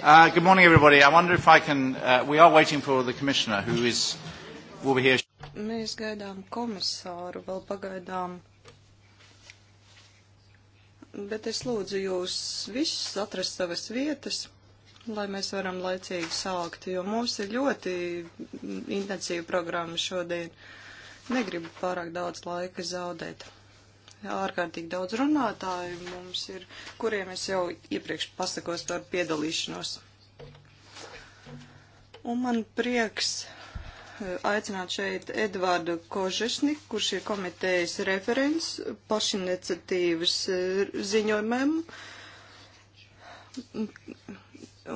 Uh, good morning, everybody. I wonder if I can. Uh, we are waiting for the commissioner, who is will be here. Mēs gaidām komisāru vēl pagaidām, bet es lūdzu jūs visus atrast savas vietas, lai mēs varam laicīgi sākt, jo mums ir ļoti intensīva programma šodien. Negribu pārāk daudz laika zaudēt ārkārtīgi daudz runātāju mums ir, kuriem es jau iepriekš pasakos par piedalīšanos. Un man prieks eh, aicināt šeit Edvardu Kožešniku, kurš ir komitejas referents pašiniciatīvas eh, ziņojumiem.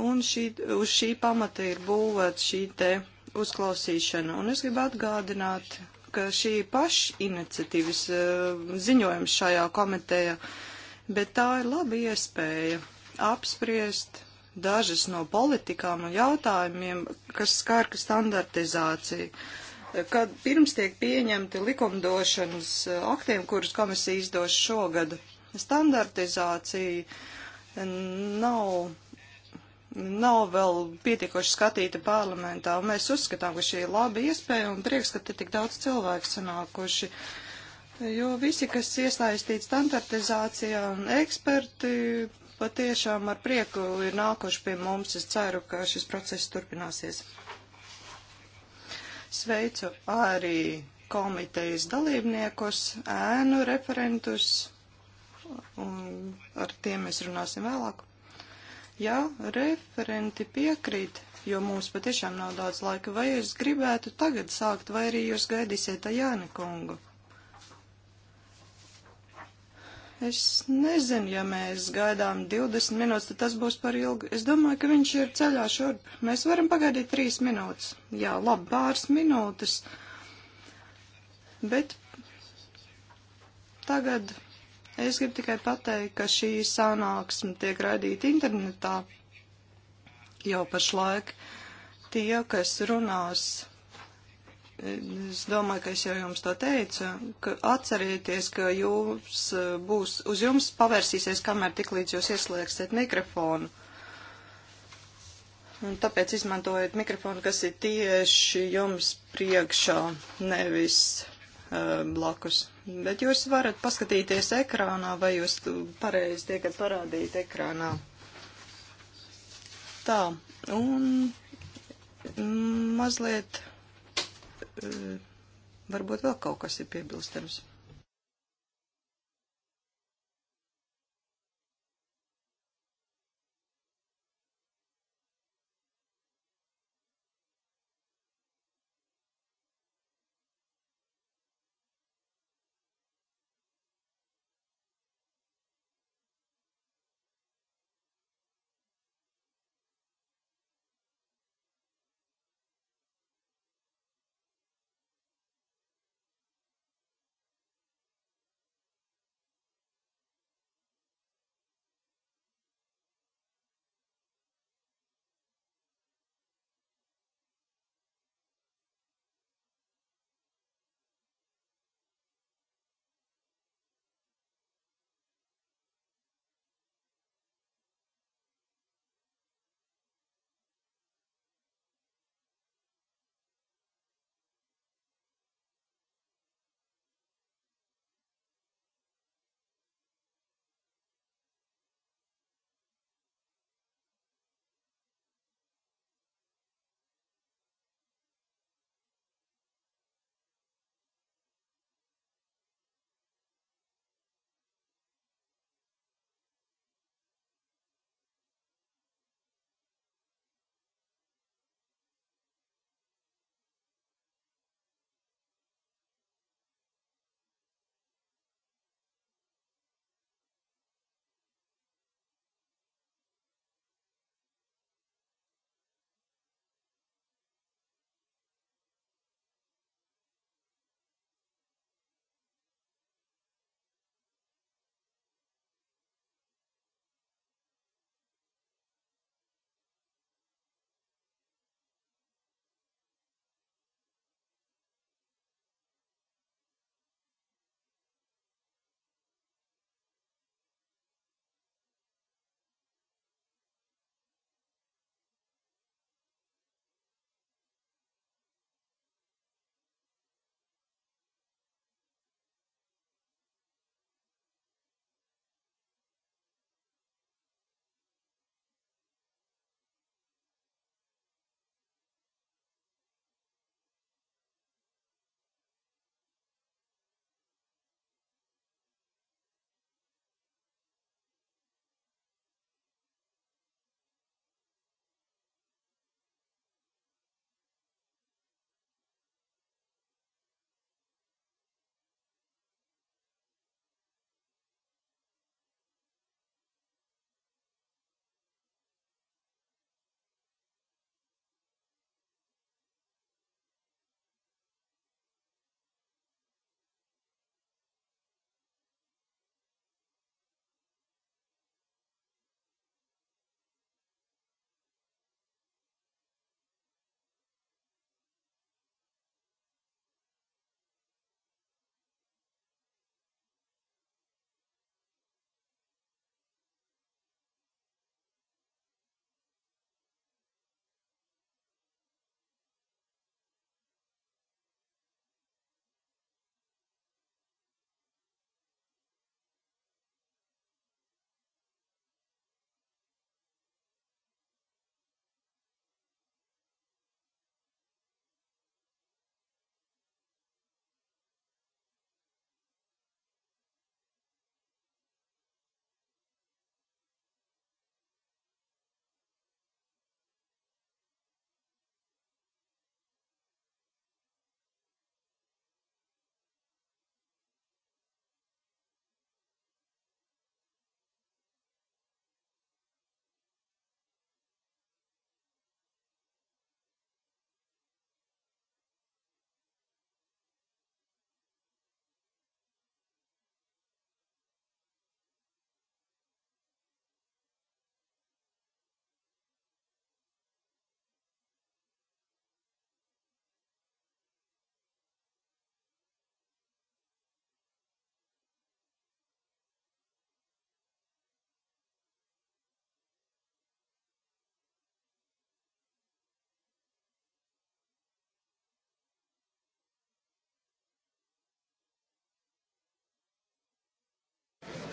Un šī, uz šī pamata ir būvēta šī te uzklausīšana. Un es gribu atgādināt ka šī pašiniciatīvas eh, ziņojums šajā komitejā, bet tā ir laba iespēja apspriest dažas no politikām un jautājumiem, kas skar standartizāciju. Kad pirms tiek pieņemti likumdošanas eh, aktiem, kurus komisija izdos šogad, standartizācija nav nav vēl pietiekoši skatīta parlamentā. Un mēs uzskatām, ka šī ir laba iespēja un prieks, ka te tik daudz cilvēku sanākuši. Jo visi, kas iesaistīti standartizācijā un eksperti, patiešām ar prieku ir nākuši pie mums. Es ceru, ka šis process turpināsies. Sveicu arī komitejas dalībniekus, ēnu referentus, un ar tiem mēs runāsim vēlāk. Ja referenti piekrīt, jo mums patiešām nav daudz laika, vai jūs gribētu tagad sākt, vai arī jūs gaidīsiet Jāni kungu? Es nezinu, ja mēs gaidām 20 minūtes, tad tas būs par ilgu. Es domāju, ka viņš ir ceļā šurp. Mēs varam pagaidīt 3 minūtes. Jā, labi, pāris minūtes. Bet tagad Es gribu tikai pateikt, ka šī sanāksme tiek raidīta internetā jau pašlaik. Tie, kas runās, es domāju, ka es jau jums to teicu, ka atcerieties, ka jūs būs, uz jums pavērsīsies, kamēr tik līdz jūs ieslēgsiet mikrofonu. Un tāpēc izmantojiet mikrofonu, kas ir tieši jums priekšā, nevis uh, blakus bet jūs varat paskatīties ekrānā, vai jūs pareizi tiekat parādīt ekrānā. Tā, un mazliet eh, varbūt vēl kaut kas ir piebilstams.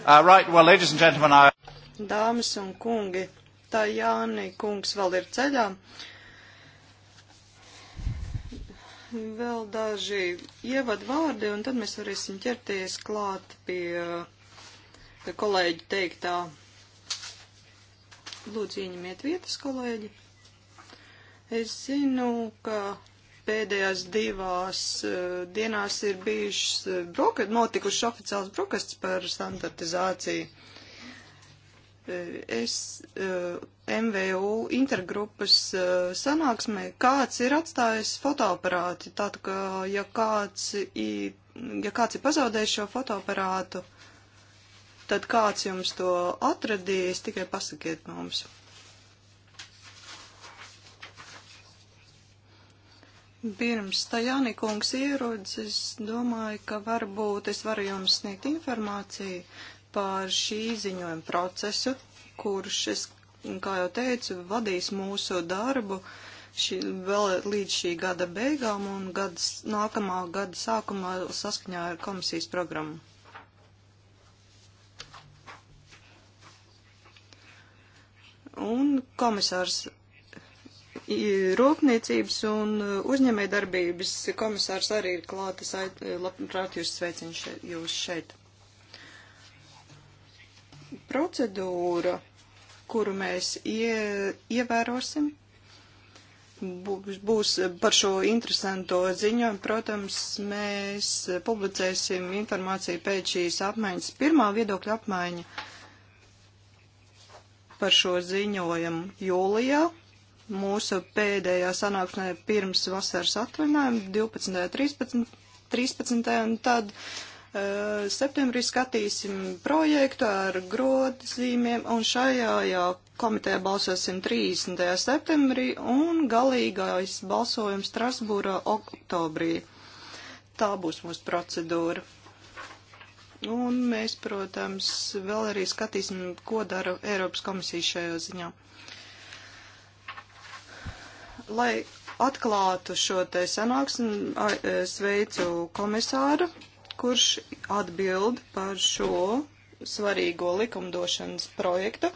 Uh, right, well, ladies and gentlemen, I... Dāmas un kungi, tā Jāni kungs vēl ir ceļā. Vēl daži ievad vārdi, un tad mēs varēsim ķerties klāt pie, pie kolēģi teiktā. Lūdzu, ieņemiet vietas, kolēģi. Es zinu, ka pēdējās divās uh, dienās ir bijušas uh, eh, broka, notikušas oficiāls brokasts par standartizāciju. Uh, es MVU intergrupas sanāksmē, kāds ir atstājis fotoaparāti, tātad, ka ja kāds, i, ja kāds ir pazaudējis šo fotoaparātu, tad kāds jums to atradīs, tikai pasakiet mums. No Pirms Tajāni kungs ierodas, es domāju, ka varbūt es varu jums sniegt informāciju par šī ziņojuma procesu, kurš es, kā jau teicu, vadīs mūsu darbu šī, vēl līdz šī gada beigām un gads, nākamā gada sākumā saskaņā ar komisijas programmu. Un komisārs Rūpniecības un uh, uzņēmējdarbības komisārs arī ir klāt. Es uh, labprāt jūs sveicinu še, jūs šeit. Procedūra, kuru mēs ie, ievērosim, būs, būs par šo interesanto ziņojumu. Protams, mēs publicēsim informāciju pēc šīs apmaiņas. Pirmā viedokļa apmaiņa par šo ziņojumu jūlijā mūsu pēdējā sanāksmē pirms vasaras atvaļinājuma 12. 13. 13. un tad uh, septembrī skatīsim projektu ar grozīmiem un šajā jā, komitē balsosim 30. septembrī un galīgais balsojums Strasbūrā oktobrī. Tā būs mūsu procedūra. Un mēs, protams, vēl arī skatīsim, ko dara Eiropas komisija šajā ziņā lai atklātu šo te sanāksmi, e, sveicu komisāru, kurš atbild par šo svarīgo likumdošanas projektu,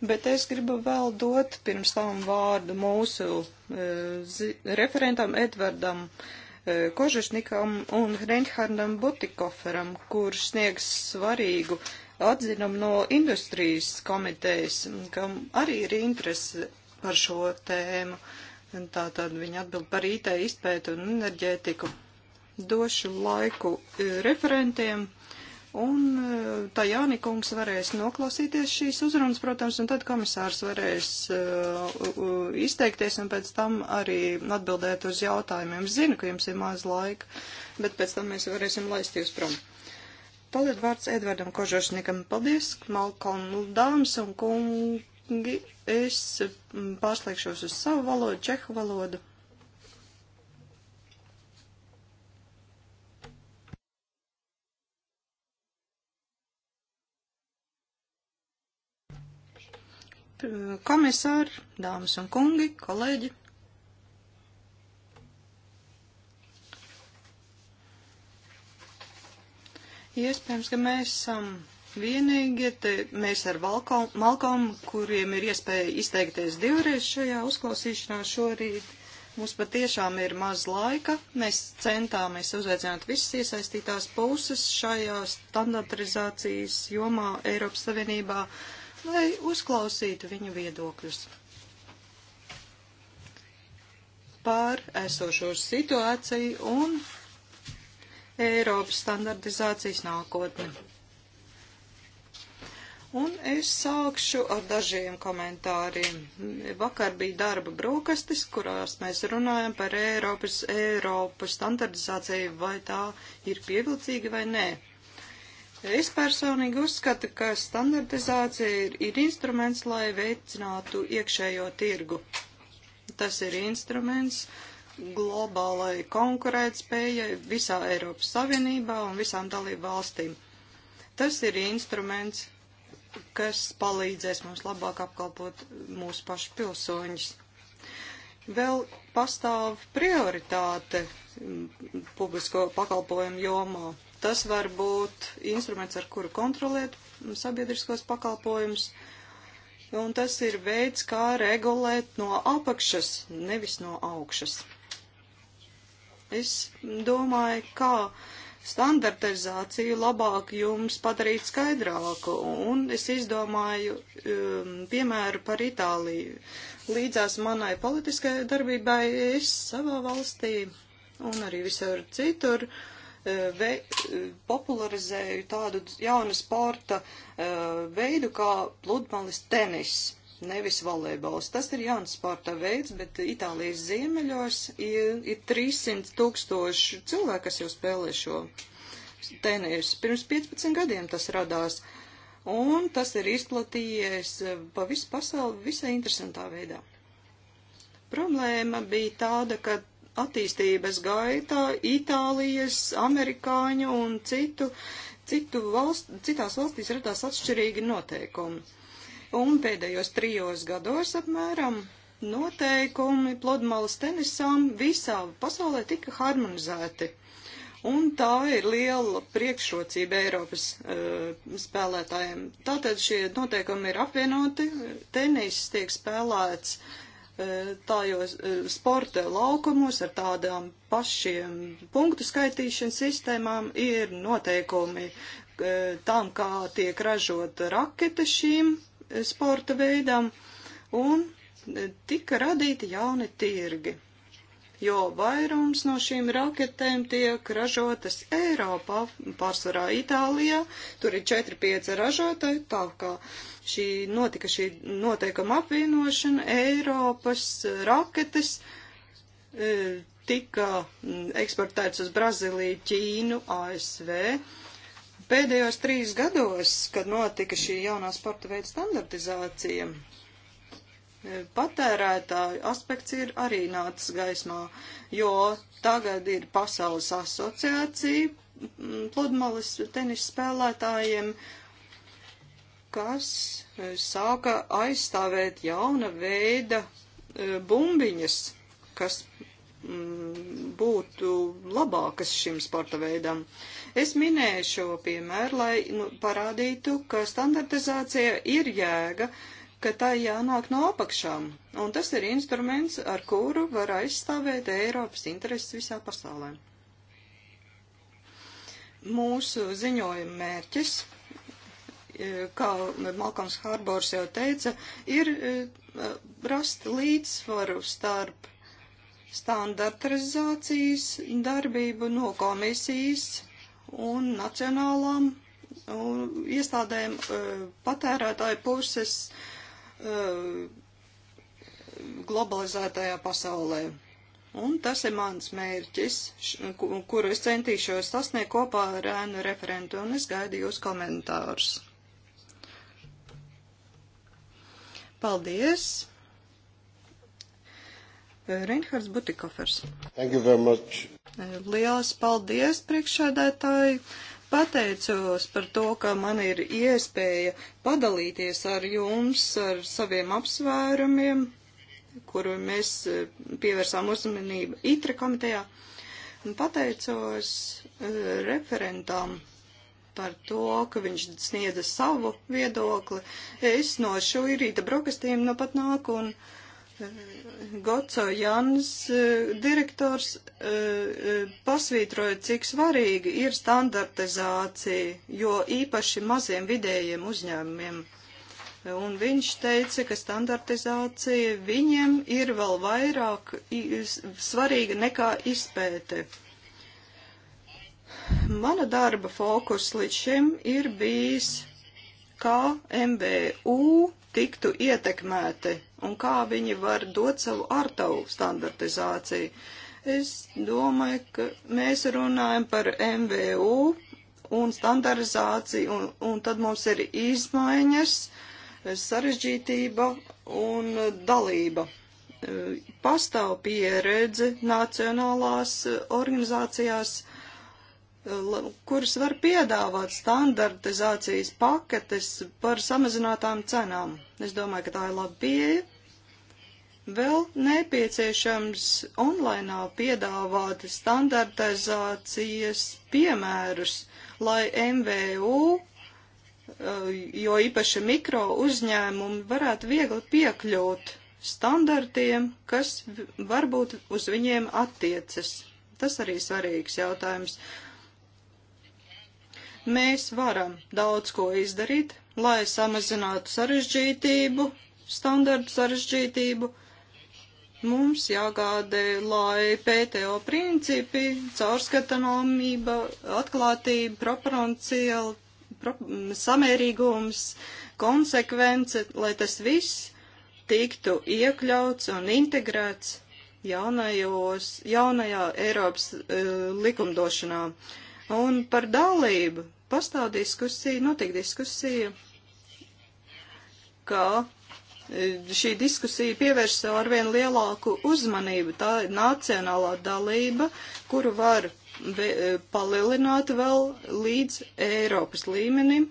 bet es gribu vēl dot pirms tam vārdu mūsu e, referentam Edvardam e, Kožešnikam un Reinhardam Butikoferam, kurš sniegs svarīgu atzinumu no industrijas komitejas, kam arī ir interese par šo tēmu. Uh, Tā tad viņa atbild par IT izpētu un enerģētiku. Došu laiku e, referentiem, un e, tā Jānikungs varēs noklausīties šīs uzrunas, protams, un tad komisārs varēs e, izteikties un pēc tam arī atbildēt uz jautājumiem. Zinu, ka jums ir maz laika, bet pēc tam mēs varēsim laist jūs prom. Tagad vārds Edvardam Kožošnikam. Paldies, Malkolm, dāmas un kungi es mm, pārslēgšos uz savu valodu, čehu valodu. Komisāri, dāmas un kungi, kolēģi. Iespējams, ka mēs esam. Um, Vienīgie te mēs ar Valkom, Malkom, kuriem ir iespēja izteikties divreiz šajā uzklausīšanā šorīt, mums patiešām ir maz laika. Mēs centāmies uzveicināt visas iesaistītās puses šajā standartizācijas jomā Eiropas Savienībā, lai uzklausītu viņu viedokļus par esošo situāciju un Eiropas standartizācijas nākotni. Un es sākšu ar dažiem komentāriem. Vakar bija darba brokastis, kurās mēs runājam par Eiropas, Eiropas standartizāciju, vai tā ir pievilcīga vai nē. Es personīgi uzskatu, ka standartizācija ir, ir instruments, lai veicinātu iekšējo tirgu. Tas ir instruments globālai konkurētspējai visā Eiropas Savienībā un visām dalību valstīm. Tas ir instruments, kas palīdzēs mums labāk apkalpot mūsu pašu pilsoņus. Vēl pastāv prioritāte publisko pakalpojumu jomā. Tas var būt instruments, ar kuru kontrolēt sabiedriskos pakalpojumus, un tas ir veids, kā regulēt no apakšas, nevis no augšas. Es domāju, kā standartizāciju labāk jums padarīt skaidrāku. Un es izdomāju um, piemēru par Itāliju. Līdzās manai politiskajai darbībai es savā valstī un arī visur citur uh, ve, popularizēju tādu jaunu sporta uh, veidu kā pludmales tenis nevis volejbols. Tas ir jauns sporta veids, bet Itālijas ziemeļos ir, ir 300 tūkstoši cilvēku, kas jau spēlē šo tenisu. Pirms 15 gadiem tas radās, un tas ir izplatījies eh, pa visu pasauli visai interesantā veidā. Problēma bija tāda, ka attīstības gaitā Itālijas, amerikāņu un citu, citu valst, citās valstīs radās atšķirīgi noteikumi un pēdējos trijos gados apmēram noteikumi pludmales tenisām visā pasaulē tika harmonizēti. Un tā ir liela priekšrocība Eiropas uh, spēlētājiem. Tātad šie noteikumi ir apvienoti, tenis tiek spēlēts uh, eh, tājos uh, eh, sporta laukumos ar tādām pašiem punktu skaitīšanas sistēmām ir noteikumi uh, tam, kā tiek ražot rakete šīm sporta veidam un tika radīti jauni tirgi, jo vairums no šīm raketēm tiek ražotas Eiropā, pārsvarā Itālijā, tur ir 4-5 ražotāji, tā kā šī notika šī noteikuma apvienošana, Eiropas raketes eh, tika mm, eksportēts uz Brazīliju, Ķīnu, ASV Pēdējos trīs gados, kad notika šī jaunā sporta veida standartizācija, patērētāju aspekts ir arī nācis gaismā, jo tagad ir pasaules asociācija mm, pludmales tenis spēlētājiem, kas e, sāka aizstāvēt jauna veida e, bumbiņas, kas mm, būtu labākas šim sporta veidam. Uh, Es minēju šo piemēru, lai nu, parādītu, ka standartizācija ir jēga, ka tā jānāk no apakšām, un tas ir instruments, ar kuru var aizstāvēt Eiropas intereses visā pasaulē. Mūsu ziņojuma mērķis, e, kā Malkams Hārbors jau teica, ir e, rast līdzsvaru starp standartizācijas darbību no komisijas un nacionālām un iestādēm e, patērētāju puses e, globalizētajā pasaulē. Un tas ir mans mērķis, kuru es centīšos sasniegt kopā ar ēnu referentu, un es gaidu jūs komentārus. Paldies! Reinhards Butikofers. Thank you very much. Lielas paldies, priekšsēdētāji. Pateicos par to, ka man ir iespēja padalīties ar jums ar saviem apsvērumiem, kuru mēs eh, pievērsām uzmanību ITRA komitejā. Pateicos eh, referentam par to, ka viņš sniedza savu viedokli. Es no šo rīta brokastīm nu pat nāku un. Uh, Goco Jans, e, direktors, e, e, pasvītroja, cik svarīgi ir standartizācija, jo īpaši maziem vidējiem uzņēmumiem. Un viņš teica, ka standartizācija viņiem ir vēl vairāk svarīga nekā izpēte. Mana darba fokus līdz šim ir bijis, kā MBU tiktu ietekmēti un kā viņi var dot savu ārtavu standartizāciju. Es domāju, ka mēs runājam par MVU un standartizāciju, un, un tad mums ir izmaiņas, sarežģītība un dalība. Pastāv pieredze nacionālās organizācijās kuras var piedāvāt standartizācijas paketes par samazinātām cenām. Es domāju, ka tā ir laba pieeja. Vēl nepieciešams online piedāvāt standartizācijas piemērus, lai MVU, eh, jo īpaši mikro uzņēmumi, varētu viegli piekļūt standartiem, kas varbūt uz viņiem attiecas. Tas arī svarīgs jautājums. Mēs varam daudz ko izdarīt, lai samazinātu sarežģītību, standartu sarežģītību. Mums jāgādē, lai PTO principi, caurskatāmība, atklātība, proporcionāli, pro, samērīgums, konsekvence, lai tas viss tiktu iekļauts un integrēts jaunajos, jaunajā Eiropas e, likumdošanā. Un par dalību Pastāv diskusija, notiek diskusija, ka e, šī diskusija pievērš sev arvien lielāku uzmanību. Tā ir nacionālā dalība, kuru var e, palielināt vēl līdz Eiropas līmenim,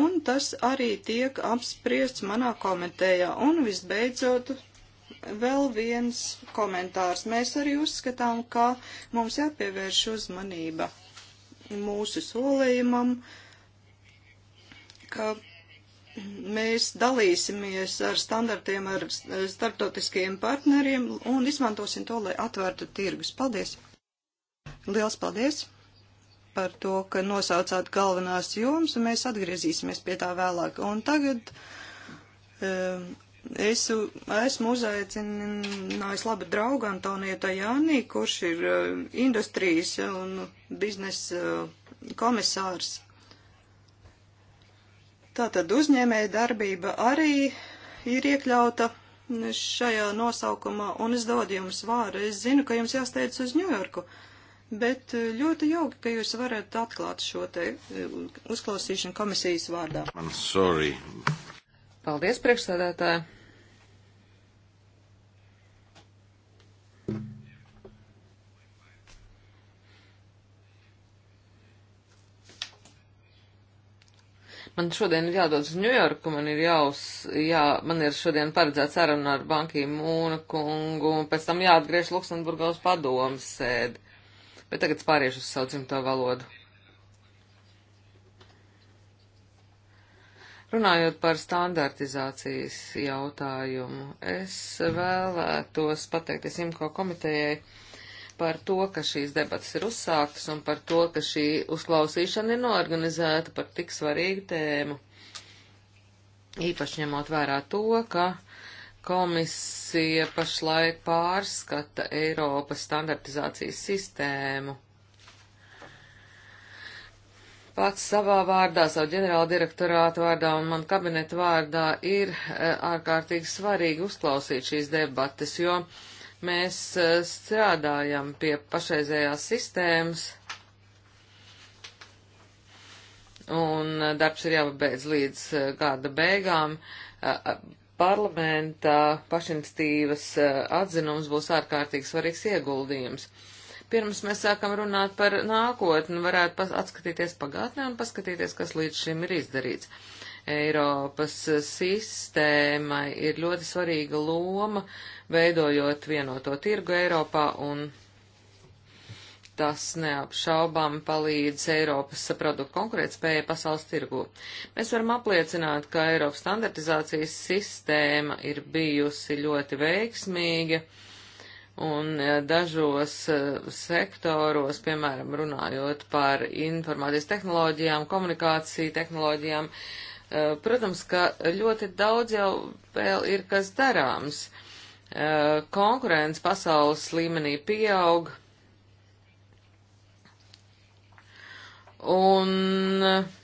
un tas arī tiek apspriests manā komentējā. Un visbeidzot, vēl viens komentārs. Mēs arī uzskatām, ka mums jāpievērš uzmanība mūsu solījumam, ka mēs dalīsimies ar standartiem ar starptautiskajiem partneriem un izmantosim to, lai atvērtu tirgus. Paldies! Liels paldies par to, ka nosaucāt galvenās jomas, un mēs atgriezīsimies pie tā vēlāk. Un tagad um, Es esmu uzaicinājis labu draugu Antoniju Tajānī, kurš ir eh, industrijas un biznesa eh, komisārs. Tātad uzņēmēja darbība arī ir iekļauta šajā nosaukumā, un es dodu jums vāru. Es zinu, ka jums jāsteidz uz Ņujorku, bet eh, ļoti jauki, ka jūs varat atklāt šo te uzklausīšanu komisijas vārdā. I'm sorry. Paldies, priekšsēdētāji! Man šodien ir jādodas uz Ņujorku, man ir jāuz, jā, man ir šodien paredzēts saruna ar Banki Mūna kungu, un pēc tam jāatgriež Luksemburgā uz padomas sēdi. Bet tagad pāriešu uz savu dzimto valodu. Runājot par standartizācijas jautājumu, es vēlētos pateikties IMCO komitejai par to, ka šīs debatas ir uzsāktas un par to, ka šī uzklausīšana ir norganizēta par tik svarīgu tēmu. Īpaši ņemot vērā to, ka komisija pašlaik pārskata Eiropas standartizācijas sistēmu pats savā vārdā, savu ģenerāla direktorātu vārdā un man kabineta vārdā ir eh, ārkārtīgi svarīgi uzklausīt šīs debates, jo mēs eh, strādājam pie pašreizējās sistēmas un eh, darbs ir jāpabeidz līdz gada beigām. Parlamenta pašinstīvas atzinums būs ārkārtīgi svarīgs ieguldījums pirms mēs sākam runāt par nākotni, varētu atskatīties pagātnē un paskatīties, kas līdz šim ir izdarīts. Eiropas sistēmai ir ļoti svarīga loma, veidojot vienoto tirgu Eiropā un Tas neapšaubām palīdz Eiropas produktu konkurētspējai pasaules tirgu. Mēs varam apliecināt, ka Eiropas standartizācijas sistēma ir bijusi ļoti veiksmīga Un dažos eh, sektoros, piemēram, runājot par informācijas tehnoloģijām, komunikāciju tehnoloģijām, eh, protams, ka ļoti daudz jau vēl ir kas darāms. Eh, konkurence pasaules līmenī pieaug. Un uh,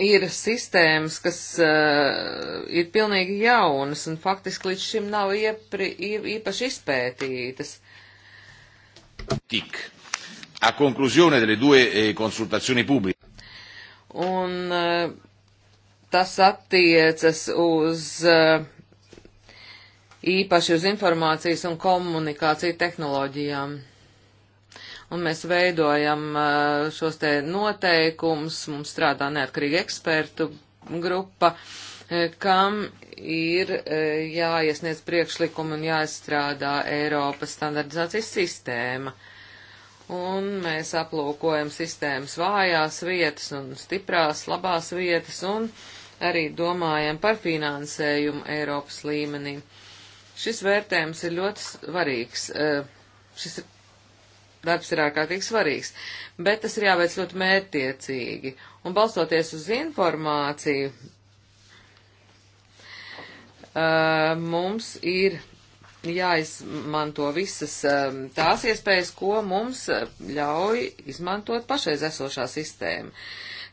ir sistēmas, kas uh, ir pilnīgi jaunas un faktiski līdz šim nav iepri, īpaši izpētītas. Tik. A conclusione delle due eh, consultazioni pubbliche. Un uh, tas attiecas uz uh, īpaši uz informācijas un komunikāciju tehnoloģijām un mēs veidojam uh, šos te noteikums, mums strādā neatkarīga ekspertu grupa, uh, kam ir uh, jāiesniedz priekšlikumi un jāizstrādā Eiropas standardizācijas sistēma. Un mēs aplūkojam sistēmas vājās vietas un stiprās, labās vietas un arī domājam par finansējumu Eiropas līmenī. Šis vērtējums ir ļoti svarīgs. Šis ir darbs ir ārkārtīgi svarīgs, bet tas ir jāveic ļoti mērtiecīgi. Un balstoties uz informāciju, uh, mums ir jāizmanto visas uh, tās iespējas, ko mums ļauj izmantot pašreiz esošā sistēma.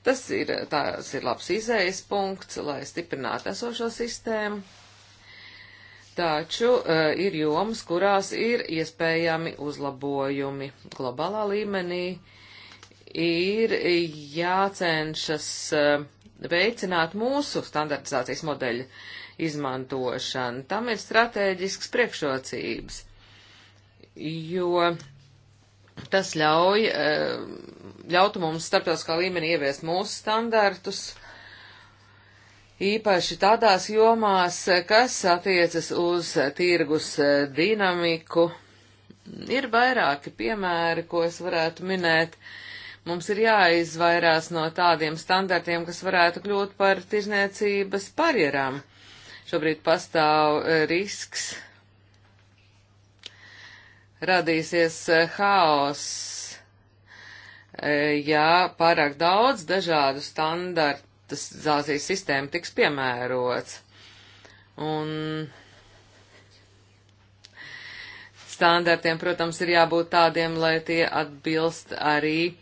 Tas ir, tās ir labs izējas punkts, lai stiprinātu esošo sistēmu Taču uh, ir jomas, kurās ir iespējami uzlabojumi. Globālā līmenī ir jācenšas uh, veicināt mūsu standartizācijas modeļu izmantošanu. Tam ir strateģisks priekšrocības, jo tas ļauj, uh, ļautu mums starptautiskā līmenī ieviest mūsu standartus. Uh, īpaši tādās jomās, kas attiecas uz tirgus dinamiku. Ir vairāki piemēri, ko es varētu minēt. Mums ir jāizvairās no tādiem standartiem, kas varētu kļūt par tirzniecības barjerām. Šobrīd pastāv eh, risks. Radīsies eh, haoss, eh, ja pārāk daudz dažādu standartu tas zāzijas sistēma tiks piemērots. Un standartiem, protams, ir jābūt tādiem, lai tie atbilst arī e,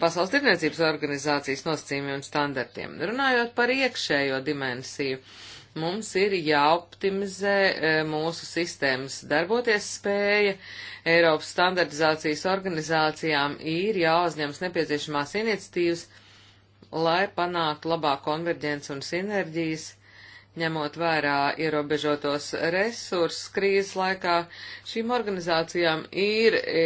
Pasaules tirdzniecības organizācijas nosacījumiem un standartiem. Runājot par iekšējo dimensiju, mums ir jāoptimizē e, mūsu sistēmas darboties spēja. Eiropas standartizācijas organizācijām ir jāuzņemas nepieciešamās iniciatīvas, lai panāktu labāk konverģents un sinerģijas, ņemot vērā ierobežotos resursus krīzes laikā, šīm organizācijām ir e,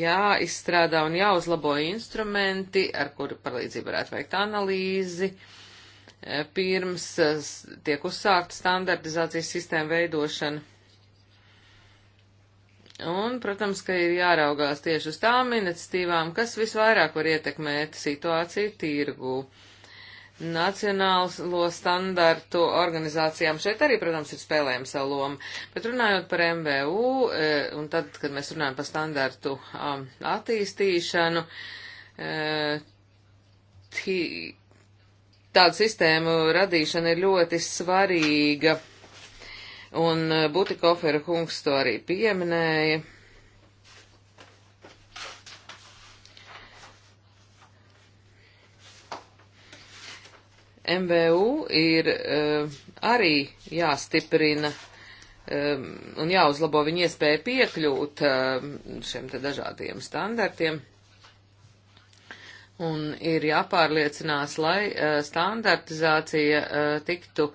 jāizstrādā un jāuzlabo instrumenti, ar kuru palīdzību varētu veikt analīzi, e, pirms tiek uzsākta standartizācijas sistēma veidošana Un, protams, ka ir jāraugās tieši uz tām iniciatīvām, kas visvairāk var ietekmēt situāciju tirgū. Nacionālo standartu organizācijām šeit arī, protams, ir spēlējama savu lomu, bet runājot par MVU, e, un tad, kad mēs runājam par standartu um, attīstīšanu, e, tādu sistēmu radīšana ir ļoti svarīga un eh, Butikofera kungs to arī pieminēja. MVU ir uh, arī jāstiprina um, un jāuzlabo viņu iespēja piekļūt uh, šiem te dažādiem standartiem. Un ir jāpārliecinās, lai uh, standartizācija uh, tiktu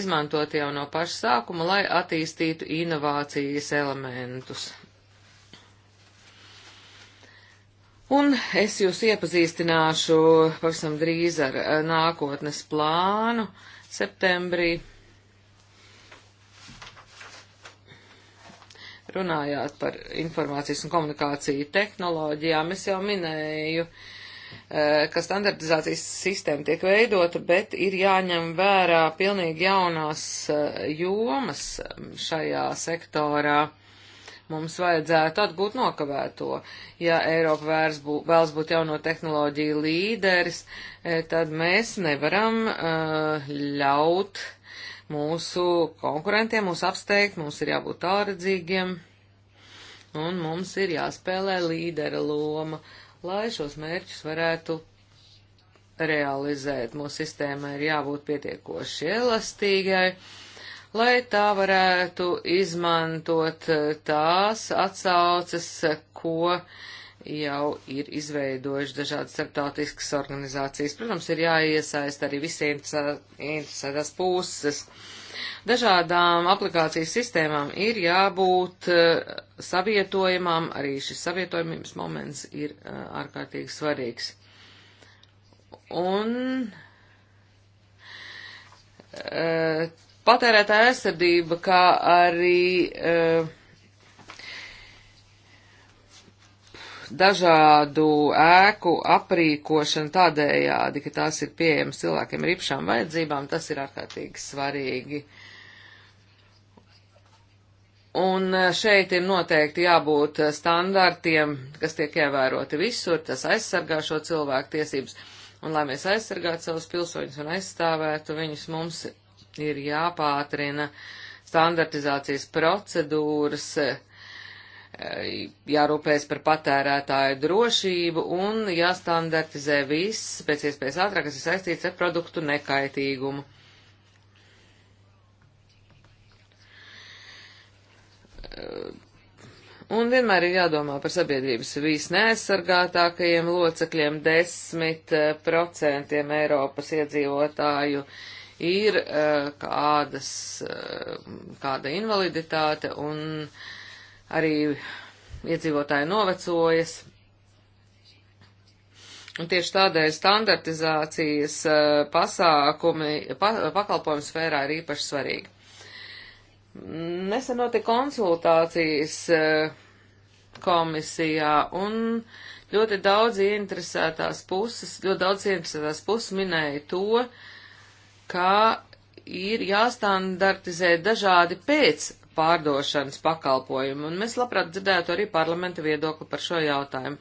izmantot jau no paša sākuma, lai attīstītu inovācijas elementus. Un es jūs iepazīstināšu pavisam drīz ar uh, nākotnes plānu septembrī. Runājāt par informācijas un komunikāciju tehnoloģijām, es jau minēju. Uh, Eh, ka standartizācijas sistēma tiek veidota, bet ir jāņem vērā pilnīgi jaunās eh, jomas mm, šajā sektorā. Mums vajadzētu atgūt nokavēto. Ja Eiropa bū, vēlas būt jauno tehnoloģiju līderis, eh, tad mēs nevaram uh, ļaut mūsu konkurentiem mūs apsteigt, mums ir jābūt tālredzīgiem un mums ir jāspēlē līdera loma. Uh, lai šos mērķus varētu realizēt. Mūsu sistēmai ir jābūt pietiekoši elastīgai, lai tā varētu izmantot eh, tās atsauces, ko jau ir izveidojuši dažādas starptautiskas organizācijas. Protams, ir jāiesaist arī visi interesētās puses. Uh, Dažādām aplikācijas sistēmām ir jābūt eh, savietojamām, arī šis savietojamības moments ir eh, ārkārtīgi svarīgs. Un eh, patērētāja aizsardzība, kā arī uh, dažādu ēku aprīkošana tādējādi, ka tās ir pieejamas cilvēkiem ar īpašām vajadzībām, tas ir ārkārtīgi svarīgi. Un eh, šeit ir noteikti jābūt eh, standartiem, kas tiek ievēroti visur, tas aizsargā šo cilvēku tiesības. Un lai mēs aizsargātu savus pilsoņus un aizstāvētu viņus, mums ir jāpātrina standartizācijas procedūras, uh, jārūpēs par patērētāju drošību un jāstandartizē viss pēc iespējas ātrāk, kas ir saistīts ar produktu nekaitīgumu. Un vienmēr ir jādomā par sabiedrības visneaizsargātākajiem locekļiem. 10% eh, Eiropas iedzīvotāju ir eh, kādas, eh, kāda invaliditāte un uh, arī iedzīvotāji novecojas. Un tieši tādēļ standartizācijas eh, pasākumi pa, pakalpojumu sfērā ir īpaši svarīgi. Nesen notika konsultācijas eh, komisijā un ļoti daudz interesētās puses, ļoti daudz interesētās puses minēja to, ka ir jāstandartizē dažādi pēc pārdošanas pakalpojumu, un mēs labprāt dzirdētu arī parlamenta viedokli par šo jautājumu.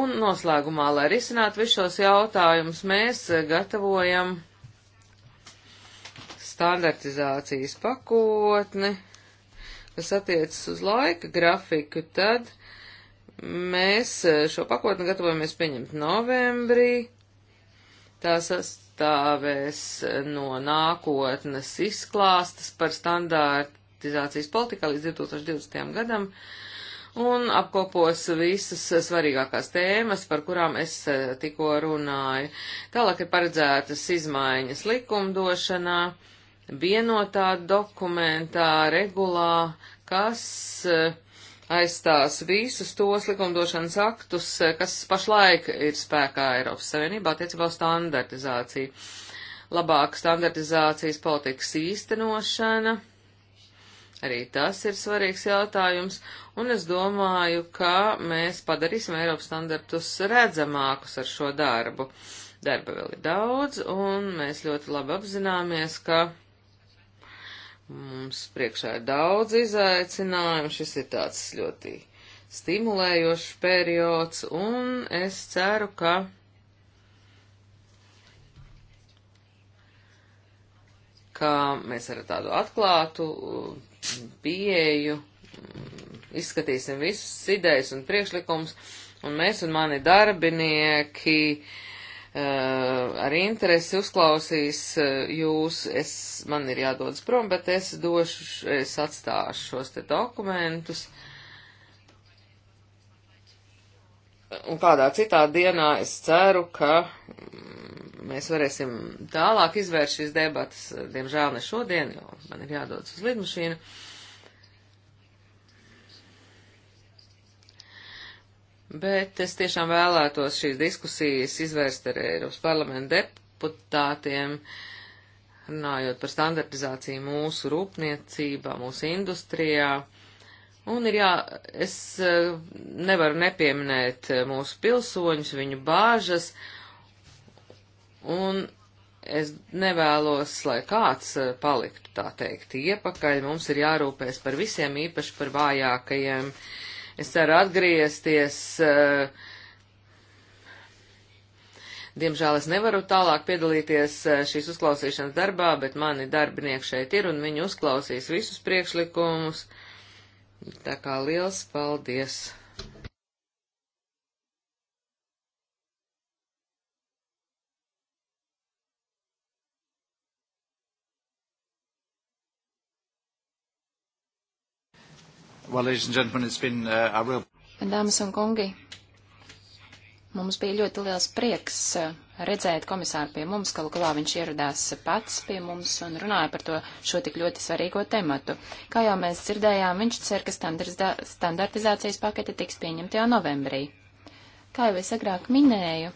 Un noslēgumā, lai risinātu visus šos jautājumus, mēs gatavojam standartizācijas pakotni, kas attiecas uz laika grafiku, tad mēs šo pakotni gatavojamies pieņemt novembrī. Tā sastāvēs no nākotnes izklāstas par standārtu enerģetizācijas politikā līdz 2020. gadam un apkopos visas svarīgākās tēmas, par kurām es e, tikko runāju. Tālāk ir paredzētas izmaiņas likumdošanā, vienotā dokumentā, regulā, kas e, aizstās visus tos likumdošanas aktus, e, kas pašlaik ir spēkā Eiropas Savienībā attiecībā uz standartizāciju. Labāka standartizācijas politikas īstenošana Arī tas ir svarīgs jautājums, un es domāju, ka mēs padarīsim Eiropas standartus redzamākus ar šo darbu. Darba vēl ir daudz, un mēs ļoti labi apzināmies, ka mums priekšā ir daudz izaicinājumu. Šis ir tāds ļoti stimulējošs periods, un es ceru, ka. ka mēs ar tādu atklātu pieeju, izskatīsim visus idejas un priekšlikumus, un mēs un mani darbinieki uh, ar interesi uzklausīs eh, jūs, es, man ir jādodas prom, bet es došu, es atstāšu šos te dokumentus. Uh, un kādā citā dienā es ceru, ka mm, mēs varēsim tālāk izvērst šīs debatas, diemžēl ne šodien, jo man ir jādodas uz lidmašīnu. Bet es tiešām vēlētos šīs diskusijas izvērst ar Eiropas parlamenta deputātiem, runājot par standartizāciju mūsu rūpniecībā, mūsu industrijā Un ir jā, es eh, nevaru nepieminēt eh, mūsu pilsoņus, viņu bāžas, un es nevēlos, lai kāds eh, paliktu, tā teikt, iepakaļ. Mums ir jārūpēs par visiem, īpaši par vājākajiem. Es ceru atgriezties. Diemžēl es nevaru tālāk piedalīties šīs uzklausīšanas darbā, bet mani darbinieki šeit ir un viņi uzklausīs visus priekšlikumus. Uh, Tā kā liels paldies! Well, ladies and gentlemen, it's been uh, a real... Dāmas un kungi, Mums bija ļoti liels prieks eh, redzēt komisāru pie mums, galu galā viņš ieradās pats pie mums un runāja par to šo tik ļoti svarīgo tematu. Kā jau mēs dzirdējām, viņš cer, ka standartizācijas pakete tiks pieņemta jau novembrī. Kā jau es agrāk minēju,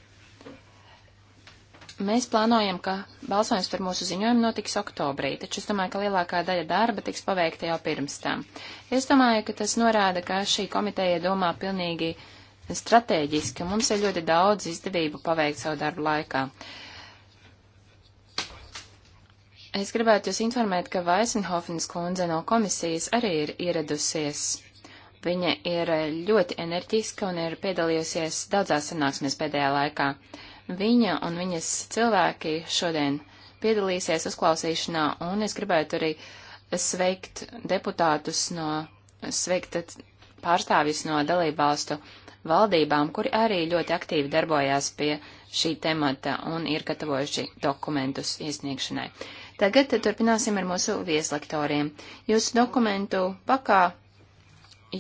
mēs plānojam, ka balsojums par mūsu ziņojumu notiks oktobrī, taču es domāju, ka lielākā daļa darba tiks paveikta jau pirms tam. Es domāju, ka tas norāda, ka šī komiteja domā pilnīgi stratēģiski, un mums ir ļoti daudz izdevību paveikt savu darbu laikā. Es gribētu jūs informēt, ka Vaisenhofens kundze no komisijas arī ir ieradusies. Viņa ir ļoti enerģiska un ir piedalījusies daudzās sanāksmēs pēdējā laikā. Viņa un viņas cilvēki šodien piedalīsies uzklausīšanā, un es gribētu arī sveikt deputātus no, sveikt pārstāvis no dalībvalstu valdībām, kuri arī ļoti aktīvi darbojās pie šī temata un ir gatavojuši dokumentus iesniegšanai. Tagad turpināsim ar mūsu vieslektoriem. Jūsu dokumentu pakā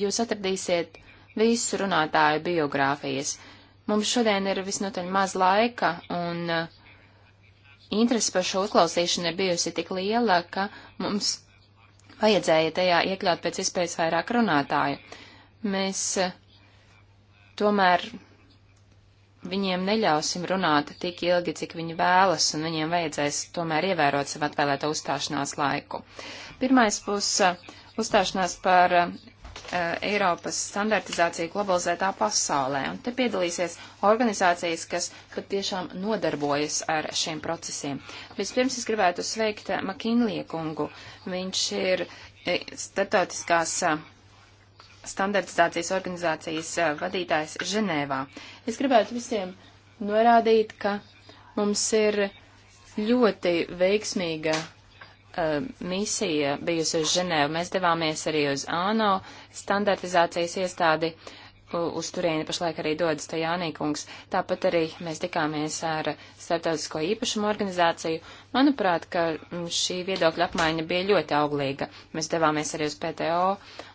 jūs atradīsiet visu runātāju biogrāfijas. Mums šodien ir visnotaļ maz laika, un uh, interesi par šo uzklausīšanu ir bijusi tik liela, ka mums vajadzēja tajā iekļaut pēc iespējas vairāk runātāju. Mēs uh, tomēr viņiem neļausim runāt tik ilgi, cik viņi vēlas, un viņiem vajadzēs tomēr ievērot sev atvēlēto uzstāšanās laiku. Pirmais būs eh, uzstāšanās par eh, Eiropas standartizāciju globalizētā pasaulē, un te piedalīsies organizācijas, kas pat tiešām nodarbojas ar šiem procesiem. Vispirms es gribētu sveikt eh, McKinley kungu. Viņš ir starptautiskās standartizācijas organizācijas eh, vadītājs Ženēvā. Es gribētu visiem norādīt, ka mums ir ļoti veiksmīga uh, misija bijusi uz Ženēvu. Mēs devāmies arī uz ANO standartizācijas iestādi. Uh, uz turieni pašlaik arī dodas te Jānīkungs. Tāpat arī mēs tikāmies ar starptautisko īpašumu organizāciju. Manuprāt, ka mm, šī viedokļa apmaiņa bija ļoti auglīga. Mēs devāmies arī uz PTO,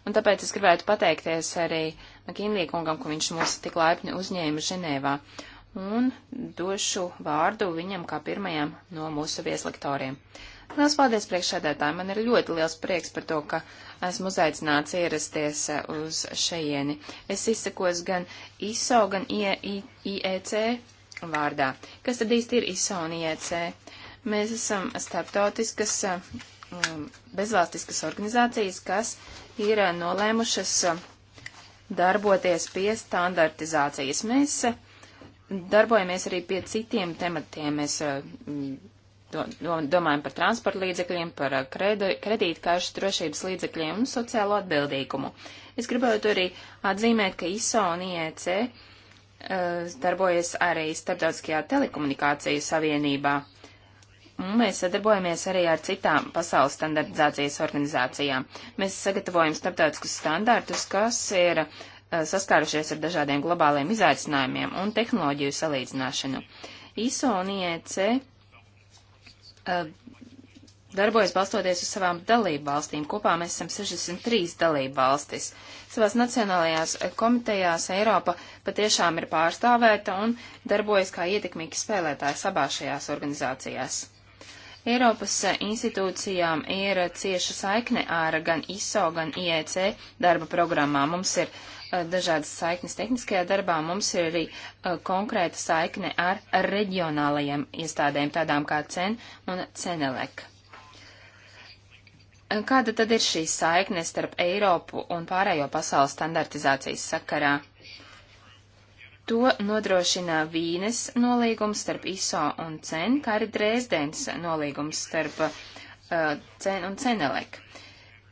un tāpēc es gribētu pateikties arī Makinlīkungam, ka viņš mūs tik laipni uzņēma Ženēvā. Un došu vārdu viņam kā pirmajam no mūsu vieslektoriem. Liels paldies priekšsēdētāji. Man ir ļoti liels prieks par to, ka esmu uzaicināts ierasties uh, uz šajieni. Es izsakos gan ISO, gan IEC e vārdā. Kas tad īsti ir ISO un IEC? Mēs esam starptautiskas uh, um, bezvalstiskas organizācijas, kas ir uh, nolēmušas darboties pie standartizācijas. Mēs darbojamies arī pie citiem tematiem. Mēs domājam par transporta līdzekļiem, par uh, kredītkāršu drošības līdzekļiem un sociālo atbildīgumu. Es gribētu arī atzīmēt, ka ISO un IEC uh, darbojas arī Starptautiskajā telekomunikāciju savienībā. Un mēs sadarbojamies arī ar citām pasaules standartizācijas organizācijām. Mēs sagatavojam starptautiskus standartus, kas ir uh, saskārušies ar dažādiem globāliem izaicinājumiem un tehnoloģiju salīdzināšanu. ISO un IEC Uh, darbojas balstoties uz savām dalību valstīm. Kopā mēs esam 63 dalību valstis. Savās nacionālajās uh, komitejās Eiropa patiešām ir pārstāvēta un darbojas kā ietekmīgs spēlētājs abās šajās organizācijās. Eiropas uh, institūcijām ir cieša saikne ar gan ISO, gan IEC darba programmām. Mums ir Eh, dažādas saiknes tehniskajā darbā, mums ir arī eh, konkrēta saikne ar reģionālajiem iestādēm, tādām kā CEN un CENELEK. Eh, kāda tad ir šī saikne starp Eiropu un pārējo pasaules standartizācijas sakarā? To nodrošina Vīnes nolīgums starp ISO un CEN, kā arī Dresdens nolīgums starp uh, CEN un CENELEK.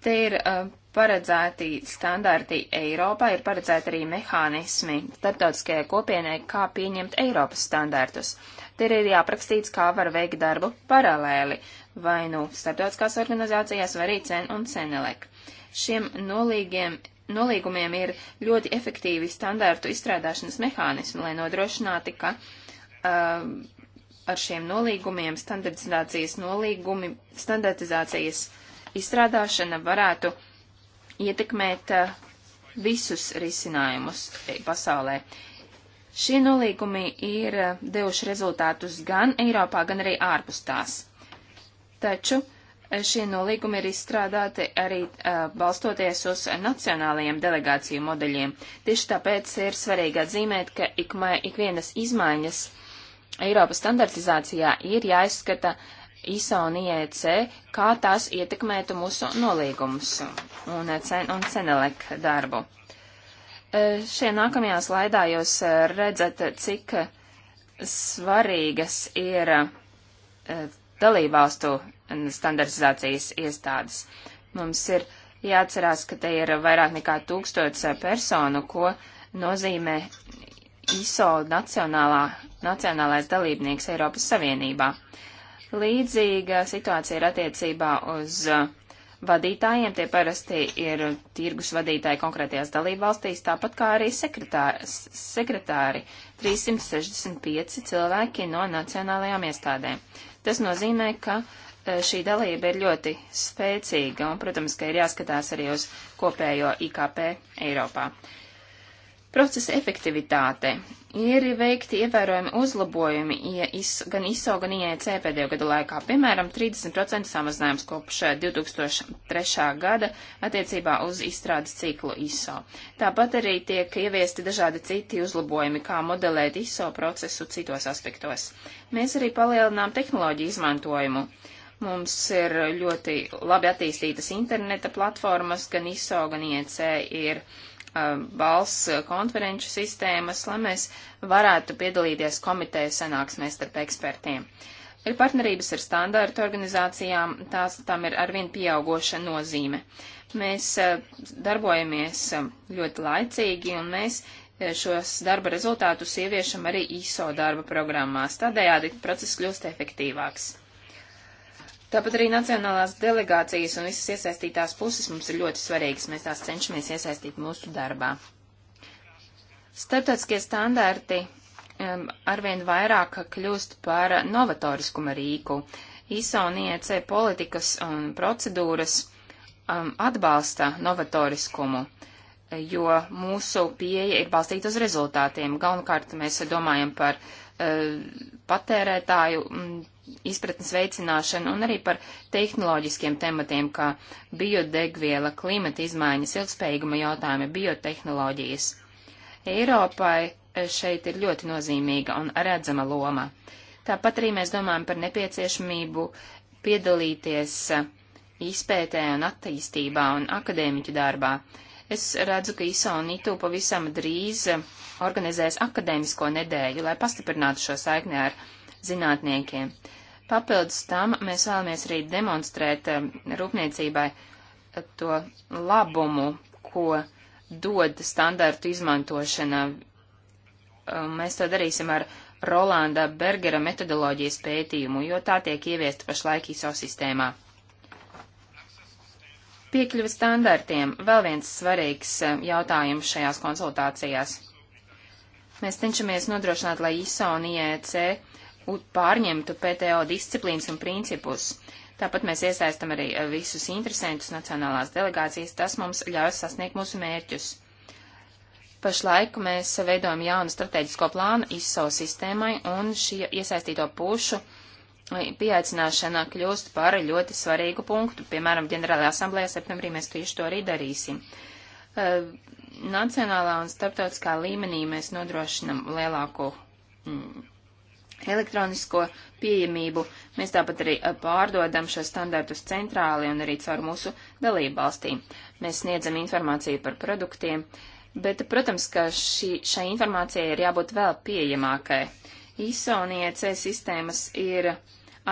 Te ir uh, paredzēti standarti Eiropā, ir paredzēti arī mehānismi starptautiskajai kopienai, kā pieņemt Eiropas standartus. Te ir jāaprakstīts, kā var veikt darbu paralēli, vai nu starptautiskās organizācijās, vai arī CEN un CENELEK. Šiem nolīgiem, nolīgumiem ir ļoti efektīvi standartu izstrādāšanas mehānismi, lai nodrošinātu, ka uh, ar šiem nolīgumiem standartizācijas nolīgumi, standartizācijas izstrādāšana varētu uh, ietekmēt eh, visus risinājumus eh, pasaulē. Šie nolīgumi ir eh, devuši rezultātus gan Eiropā, gan arī ārpus tās. Taču šie nolīgumi ir izstrādāti arī uh, balstoties uz nacionālajiem delegāciju modeļiem. Tieši tāpēc ir svarīgi atzīmēt, ka ikmai, ikvienas izmaiņas Eiropas standartizācijā ir jāizskata uh, ISO un IEC, kā tās ietekmētu mūsu nolīgumus un, eh, cen, un cenelek darbu. Eh, Šie nākamajā slaidā jūs eh, redzat, cik svarīgas ir dalībvalstu standartizācijas iestādes. Mums ir jāatcerās, ka te ir vairāk nekā tūkstots personu, ko nozīmē ISO nacionālā, nacionālais dalībnieks Eiropas Savienībā. Uh, Līdzīga situācija ir attiecībā uz uh, vadītājiem, tie parasti ir tirgus vadītāji konkrētajās dalībvalstīs, tāpat kā arī sekretāri, sekretāri 365 cilvēki no nacionālajām iestādēm. Tas nozīmē, ka uh, šī dalība ir ļoti spēcīga, un, protams, ka ir jāskatās arī uz kopējo IKP Eiropā. Procesa efektivitāte. Ir veikti ievērojami uzlabojumi ja is, gan ISO, gan IEC pēdējo gadu laikā. Piemēram, 30% samazinājums kopš 2003. Eh, gada attiecībā uz izstrādes ciklu ISO. Tāpat arī tiek ieviesti dažādi citi uzlabojumi, kā modelēt ISO procesu citos aspektos. Mēs arī palielinām tehnoloģiju izmantojumu. Mums ir ļoti labi attīstītas interneta platformas, gan ISO, gan IEC ir balss um, uh, konferenču sistēmas, lai mēs varētu piedalīties komiteju sanāksmēs starp ekspertiem. Ir partnerības ar standārtu organizācijām, tās tam ir arvien pieaugoša nozīme. Mēs uh, darbojamies um, ļoti laicīgi un mēs uh, šos darba rezultātus ieviešam arī ISO darba programmās. Tādējādi process kļūst efektīvāks. Tāpat arī nacionālās delegācijas un visas iesaistītās puses mums ir ļoti svarīgas. Mēs tās cenšamies iesaistīt mūsu darbā. Startautiskie standarti um, arvien vairāk kļūst par novatoriskumu rīku. ISO un IEC politikas un procedūras um, atbalsta novatoriskumu jo mūsu pieeja ir balstīta uz rezultātiem. Galvenokārt mēs domājam par uh, patērētāju izpratnes veicināšanu un arī par tehnoloģiskiem tematiem, kā biodegviela, klimata izmaiņas, ilgspējīguma jautājumi, biotehnoloģijas. Eiropai eh, šeit ir ļoti nozīmīga un redzama loma. Tāpat arī mēs domājam par nepieciešamību piedalīties eh, izpētē un attīstībā un akadēmiķu darbā. Es redzu, ka ISO un ITU pavisam drīz eh, organizēs akadēmisko nedēļu, lai pastiprinātu šo saikni ar zinātniekiem. Papildus tam mēs vēlamies arī demonstrēt um, rūpniecībai uh, to labumu, ko dod standartu izmantošana. Um, mēs to darīsim ar Rolanda Bergera metodoloģijas pētījumu, jo tā tiek ieviesta pašlaik ISO sistēmā. Piekļuvi standartiem - vēl viens svarīgs um, jautājums šajās konsultācijās. Mēs cenšamies nodrošināt, lai ISO un IEC pārņemtu PTO disciplīnas un principus. Tāpat mēs iesaistam arī eh, visus interesantus nacionālās delegācijas, tas mums ļauj sasniegt mūsu mērķus. Pašlaik mēs veidojam jaunu strateģisko plānu ISO sistēmai, un šī iesaistīto pušu eh, pieaicināšana kļūst par ļoti svarīgu punktu. Piemēram, ģenerālajā asamblējā septembrī mēs tieši to arī darīsim. Eh, nacionālā un starptautiskā līmenī mēs nodrošinam lielāku mm, elektronisko pieejamību. Mēs tāpat arī eh, pārdodam šos standartus centrāli un arī caur mūsu dalību valstīm. Mēs sniedzam informāciju par produktiem, bet, protams, ka šī, šai informācijai ir jābūt vēl pieejamākai. ISO un IEC sistēmas ir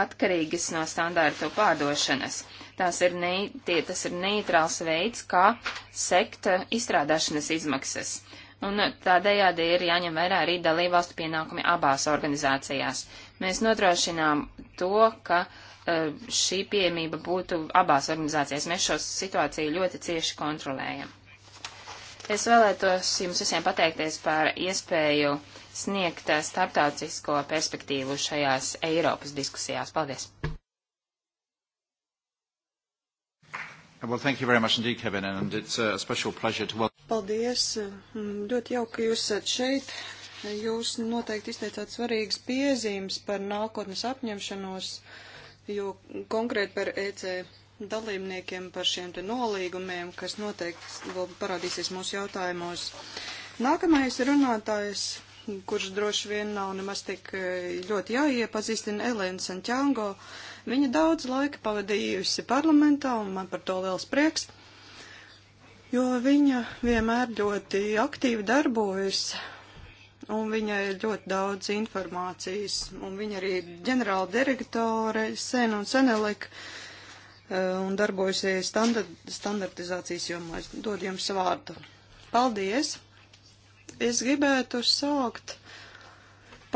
atkarīgas no standārtu pārdošanas. Tās ir ne, tie, tas ir neitrāls veids, kā sekt eh, izstrādāšanas izmaksas un tādējādi ir jāņem vērā arī dalībvalstu pienākumi abās organizācijās. Mēs nodrošinām to, ka e, šī pieejamība būtu abās organizācijās. Mēs šo situāciju ļoti cieši kontrolējam. Es vēlētos jums visiem pateikties par iespēju sniegt starptautisko perspektīvu šajās Eiropas diskusijās. Paldies! Well, thank you very much indeed, Kevin, and it's a special pleasure to welcome. Paldies. Mm, ļoti jauki, ka jūs esat šeit. Jūs noteikti izteicāt svarīgas piezīmes par nākotnes apņemšanos, jo konkrēti par EC dalībniekiem, par šiem te nolīgumiem, kas noteikti vēl parādīsies mūsu jautājumos. Nākamais runātājs, kurš droši vien nav nemaz tik eh, ļoti jāiepazīstina, Elēna Sančango. Uh, Viņa daudz laika pavadījusi parlamentā, un man par to liels prieks, jo viņa vienmēr ļoti aktīvi darbojas, un viņai ir ļoti daudz informācijas, un viņa arī ir ģenerāla direktore sen un senelika, eh, un darbojusies standart, standartizācijas jomā. Es dodu jums vārdu. Paldies! Es gribētu sākt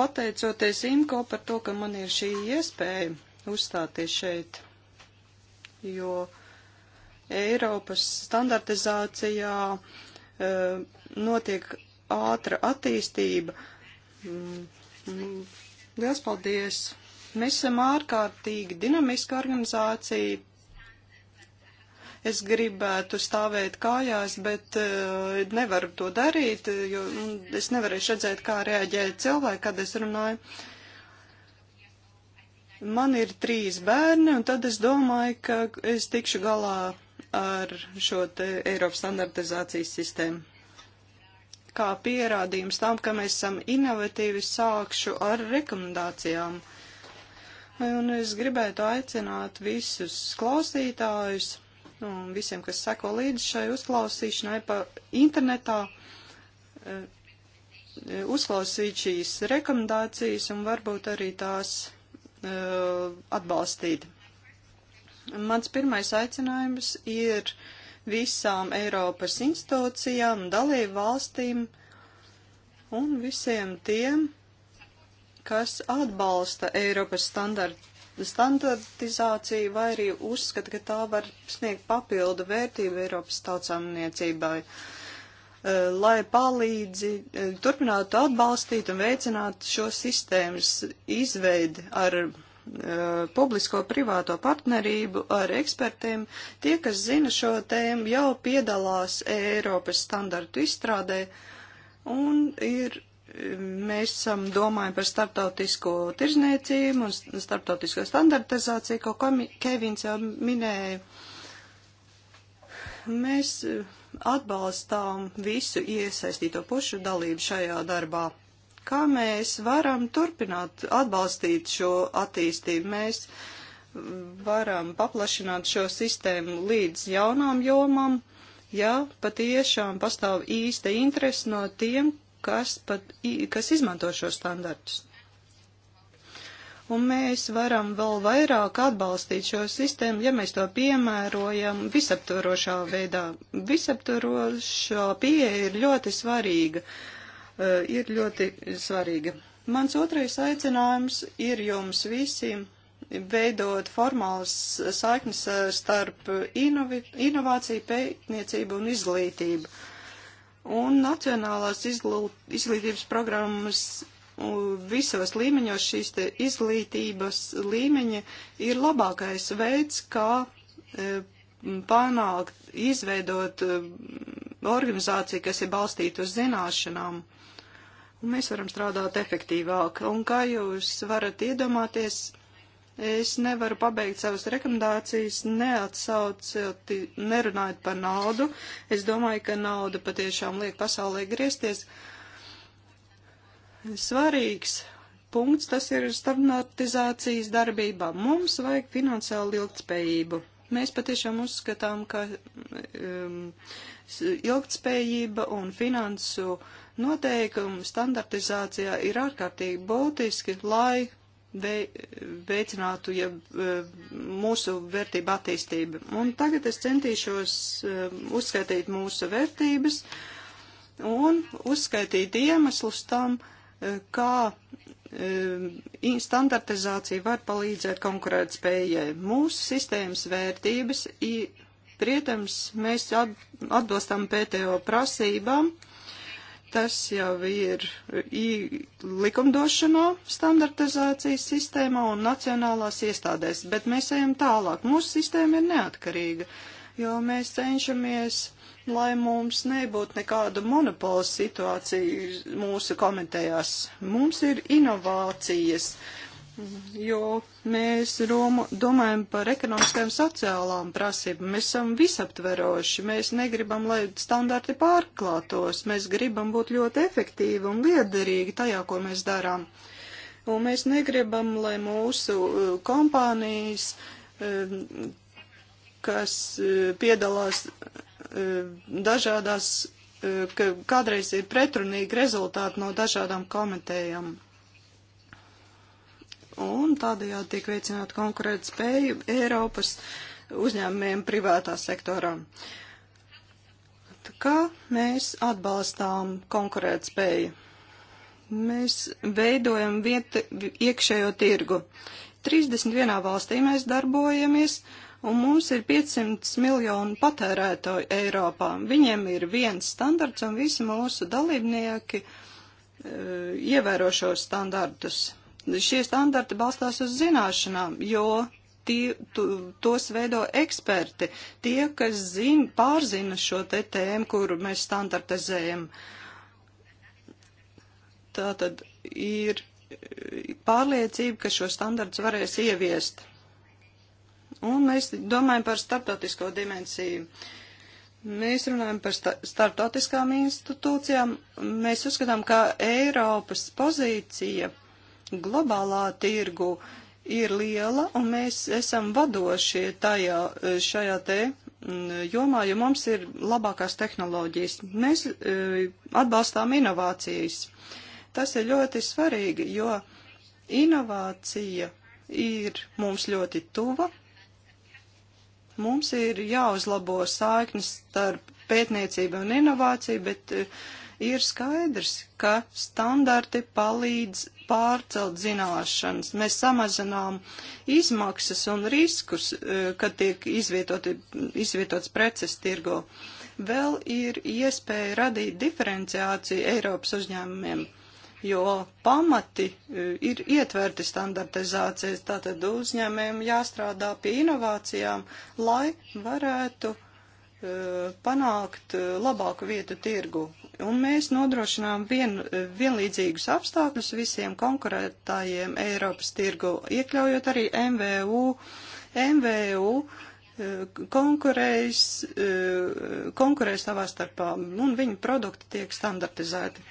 pateicoties Imko par to, ka man ir šī iespēja uzstāties šeit, jo Eiropas standartizācijā e, notiek ātra attīstība. Mm, mm, Lielas paldies! Mēs esam ārkārtīgi dinamiska organizācija. Es gribētu stāvēt kājās, bet uh, e, nevaru to darīt, jo es nevarēšu redzēt, kā reaģēja cilvēki, kad es runāju. Uh, Man ir trīs bērni, un tad es domāju, ka es tikšu galā ar šo te Eiropas standartizācijas sistēmu. Kā pierādījums tam, ka mēs esam inovatīvi, sākšu ar rekomendācijām. Un es gribētu aicināt visus klausītājus un visiem, kas seko līdzi šai uzklausīšanai pa internetā, eh, uzklausīt šīs rekomendācijas un varbūt arī tās Uh, atbalstīt. Mans pirmais aicinājums ir visām Eiropas institūcijām, dalību valstīm un visiem tiem, kas atbalsta Eiropas standart, standartizāciju vai arī uzskata, ka tā var sniegt papildu vērtību Eiropas tautsāmniecībai. Uh, Eh, lai palīdzi, eh, turpinātu atbalstīt un veicināt šo sistēmas izveidi ar eh, publisko-privāto partnerību ar ekspertiem. Tie, kas zina šo tēmu, jau piedalās Eiropas standartu izstrādē un ir. Mēs esam domājam par starptautisko tirzniecību un starptautisko standartizāciju, ko Kevins jau minēja. Mēs atbalstām visu iesaistīto pušu dalību šajā darbā. Kā mēs varam turpināt atbalstīt šo attīstību? Mēs mm, varam paplašināt šo sistēmu līdz jaunām jomām, ja patiešām pastāv īsta interese no tiem, kas, pat, kas izmanto šo standartus un mēs varam vēl vairāk atbalstīt šo sistēmu, ja mēs to piemērojam visaptvarošā veidā. Visaptvarošā pieeja ir ļoti svarīga. Eh, ir ļoti svarīga. Mans otrais aicinājums ir jums visiem veidot formālas saiknes starp inovi, inovāciju, pētniecību un izglītību. Un nacionālās izglīt, izglītības programmas Visos līmeņos šīs izglītības līmeņa ir labākais veids, kā e, panākt, izveidot e, organizāciju, kas ir balstīta uz zināšanām. Un mēs varam strādāt efektīvāk. Un kā jūs varat iedomāties, Es nevaru pabeigt savas rekomendācijas, neatsaucot, nerunājot par naudu. Es domāju, ka nauda patiešām liek pasaulē griezties, svarīgs punkts, tas ir standartizācijas darbībā. Mums vajag finansiālu ilgtspējību. Mēs patiešām uzskatām, ka um, ilgtspējība un finansu noteikumu standartizācijā ir ārkārtīgi būtiski, lai veicinātu ja, e, mūsu vērtību attīstību. Un tagad es centīšos e, uzskaitīt mūsu vērtības un uzskaitīt iemeslus tam, uh, kā eh, standartizācija var palīdzēt konkurēt spējai. Mūsu sistēmas vērtības, protams, mēs atbilstam PTO prasībām, tas jau ir likumdošanā, standartizācijas sistēmā un nacionālās iestādēs, bet mēs ejam tālāk. Mūsu sistēma ir neatkarīga, jo mēs cenšamies lai mums nebūtu nekādu monopolu situāciju mūsu komitejās. Mums ir inovācijas, jo mēs Romu domājam par ekonomiskajām sociālām prasībām. Mēs esam visaptveroši, mēs negribam, lai standarti pārklātos, mēs gribam būt ļoti efektīvi un liederīgi tajā, ko mēs darām. Un mēs negribam, lai mūsu uh, kompānijas um, kas uh, piedalās Eh, dažādās, eh, ka kādreiz ir pretrunīgi rezultāti no dažādām komitējām. Un tādējādi tiek veicināta konkurēta spēja Eiropas uzņēmumiem privātā sektorā. Kā mēs atbalstām konkurēt spēju? Mēs veidojam vieta, iekšējo tirgu. 31 valstī mēs darbojamies. Uh, un mums ir 500 miljonu patērētoju Eiropā. Viņiem ir viens standarts, un visi mūsu dalībnieki e, ievēro šos standartus. Šie standarti balstās uz zināšanām, jo tie, tu, tos veido eksperti, tie, kas zin, pārzina šo te tēmu, kuru mēs standartizējam. Tā tad ir eh, pārliecība, ka šo standartu varēs ieviest. Un mēs domājam par starptautisko dimensiju. Mēs runājam par sta starptautiskām institūcijām. Mēs uzskatām, ka Eiropas pozīcija globālā tirgu ir liela, un mēs esam vadošie tajā, šajā te mm, jomā, jo mums ir labākās tehnoloģijas. Mēs eh, atbalstām inovācijas. Tas ir ļoti svarīgi, jo inovācija ir mums ļoti tuva, Mums ir jāuzlabo saiknes starp pētniecību un inovāciju, bet eh, ir skaidrs, ka standarti palīdz pārcelt zināšanas. Mēs samazinām izmaksas un riskus, eh, kad tiek izvietoti, izvietots preces tirgo. Vēl ir iespēja radīt diferenciāciju Eiropas uzņēmumiem jo pamati e, ir ietverti standartizācijas. Tātad uzņēmējiem jāstrādā pie inovācijām, lai varētu e, panākt e, labāku vietu tirgu. Un mēs nodrošinām vien, vienlīdzīgus apstākļus visiem konkurētājiem Eiropas tirgu, iekļaujot arī MVU. MVU konkurēs, konkurēs savā starpā, un viņu produkti tiek standartizēti.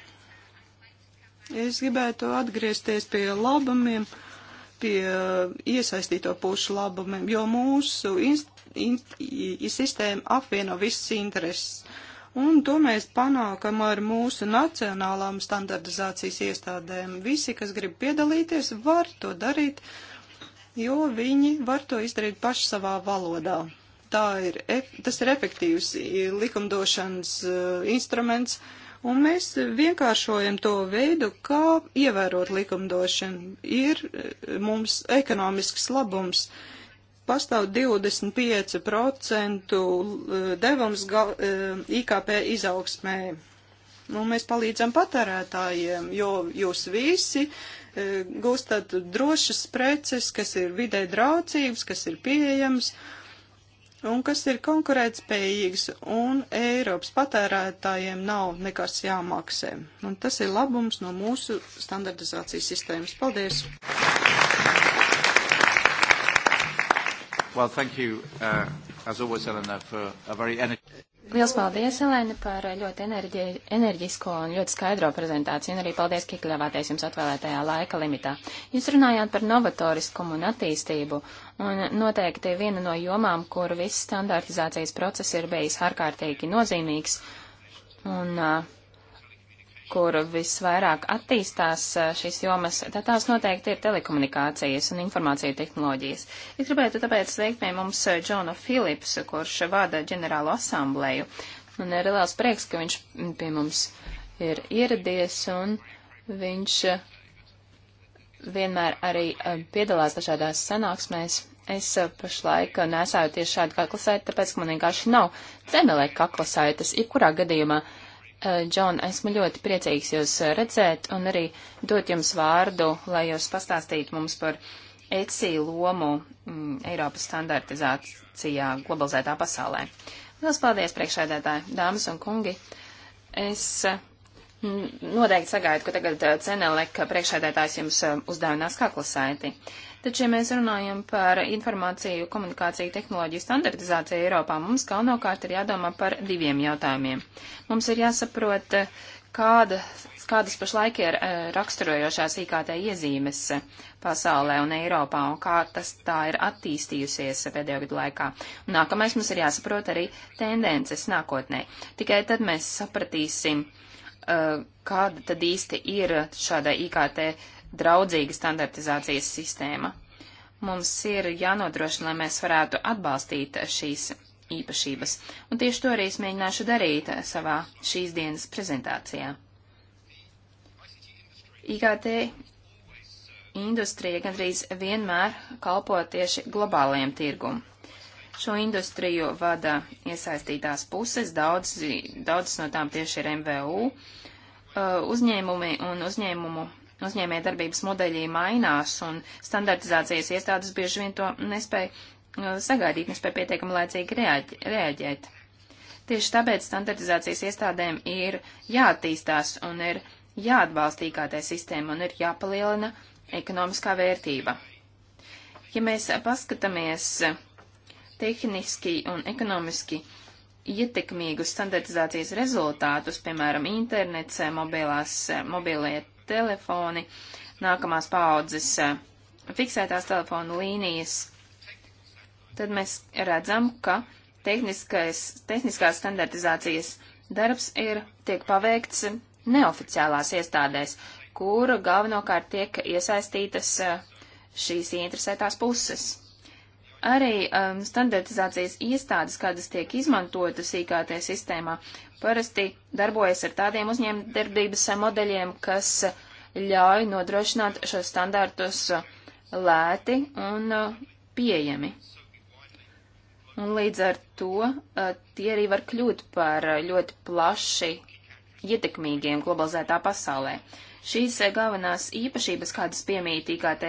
Es gribētu atgriezties pie labumiem, pie uh, iesaistīto pušu labumiem, jo mūsu inst, inst, sistēma apvieno visas intereses. Un to mēs panākam ar mūsu nacionālām standartizācijas iestādēm. Visi, kas grib piedalīties, var to darīt, jo viņi var to izdarīt paši savā valodā. Tā ir, tas ir efektīvs likumdošanas uh, instruments. Uh, Un mēs vienkāršojam to veidu, kā ievērot likumdošanu. Ir eh, mums ekonomisks labums. Pastāv 25% eh, devums eh, IKP izaugsmē. Un nu, mēs palīdzam patērētājiem, jo jūs visi gūstat drošas preces, kas ir vidē draudzīgas, kas ir pieejamas. Uh, un kas ir konkurētspējīgs, un Eiropas patērētājiem nav nekas jāmaksē. Un tas ir labums no mūsu standartizācijas sistēmas. Paldies! Well, thank you, uh, as always, Elena, for a very energetic... Liels paldies, Elēna, par ļoti enerģi, enerģisko un ļoti skaidro prezentāciju, un arī paldies, ka iekļāvāties jums atvēlētajā laika limitā. Jūs runājāt par novatoriskumu un attīstību, un noteikti viena no jomām, kur viss standartizācijas process ir bijis ārkārtīgi nozīmīgs, un uh, kur visvairāk attīstās eh, šīs jomas, tad tās noteikti ir telekomunikācijas un informācija tehnoloģijas. Es gribētu tāpēc sveikt pie mums eh, Džonu Philips, kurš vada ģenerālo asambleju. Un ir liels prieks, ka viņš pie mums ir ieradies un viņš eh, vienmēr arī piedalās dažādās sanāksmēs. Es pašlaik nesāju tieši šādu kaklasaitu, tāpēc, ka man vienkārši nav cemelē kaklasaitas, jebkurā gadījumā. Uh, Eh, Džon, esmu ļoti priecīgs jūs eh, redzēt un arī dot jums vārdu, lai jūs pastāstītu mums par ECI lomu m, mm, Eiropas standartizācijā globalizētā pasaulē. Lielas paldies, priekšēdētāji, dāmas un kungi. Es m, eh, noteikti sagaidu, ka tagad Ceneleka priekšēdētājs jums uzdāvinās kaklasaiti. saiti. Taču, ja mēs runājam par informāciju, komunikāciju, tehnoloģiju standartizāciju Eiropā, mums galvenokārt ir jādomā par diviem jautājumiem. Mums ir jāsaprot, kāda, kādas pašlaik ir e, raksturojošās IKT iezīmes pasaulē un Eiropā un kā tas tā ir attīstījusies pēdējo gadu laikā. Un nākamais mums ir jāsaprot arī tendences nākotnē. Tikai tad mēs sapratīsim, e, kāda tad īsti ir šāda IKT draudzīga standartizācijas sistēma. Mums ir jānodrošina, lai mēs varētu atbalstīt šīs īpašības, un tieši to arī es mēģināšu darīt savā šīs dienas prezentācijā. IKT industrija gandrīz vienmēr kalpo tieši globālajiem tirgumam. Šo industriju vada iesaistītās puses, daudz, daudz no tām tieši ir MVU uh, uzņēmumi un uzņēmumu uzņēmē darbības modeļi mainās un standartizācijas iestādes bieži vien to nespēja uh, sagaidīt, nespēja pietiekami laicīgi reaģēt. Tieši tāpēc standartizācijas iestādēm ir jāattīstās un ir jāatbalsta IKT sistēma un ir jāpalielina ekonomiskā vērtība. Ja mēs paskatāmies tehniski un ekonomiski ietekmīgus standartizācijas rezultātus, piemēram, internets, mobilās, mobilie telefoni, nākamās paaudzes eh, fiksētās telefonu līnijas, tad mēs redzam, ka tehniskās standartizācijas darbs ir tiek paveikts neoficiālās iestādēs, kur galvenokārt tiek iesaistītas eh, šīs interesētās puses. Arī um, standartizācijas iestādes, kādas tiek izmantotas IKT sistēmā, parasti darbojas ar tādiem uzņēmdarbības modeļiem, kas ļauj nodrošināt šos standartus uh, lēti un uh, pieejami. Un līdz ar to uh, tie arī var kļūt par ļoti plaši ietekmīgiem globalizētā pasaulē. Uh, Šīs eh, galvenās īpašības, kādas piemīt IKT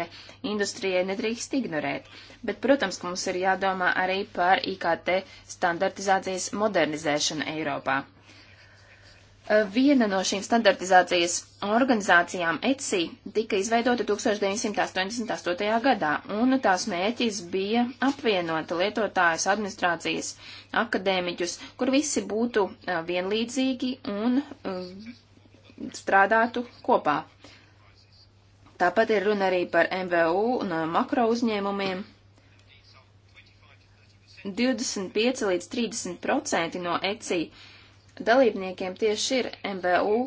industrijai, nedrīkst ignorēt, bet, protams, ka mums ir jādomā arī par IKT standartizācijas modernizēšanu Eiropā. Eh, viena no šīm standartizācijas organizācijām ECI tika izveidota 1988. gadā, un tās mēķis bija apvienot lietotājus, administrācijas, akadēmiķus, kur visi būtu eh, vienlīdzīgi un strādātu kopā. Tāpat ir runa arī par MVU un uh, makro uzņēmumiem. 25 līdz 30 procenti no ECI dalībniekiem tieši ir MVU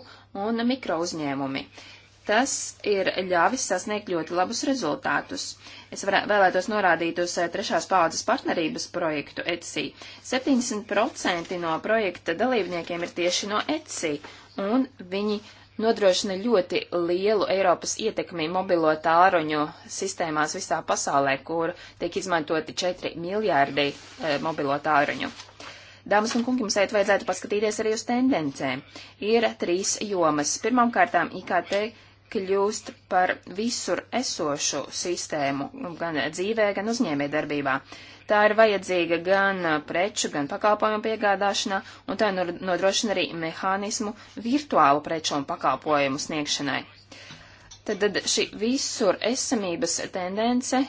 un mikro uzņēmumi. Tas ir ļāvis sasniegt ļoti labus rezultātus. Es varē, vēlētos norādīt uz uh, trešās paudzes partnerības projektu ECI. 70% no projekta dalībniekiem ir tieši no ECI, un viņi nodrošina ļoti lielu Eiropas ietekmi mobilo tāruņu sistēmās visā pasaulē, kur tiek izmantoti 4 miljārdi e, mobilo tāruņu. Dāmas un kungi, mums šeit vajadzētu paskatīties arī uz tendencēm. Ir trīs jomas. Pirmkārtām IKT kļūst par visur esošu sistēmu, gan dzīvē, gan uzņēmē darbībā. Tā ir vajadzīga gan preču, gan pakalpojumu piegādāšanā, un tā nodrošina arī mehānismu virtuālu preču un pakalpojumu sniegšanai. Tad, tad šī visur esamības tendence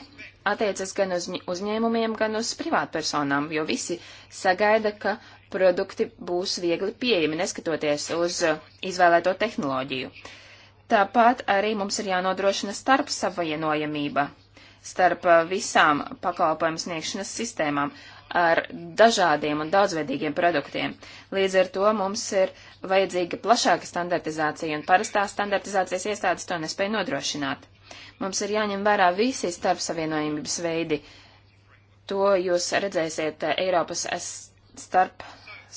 attiecas gan uz uzņēmumiem, gan uz privātpersonām, jo visi sagaida, ka produkti būs viegli pieejami, neskatoties uz izvēlēto tehnoloģiju. Tāpat arī mums ir jānodrošina starpsavainojamība starp visām pakalpojumu sniegšanas sistēmām ar dažādiem un daudzveidīgiem produktiem. Līdz ar to mums ir vajadzīga plašāka standartizācija, un parastās standartizācijas iestādes to nespēja nodrošināt. Mums ir jāņem vērā visi starp savienojumības veidi. To jūs redzēsiet Eiropas starp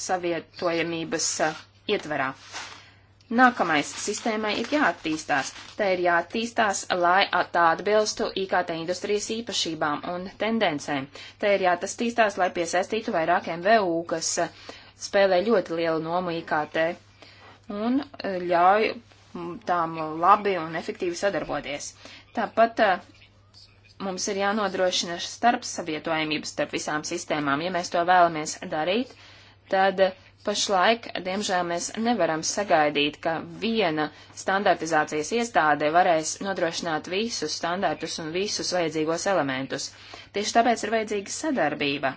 savietojamības ietverā. Nākamais sistēmai ir jāattīstās. Tā ir jāattīstās, lai tā atbilstu IKT industrijas īpašībām un tendencēm. Tā ir jāattīstās, lai piesaistītu vairāk MVU, kas spēlē ļoti lielu nomu IKT un e, ļauj tām labi un efektīvi sadarboties. Tāpat e, mums ir jānodrošina starp savietojamības starp visām sistēmām. Ja mēs to vēlamies darīt, tad Pašlaik, diemžēl, mēs nevaram sagaidīt, ka viena standartizācijas iestāde varēs nodrošināt visus standartus un visus vajadzīgos elementus. Tieši tāpēc ir vajadzīga sadarbība.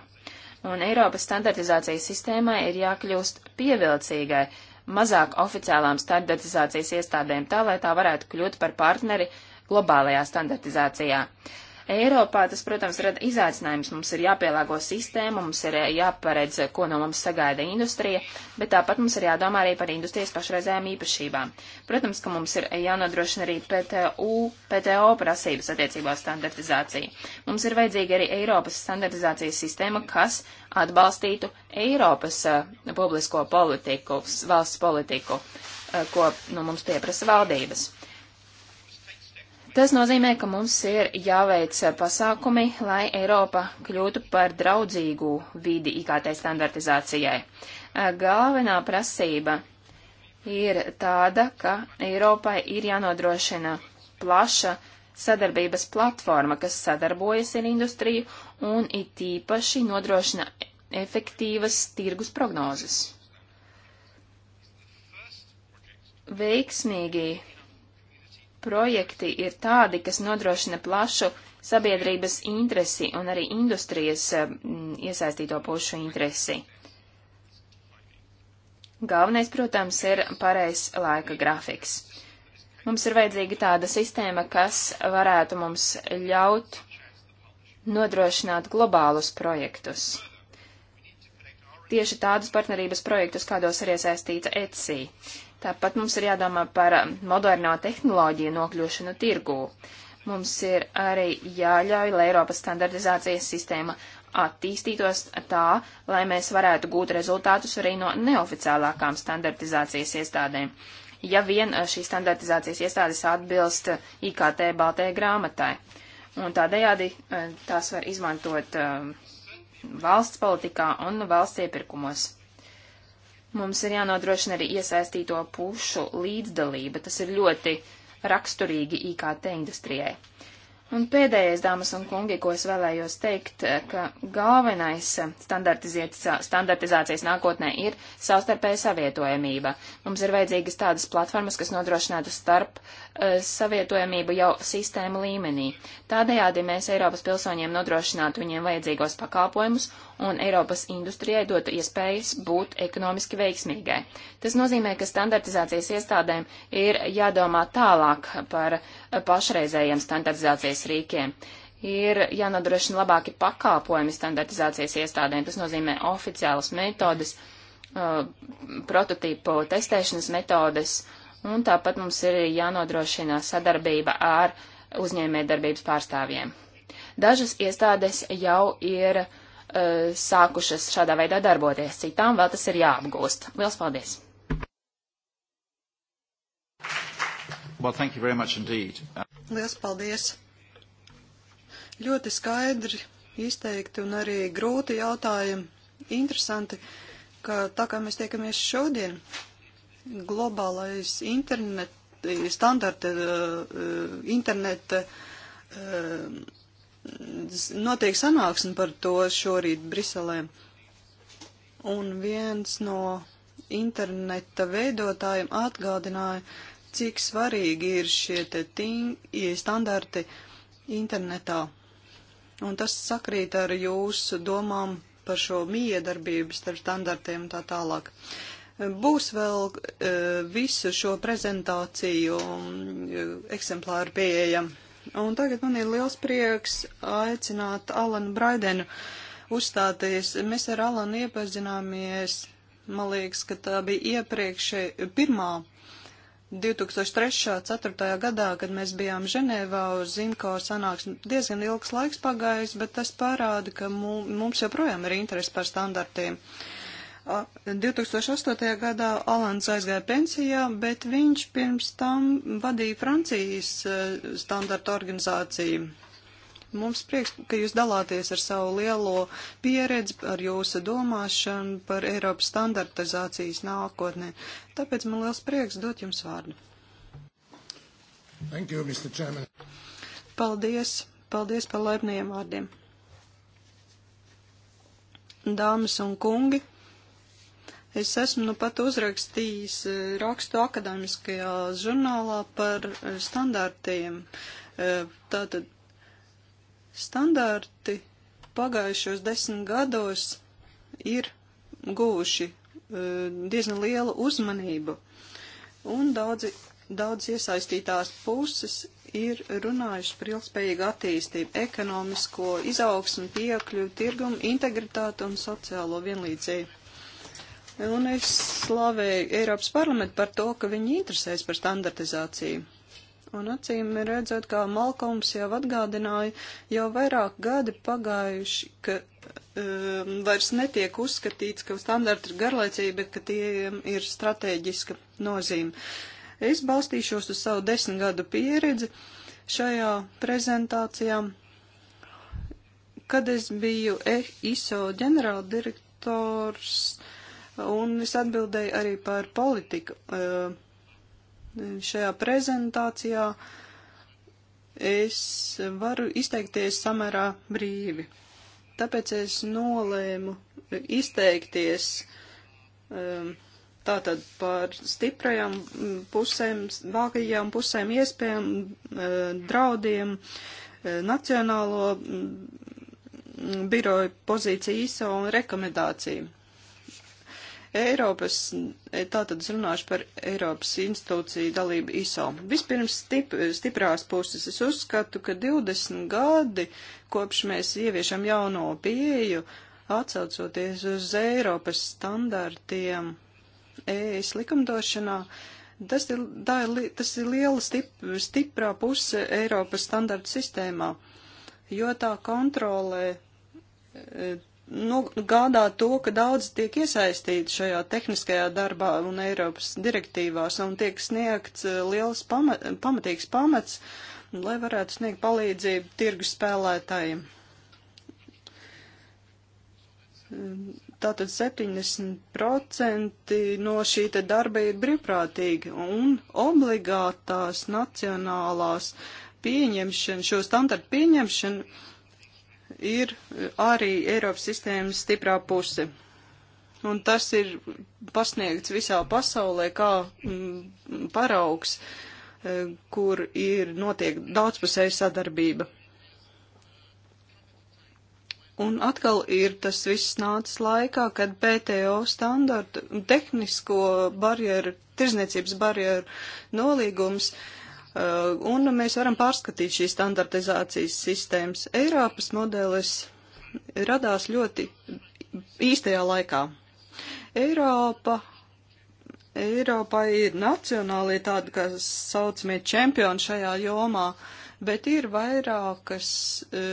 Un Eiropas standartizācijas sistēmai ir jākļūst pievilcīgai mazāk oficiālām standartizācijas iestādēm tā, lai tā varētu kļūt par partneri globālajā standartizācijā. Eiropā tas, protams, rada izaicinājums. Mums ir jāpielāgo sistēma, mums ir jāparedz, ko no mums sagaida industrija, bet tāpat mums ir jādomā arī par industrijas pašreizējām īpašībām. Protams, ka mums ir jānodrošina arī PTU, PTO prasības attiecībā standartizācija. Mums ir vajadzīga arī Eiropas standartizācijas sistēma, kas atbalstītu Eiropas uh, publisko politiku, valsts politiku, uh, ko no nu, mums pieprasa valdības. Tas nozīmē, ka mums ir jāveic pasākumi, lai Eiropa kļūtu par draudzīgu vidi IKT standartizācijai. Galvenā prasība ir tāda, ka Eiropai ir jānodrošina plaša sadarbības platforma, kas sadarbojas ar industriju un it īpaši nodrošina efektīvas tirgus prognozes. Veiksmīgi projekti ir tādi, kas nodrošina plašu sabiedrības interesi un arī industrijas eh, iesaistīto pušu interesi. Galvenais, protams, ir pareizs laika grafiks. Mums ir vajadzīga tāda sistēma, kas varētu mums ļaut nodrošināt globālus projektus. Tieši tādus partnerības projektus, kādos ir iesaistīta ECI. Tāpat mums ir jādomā par moderno tehnoloģiju nokļūšanu tirgū. Mums ir arī jāļauj, lai Eiropas standartizācijas sistēma attīstītos tā, lai mēs varētu gūt rezultātus arī no neoficiālākām standartizācijas iestādēm. Ja vien eh, šīs standartizācijas iestādes atbilst eh, IKT baltajai grāmatai. Un tādējādi eh, tās var izmantot valsts politikā un valsts iepirkumos. Mums ir jānodrošina arī iesaistīto pušu līdzdalība. Tas ir ļoti raksturīgi IKT industrijai. Un pēdējais, dāmas un kungi, ko es vēlējos teikt, ka galvenais standartizācijas nākotnē ir savstarpēja savietojamība. Mums ir vajadzīgas tādas platformas, kas nodrošinātu starp uh, Eh, savietojamību jau sistēmu līmenī. Tādējādi mēs Eiropas pilsoņiem nodrošinātu viņiem vajadzīgos pakalpojumus un Eiropas industrijai dotu iespējas būt ekonomiski veiksmīgai. Tas nozīmē, ka standartizācijas iestādēm ir jādomā tālāk par pašreizējiem standartizācijas rīkiem. Ir jānodrošina labāki pakalpojumi standartizācijas iestādēm, tas nozīmē oficiālas metodas, eh, prototīpu testēšanas metodas, uh, un tāpat mums ir jānodrošina sadarbība ar uzņēmējdarbības pārstāvjiem. Dažas iestādes jau ir uh, sākušas šādā veidā darboties, citām vēl tas ir jāapgūst. Lielas paldies! Well, thank you very much indeed. Lielas paldies! Ļoti skaidri izteikti un arī grūti jautājumi. Interesanti, ka tā kā mēs tiekamies šodien, globālais internet, eh, standarta eh, interneta eh, notiek sanāksme par to šorīt Briselē. Un viens no interneta veidotājiem atgādināja, cik svarīgi ir šie te ting, standarti internetā. Un tas sakrīt ar jūsu domām par šo miedarbību starp standartiem un tā tālāk. Uh, Būs vēl e, visu šo prezentāciju e, eksemplāru pieejam. Un tagad man ir liels prieks aicināt Alanu Braidenu uzstāties. Mēs ar Alanu iepazināmies, man liekas, ka tā bija iepriekšē pirmā 2003. 4. gadā, kad mēs bijām Ženēvā uz Zinko sanāksmi, diezgan ilgs laiks pagājis, bet tas parāda, ka mums joprojām ir interesi par standartiem. Uh, 2008. gadā Alans aizgāja pensijā, bet viņš pirms tam vadīja Francijas e, standarta organizāciju. Mums prieks, ka jūs dalāties ar savu lielo pieredzi, ar jūsu domāšanu par Eiropas standartizācijas nākotnē. Tāpēc man liels prieks dot jums vārdu. Thank you, Mr. Chairman. Paldies, paldies par laipniem vārdiem. Dāmas un kungi. Es esmu nu pat uzrakstījis e, rakstu akadēmiskajā žurnālā par e, standartiem. E, tātad standarti pagājušos desmit gados ir guvuši diezgan lielu uzmanību. Un daudzi, daudz iesaistītās puses ir runājuši par ilgspējīgu attīstību, ekonomisko izaugsmu, piekļuvu, tirgumu, integritātu un sociālo vienlīdzību. Un es slavēju Eiropas parlamentu par to, ka viņi interesēs par standartizāciju. Un acīm redzot, kā Malkoms jau atgādināja, jau vairāk gadi pagājuši, ka um, vairs netiek uzskatīts, ka standarti ir garlaicīgi, bet ka tiem ir strateģiska nozīme. Es balstīšos uz savu desmit gadu pieredzi šajā prezentācijā, kad es biju e ISO ģenerāldirektors. direktors un es atbildēju arī par politiku. Eh, šajā prezentācijā es varu izteikties samērā brīvi, tāpēc es nolēmu izteikties eh, tātad par stiprajām pusēm, vākajām pusēm, iespējām, eh, draudiem, nacionālo mm, biroju pozīciju ISO un rekomendāciju. Eiropas, e, tātad es runāšu par Eiropas institūciju dalību ISO. Vispirms stip, stiprās puses es uzskatu, ka 20 gadi kopš mēs ieviešam jauno pieju, atsaucoties uz Eiropas standartiem ES likumdošanā, tas ir, ir, tas ir liela stip, stiprā puse Eiropas standartu sistēmā, jo tā kontrolē e, nu, gādā to, ka daudz tiek iesaistīti šajā tehniskajā darbā un Eiropas direktīvās un tiek sniegts eh, liels pamat, pamatīgs pamats, lai varētu sniegt palīdzību tirgus spēlētājiem. Tātad 70% no šī te darba ir brīvprātīgi un obligātās nacionālās pieņemšana, šo standartu pieņemšana ir arī Eiropas sistēmas stiprā puse. Un tas ir pasniegts visā pasaulē kā m, mm, paraugs, e, kur ir notiek daudzpusēja sadarbība. Un atkal ir tas viss nācis laikā, kad PTO standartu tehnisko barjeru, tirzniecības barjeru nolīgums uh, Uh, un mēs varam pārskatīt šīs standartizācijas sistēmas. Eiropas modelis radās ļoti īstajā laikā. Eiropa, Eiropai ir nacionāli tādi, kas saucamie čempioni šajā jomā, bet ir vairākas e,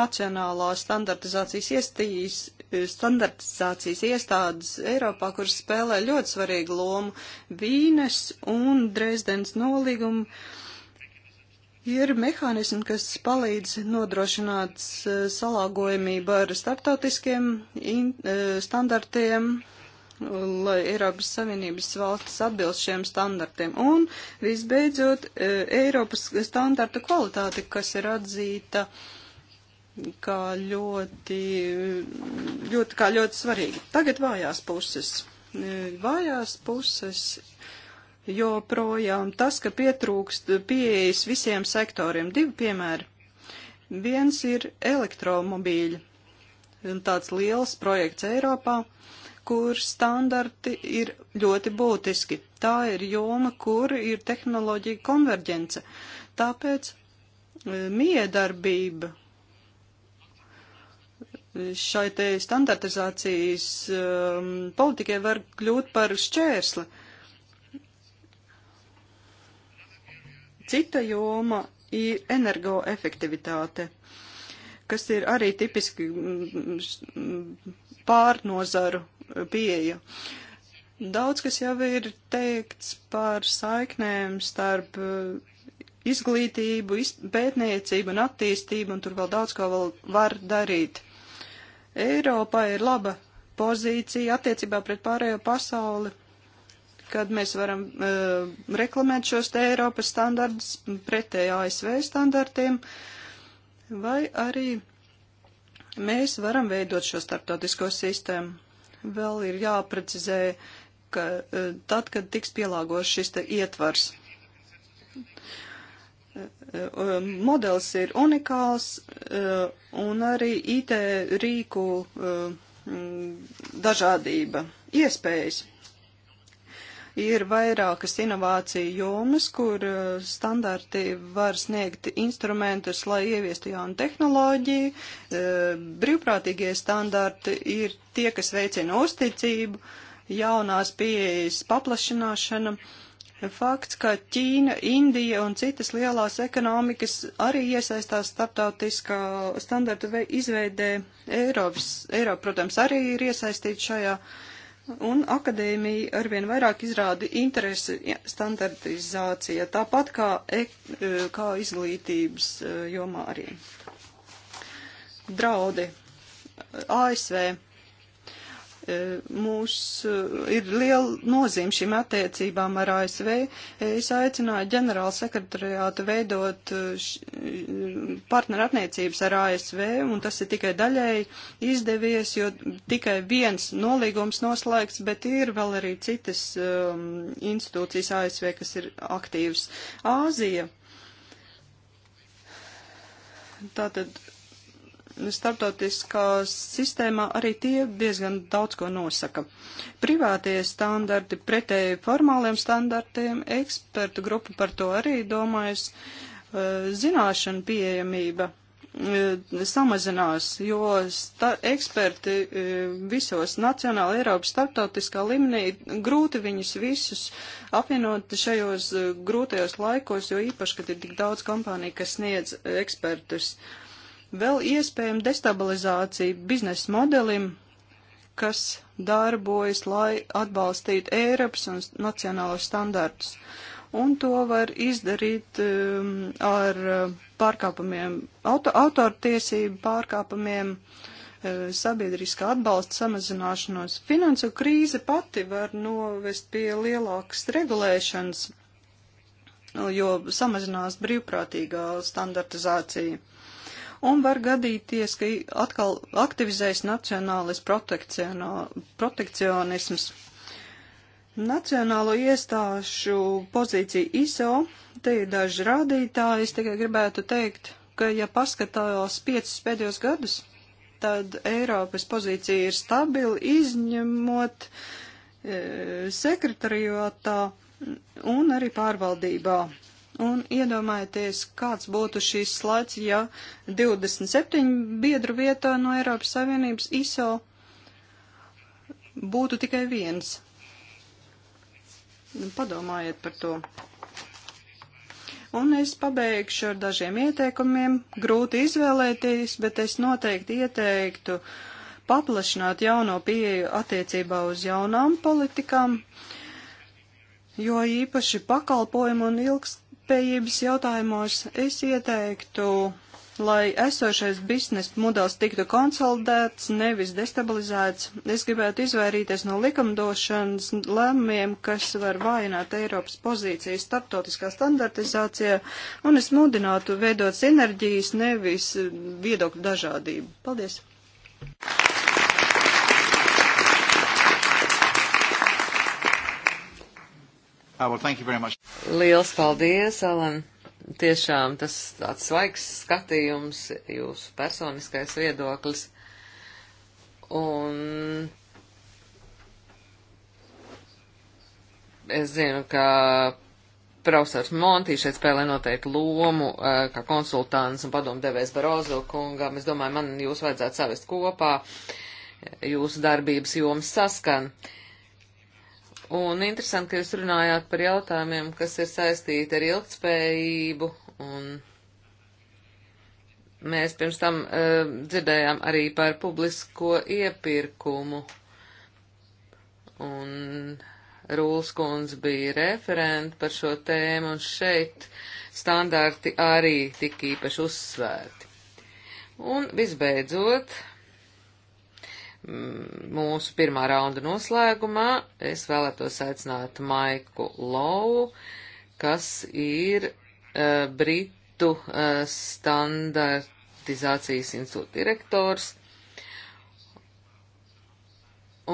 nacionālās standartizācijas iestīs, standartizācijas iestādes Eiropā, kuras spēlē ļoti svarīgu lomu Vīnes un Dresdens nolīgumu. Ir mehānismi, kas palīdz nodrošināt e, salāgojamību ar starptautiskiem e, standartiem, lai Eiropas Savienības valstis atbilst šiem standartiem. Un, visbeidzot, e, Eiropas standarta kvalitāte, kas ir atzīta uh, kā ļoti, ļoti, kā ļoti svarīgi. Tagad vājās puses. Vājās puses joprojām tas, ka pietrūkst pieejas visiem sektoriem. Divi piemēri. Viens ir elektromobīļi, tāds liels projekts Eiropā, kur standarti ir ļoti būtiski. Tā ir joma, kur ir tehnoloģija konverģence. Tāpēc eh, miedarbība šai te standartizācijas um, politikai var kļūt par šķērsli. Cita joma ir energoefektivitāte, kas ir arī tipiski mm, pārnozaru pieeja. Daudz kas jau ir teikts par saiknēm starp uh, izglītību, pētniecību un attīstību, un tur vēl daudz ko vēl var darīt. Eiropā ir laba pozīcija attiecībā pret pārējo pasauli, kad mēs varam uh, reklamēt šos te Eiropas standartus pretēji ASV standartiem, vai arī mēs varam veidot šo starptautisko sistēmu. Vēl ir jāprecizē, ka uh, tad, kad tiks pielāgots šis te ietvars. Eh, eh, modelis ir unikāls eh, un arī IT rīku dažādība, iespējas. Ir vairākas inovāciju jomas, kur standarti var sniegt instrumentus, lai ieviestu jaunu tehnoloģiju. Brīvprātīgie standarti ir tie, kas veicina uzticību, jaunās pieejas paplašināšana. Uh, Fakts, ka Ķīna, Indija un citas lielās ekonomikas arī iesaistās starptautiskā standarta izveidē, Eiropas, Eiropa, protams, arī ir iesaistīta šajā, un akadēmija arvien vairāk izrāda interesi standartizācija, tāpat kā, ek, e, kā izglītības e, jomā arī. Draudi. ASV Mūs ir liela nozīme šīm attiecībām ar ASV. Es aicināju ģenerāla sekretariātu veidot eh, partneru attiecības ar ASV, un tas ir tikai daļēji izdevies, jo tikai viens nolīgums noslēgts, bet ir vēl arī citas um, institūcijas ASV, kas ir aktīvas. Āzija. Tātad starptautiskā sistēmā arī tie diezgan daudz ko nosaka. Privātie standarti pretēji formāliem standartiem, ekspertu grupa par to arī domājas, eh, zināšana pieejamība eh, samazinās, jo eksperti eh, visos nacionāla Eiropas starptautiskā līmenī grūti viņus visus apvienot šajos grūtajos laikos, jo īpaši, kad ir tik daudz kompāniju, kas sniedz ekspertus. Uh, vēl iespējama destabilizācija biznesa modelim, kas darbojas, lai atbalstītu Eiropas un nacionālos standartus. Un to var izdarīt um, ar uh, pārkāpumiem, auto, autortiesību pārkāpumiem, uh, sabiedriskā atbalsta samazināšanos. Finansu krīze pati var novest pie lielākas regulēšanas, jo samazinās brīvprātīgā standartizācija un var gadīties, ka atkal aktivizēs nacionālis protekcionisms. Nacionālo iestāšu pozīcija ISO, te ir daži rādītāji, es tikai gribētu teikt, ka ja paskatājos piecus pēdējos gadus, tad Eiropas pozīcija ir stabila, izņemot e, sekretariātā un arī pārvaldībā. Un iedomājieties, kāds būtu šīs slaids, ja 27 biedru vietā no Eiropas Savienības ISO būtu tikai viens. Padomājiet par to. Un es pabeigšu ar dažiem ieteikumiem. Grūti izvēlēties, bet es noteikti ieteiktu paplašināt jauno pieeju attiecībā uz jaunām politikām, jo īpaši pakalpojumu un ilgst ilgtspējības jautājumos es ieteiktu, lai esošais biznesa modelis tiktu konsolidēts, nevis destabilizēts. Es gribētu izvairīties no likumdošanas lēmumiem, kas var vājināt Eiropas pozīcijas starptautiskā standartizācijā, un es mudinātu veidot sinerģijas, nevis viedokļu dažādību. Paldies! Thank you. Oh, well, thank you very much. Liels paldies, Alan. Tiešām tas tāds svaigs skatījums, jūsu personiskais viedoklis. Un es zinu, ka profesors Monti šeit spēlē noteikti lomu, uh, kā konsultants un padomdevējs Barozo kungam. Es domāju, man jūs vajadzētu savest kopā, jūsu darbības jomas saskan. Uh, Un interesanti, ka jūs runājāt par jautājumiem, kas ir saistīti ar ilgtspējību, un mēs pirms tam uh, dzirdējām arī par publisko iepirkumu. Un Rūls kundz bija referenti par šo tēmu, un šeit standarti arī tik īpaši uzsvērti. Un visbeidzot, mūsu pirmā raunda noslēgumā es vēlētos aicināt Maiku Lovu, kas ir uh, Britu uh, standartizācijas institūta direktors.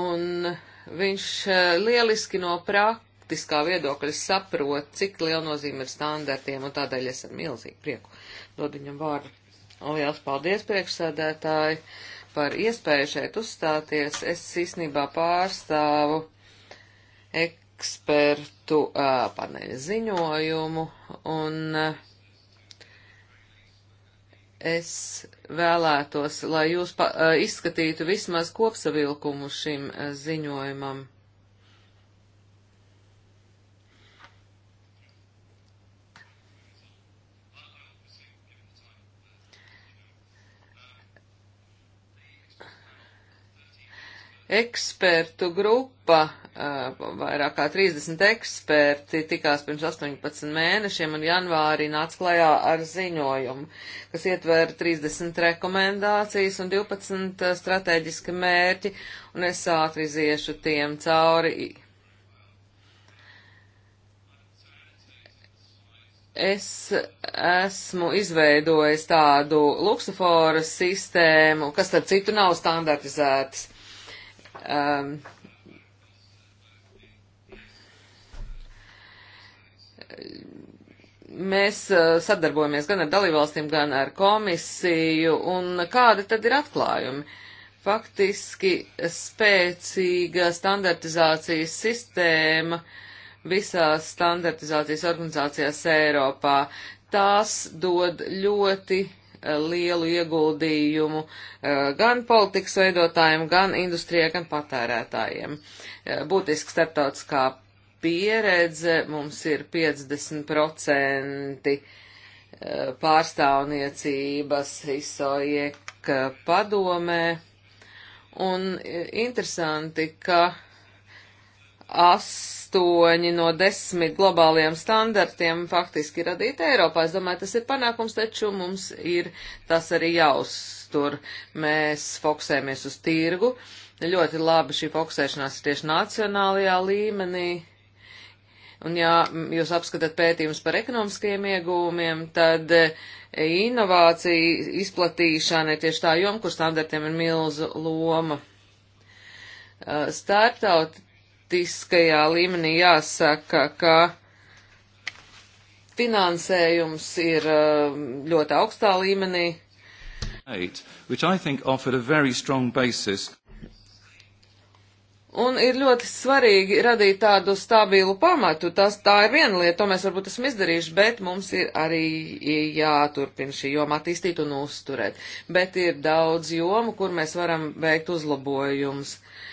Un viņš uh, lieliski no praktiskā viedokļa saprot, cik liela nozīme ir standartiem, un tādēļ es ar milzīgu prieku dodu viņam vārdu. Liels paldies, priekšsēdētāji! Uh, par iespēju šeit uzstāties. Es īstenībā pārstāvu ekspertu uh, paneļa ziņojumu un uh, es vēlētos, lai jūs pa, uh, izskatītu vismaz kopsavilkumu šim uh, ziņojumam. Ekspertu grupa, vairāk kā 30 eksperti, tikās pirms 18 mēnešiem un janvārī nāca klajā ar ziņojumu, kas ietver 30 rekomendācijas un 12 strateģiski mērķi, un es ātriziešu tiem cauri. Es esmu izveidojis tādu luksuforu sistēmu, kas, starp citu, nav standartizētas um, mēs uh, sadarbojamies gan ar dalībvalstīm, gan ar komisiju, un kādi tad ir atklājumi? Faktiski spēcīga standartizācijas sistēma visās standartizācijas organizācijās Eiropā. Tās dod ļoti lielu ieguldījumu eh, gan politikas veidotājiem, gan industrijai, gan patērētājiem. Eh, būtiski starptautiskā pieredze mums ir 50% eh, pārstāvniecības izsojek padomē. Un interesanti, ka AS astoņi no desmit globāliem standartiem faktiski radīti Eiropā. Es domāju, tas ir panākums, taču mums ir tas arī jāuztur. Mēs fokusējamies uz tirgu. Ļoti labi šī fokusēšanās ir tieši nacionālajā līmenī. Un ja jūs apskatāt pētījumus par ekonomiskajiem iegūmiem, tad eh, inovācija izplatīšana ir tieši tā joma, kur standartiem ir milzu loma. Eh, Startaut, politiskajā līmenī jāsaka, ka finansējums ir um, ļoti augstā līmenī. Un ir ļoti svarīgi radīt tādu stabilu pamatu. Tas, tā ir viena lieta, to mēs varbūt esam izdarījuši, bet mums ir arī jāturpina šī joma attīstīt un uzturēt. Bet ir daudz jomu, kur mēs varam veikt uzlabojumus. Uh,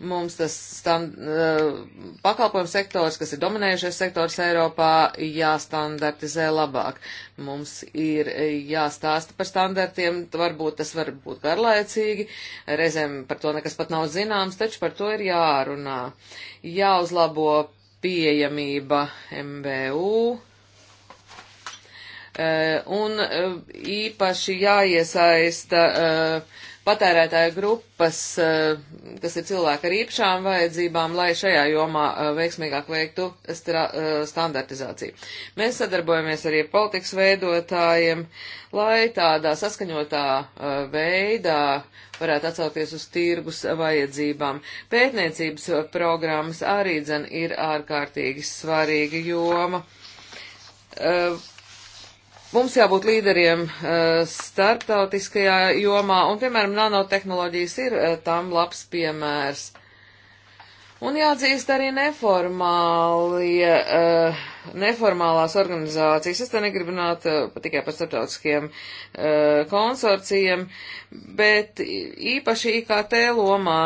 Mums tas stand, eh, pakalpojums sektors, kas ir dominējušais sektors Eiropā, jāstandartizē labāk. Mums ir jāstāsta par standartiem, varbūt tas var būt garlaicīgi, reizēm par to nekas pat nav zināms, taču par to ir jārunā. Jāuzlabo pieejamība MVU, eh, un eh, īpaši jāiesaista uh, patērētāju grupas, eh, kas ir cilvēki ar īpašām vajadzībām, lai šajā jomā eh, veiksmīgāk veiktu eh, standartizāciju. Mēs sadarbojamies arī ar politikas veidotājiem, lai tādā saskaņotā veidā varētu atsaukties uz tirgus vajadzībām. Pētniecības programmas arī dzen ir ārkārtīgi svarīga joma. Uh, Mums jābūt līderiem eh, starptautiskajā jomā, un, piemēram, nanotehnoloģijas ir eh, tam labs piemērs. Un jāatzīst arī neformālie, eh, neformālās organizācijas. Es te negribu runāt tikai par starptautiskiem konsorcijiem, bet īpaši IKT lomā,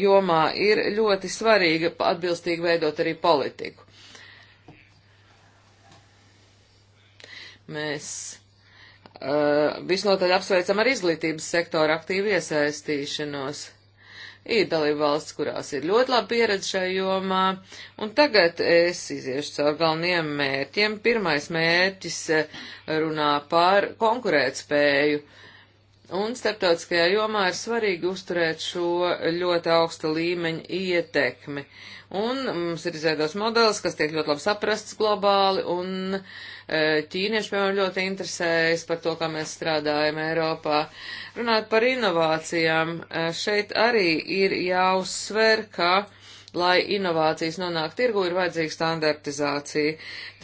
jomā ir ļoti svarīga atbilstīgi veidot arī politiku. Mēs uh, visnotaļ apsveicam ar izglītības sektoru aktīvu iesaistīšanos. Ir dalība valsts, kurās ir ļoti laba pieredze šai jomā, un tagad es iziešu caur galveniem mērķiem. Pirmais mērķis eh, runā par konkurētspēju. Uh, Un starptautiskajā jomā ir svarīgi uzturēt šo ļoti augsta līmeņa ietekmi. Un mums ir izveidos modelis, kas tiek ļoti labi saprasts globāli, un e, ķīnieši, piemēram, ļoti interesējas par to, kā mēs strādājam Eiropā. Runāt par inovācijām, e, šeit arī ir jāuzsver, ka lai inovācijas nonāk tirgu, ir vajadzīga standartizācija.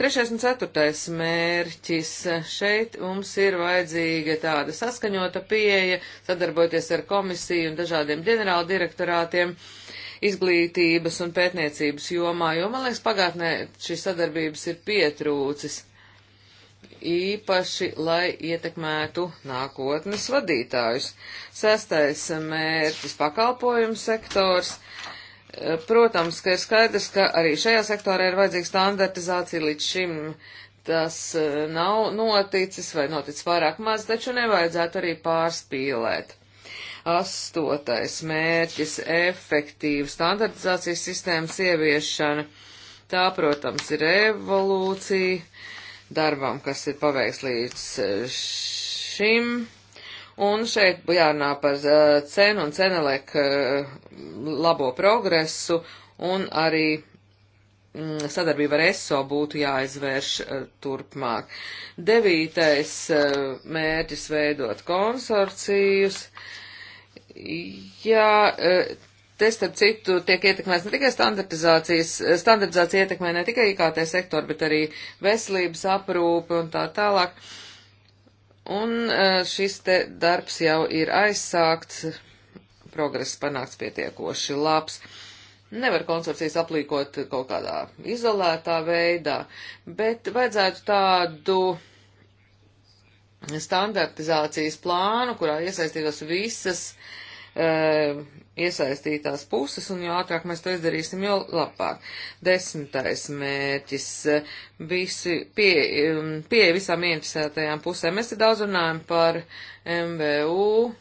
Trešais un ceturtais mērķis. Šeit mums ir vajadzīga tāda saskaņota pieeja, sadarbojoties ar komisiju un dažādiem ģenerāla direktorātiem izglītības un pētniecības jomā, jo, man liekas, pagātnē šīs sadarbības ir pietrūcis. Īpaši, lai ietekmētu nākotnes vadītājus. Sestais mērķis - pakalpojumu sektors. Uh, Protams, ka ir skaidrs, ka arī šajā sektorā ir vajadzīga standartizācija līdz šim. Tas e, nav noticis vai noticis pārāk maz, taču nevajadzētu arī pārspīlēt. Astotais mērķis - efektīva standartizācijas sistēmas ieviešana. Tā, protams, ir evolūcija darbam, kas ir paveikts līdz šim Un šeit jārunā par eh, cenu un cenelek eh, labo progresu un arī mm, sadarbība ar ESO būtu jāizvērš eh, turpmāk. Devītais mērķis veidot konsorcijus. Jā, te starp citu tiek ietekmēts ne tikai standartizācijas, standartizācija ietekmē ne tikai IKT sektoru, bet arī veselības aprūpi un tā tālāk. Uh, Un e, šis te darbs jau ir aizsākts, progress panāks pietiekoši labs. Nevar konsorcijas aplīkot kaut kādā izolētā veidā, bet vajadzētu tādu standartizācijas plānu, kurā iesaistītos visas uh, Eh, iesaistītās puses, un jo ātrāk mēs to izdarīsim, jo labāk. Desmitais mērķis - visi pie, mm, pie visām interesētajām pusēm. Mēs te daudz runājam par MVU,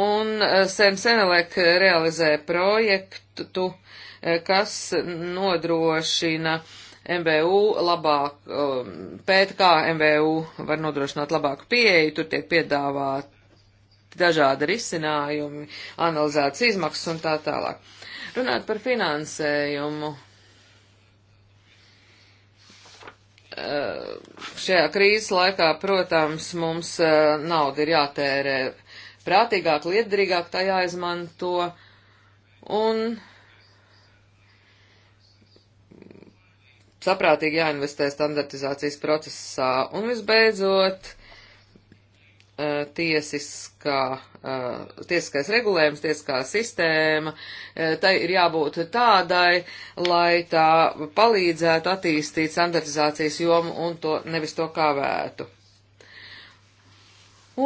un eh, sen senelek realizē projektu, eh, kas nodrošina MVU labāk, pēta, kā MVU var nodrošināt labāku pieeju, tur tiek piedāvāt dažādi risinājumi, analizētas izmaksas un tā tālāk. Runāt par finansējumu. Eh, šajā krīzes laikā, protams, mums eh, nauda ir jātērē prātīgāk, liederīgāk tā jāizmanto. Un saprātīgi jāinvestē standartizācijas procesā. Un visbeidzot, uh, Eh, tiesiskā, eh, tiesiskais regulējums, tiesiskā sistēma, eh, tai ir jābūt tādai, lai tā palīdzētu attīstīt standartizācijas jomu un to nevis to kāvētu.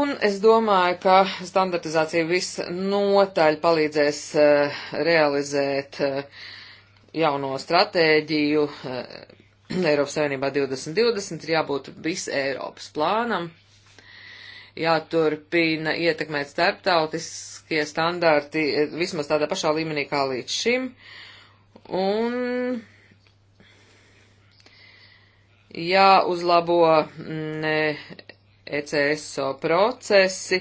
Un es domāju, ka standartizācija visnotaļ palīdzēs realizēt jauno stratēģiju Eiropas Savienībā 2020, ir jābūt vis Eiropas plānam jāturpina ietekmēt starptautiskie standarti eh, vismaz tādā pašā līmenī kā līdz šim. Un jāuzlabo mm, ne ECSO procesi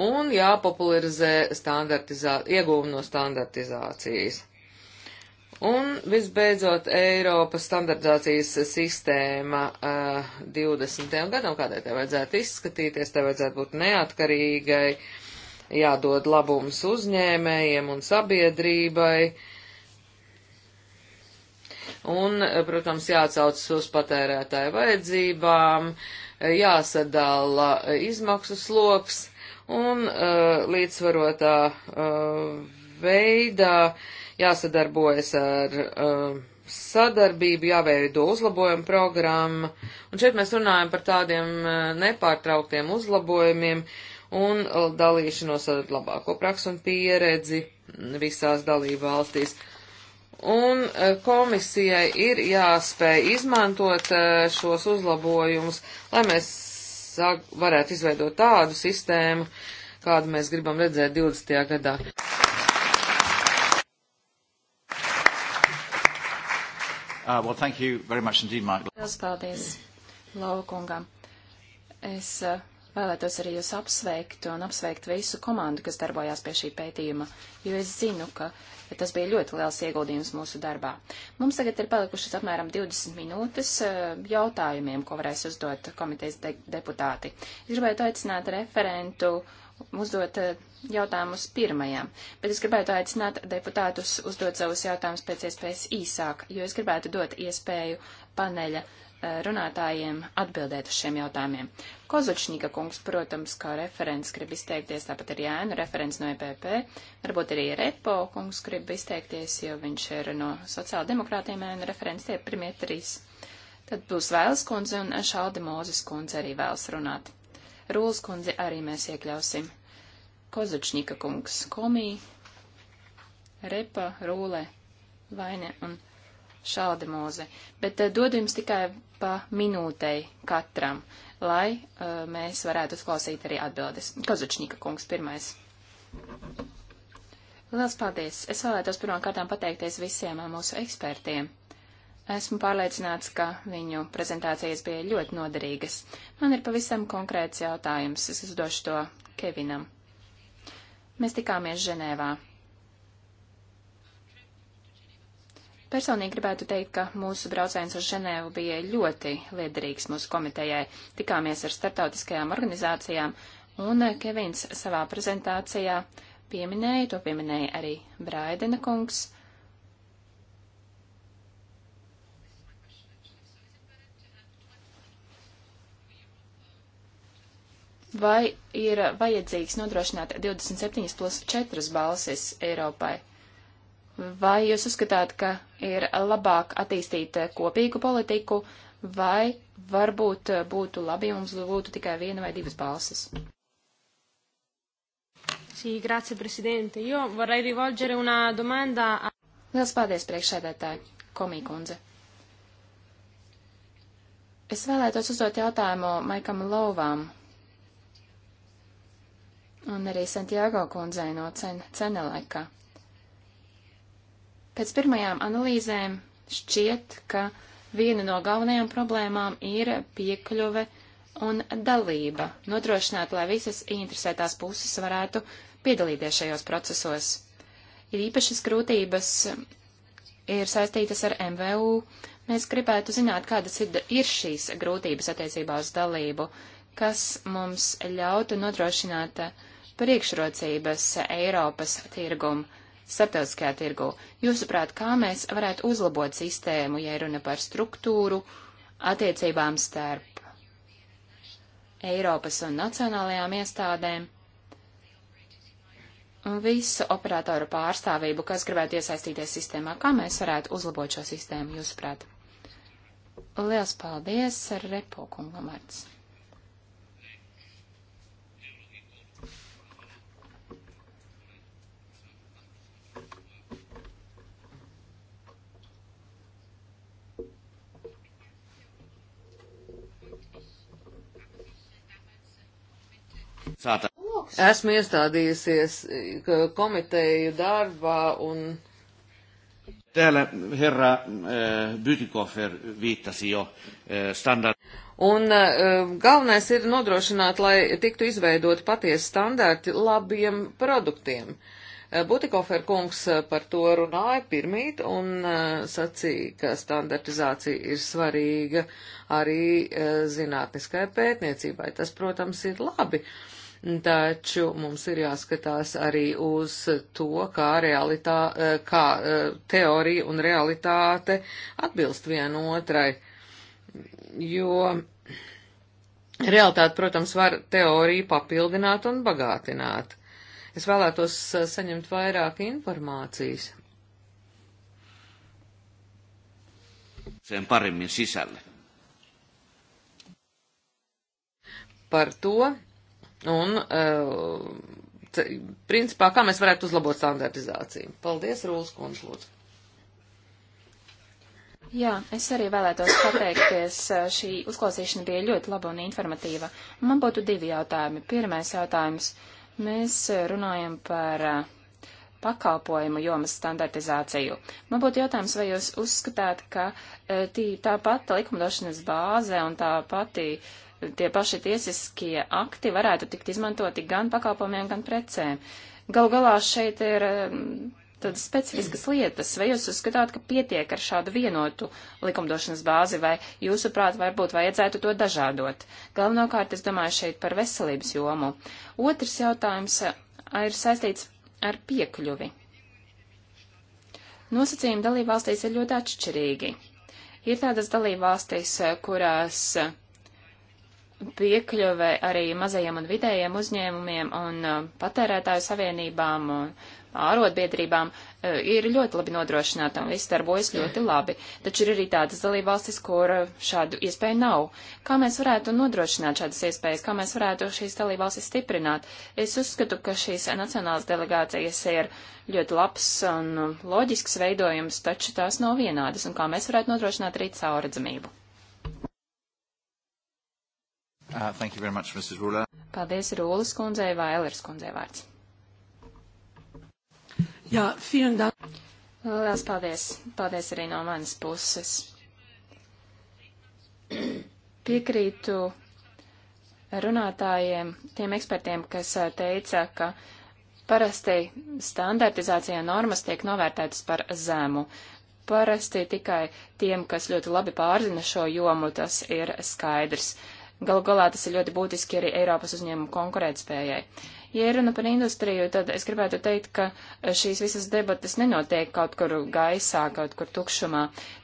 un jāpopularizē iegūmu no standartizācijas. Un visbeidzot Eiropas standardizācijas sistēma uh, eh, 20. gadam, kādai te vajadzētu izskatīties, te vajadzētu būt neatkarīgai, jādod labums uzņēmējiem un sabiedrībai. Un, eh, protams, jāatsaucas uz patērētāju vajadzībām, eh, jāsadala izmaksu sloks un uh, līdzsvarotā uh, veidā uh, jāsadarbojas ar uh, sadarbību, jāveido uzlabojuma programma, un šeit mēs runājam par tādiem uh, nepārtrauktiem uzlabojumiem un uh, dalīšanos ar labāko praksu un pieredzi visās dalību valstīs. Un uh, komisijai ir jāspēj izmantot uh, šos uzlabojumus, lai mēs varētu izveidot tādu sistēmu, kādu mēs gribam redzēt 20. gadā. Uh, well, thank you very much indeed, Michael. Lielas paldies, Lova kungam. Es uh, vēlētos arī jūs apsveikt un apsveikt visu komandu, kas darbojās pie šī pētījuma, jo es zinu, ka tas bija ļoti liels ieguldījums mūsu darbā. Mums tagad ir palikušas apmēram 20 minūtes uh, jautājumiem, ko varēs uzdot komitejas de deputāti. Es gribētu aicināt referentu uzdot eh, jautājumus pirmajam, bet es gribētu aicināt deputātus uzdot savus jautājumus pēc iespējas īsāk, jo es gribētu dot iespēju paneļa eh, runātājiem atbildēt uz šiem jautājumiem. Kozučņika kungs, protams, kā referents grib izteikties, tāpat ir Jēnu referents no EPP, varbūt arī Repo kungs grib izteikties, jo viņš ir no sociāldemokrātiem Jēnu referents, tie pirmie trīs. Tad būs Vēles kundze un Šaldi Mozes kundze arī vēlas runāt. Rūlas kundzi arī mēs iekļausim. Kozačņika kungs, komī, repa, rūle, vaine un šādi mūze. Bet uh, dodu jums tikai pa minūtei katram, lai uh, mēs varētu uzklausīt arī atbildes. Kozačņika kungs pirmais. Liels paldies! Es vēlētos pirmkārtām pateikties visiem mūsu ekspertiem. Esmu pārliecināts, ka viņu prezentācijas bija ļoti noderīgas. Man ir pavisam konkrēts jautājums. Es uzdošu to Kevinam. Mēs tikāmies Ženēvā. Personīgi gribētu teikt, ka mūsu brauciens uz Ženēvu bija ļoti liederīgs mūsu komitejai. Tikāmies ar starptautiskajām organizācijām, un Kevins savā prezentācijā pieminēja, to pieminēja arī Braidena kungs, vai ir vajadzīgs nodrošināt 27 plus 4 balsis Eiropai? Vai jūs uzskatāt, ka ir labāk attīstīt kopīgu politiku, vai varbūt būtu labi, ja mums būtu tikai viena vai divas balsis? Sì, grazie Presidente. Io vorrei rivolgere una domanda a... Liels paldies, priekšsēdētāji, komīkundze. Es vēlētos uzdot jautājumu Maikam Lovam, un arī Santiago kundzei no cen cenelaikā. Pēc pirmajām analīzēm šķiet, ka viena no galvenajām problēmām ir piekļuve un dalība, nodrošināt, lai visas interesētās puses varētu piedalīties šajos procesos. Ir īpašas grūtības, ir saistītas ar MVU. Mēs gribētu zināt, kādas ir šīs grūtības attiecībā uz dalību, kas mums ļautu nodrošināt uh, priekšrocības Eiropas tirgumu, starptautiskajā tirgu. Jūsuprāt, kā mēs varētu uzlabot sistēmu, ja runa par struktūru, attiecībām starp Eiropas un nacionālajām iestādēm un visu operatoru pārstāvību, kas gribētu iesaistīties sistēmā, kā mēs varētu uzlabot šo sistēmu, jūsuprāt? Liels paldies, Repokungam vārds. Esmu iestādījusies eh, komiteju darbā un. Täällä herra äh, Bytikofer viittasi jo äh, standard. Un uh, galvenais ir nodrošināt, lai tiktu izveidot patiesi standarti labiem produktiem. Uh, Butikofer kungs par to runāja pirmīt un uh, sacīja, ka standartizācija ir svarīga arī uh, zinātniskai pētniecībai. Tas, protams, ir labi. Uh, taču mums ir jāskatās arī uz to, kā, realitā, eh, kā eh, teorija un realitāte atbilst vienotrai, jo realitāte, protams, var teoriju papildināt un bagātināt. Es vēlētos eh, saņemt vairāk informācijas. Sen paremmin sisälle. Par to, Un, uh, principā, kā mēs varētu uzlabot standartizāciju? Paldies, Rūlas kundze, lūdzu. Jā, es arī vēlētos pateikties. Eh, šī uzklausīšana bija ļoti laba un informatīva. Man būtu divi jautājumi. Pirmais jautājums. Mēs eh, runājam par pakalpojumu jomas standartizāciju. Man būtu jautājums, vai jūs uzskatāt, ka tī, tā pati likumdošanas bāze un tā pati uh, tie paši tiesiskie akti varētu tikt izmantoti gan pakalpojumiem, gan precēm. Galu galā šeit ir um, tādas specifiskas lietas, vai jūs uzskatāt, ka pietiek ar šādu vienotu likumdošanas bāzi, vai jūsuprāt, varbūt vajadzētu to dažādot? Galvenokārt, es domāju šeit par veselības jomu. Otrs jautājums ir saistīts ar piekļuvi. Nosacījumi dalībvalstīs ir ļoti atšķirīgi. Ir tādas dalībvalstīs, kurās piekļuve arī mazajiem un vidējiem uzņēmumiem un uh, patērētāju savienībām un ārotbiedrībām uh, ir ļoti labi nodrošināta un viss darbojas ļoti labi. Taču ir arī tādas dalībvalstis, kur uh, šādu iespēju nav. Kā mēs varētu nodrošināt šādas iespējas, kā mēs varētu šīs dalībvalstis stiprināt? Es uzskatu, ka šīs nacionālas delegācijas ir ļoti labs un loģisks veidojums, taču tās nav vienādas, un kā mēs varētu nodrošināt arī caurredzamību. Uh, thank you very much, Mrs. Rūla. Paldies Rūlas kundzei, Vailers kundzei vārds. Jā, vielen dank. Lielas paldies. Paldies arī no manas puses. Piekrītu runātājiem, tiem ekspertiem, kas uh, teica, ka parasti standartizācijā normas tiek novērtētas par zemu. Parasti tikai tiem, kas ļoti labi pārzina šo jomu, tas ir skaidrs. Uh, Galu galā tas ir ļoti būtiski arī Eiropas uzņēmumu konkurētspējai. Ja runa par industriju, tad es gribētu teikt, ka šīs visas debatas nenotiek kaut kur gaisā, kaut kur tukšumā.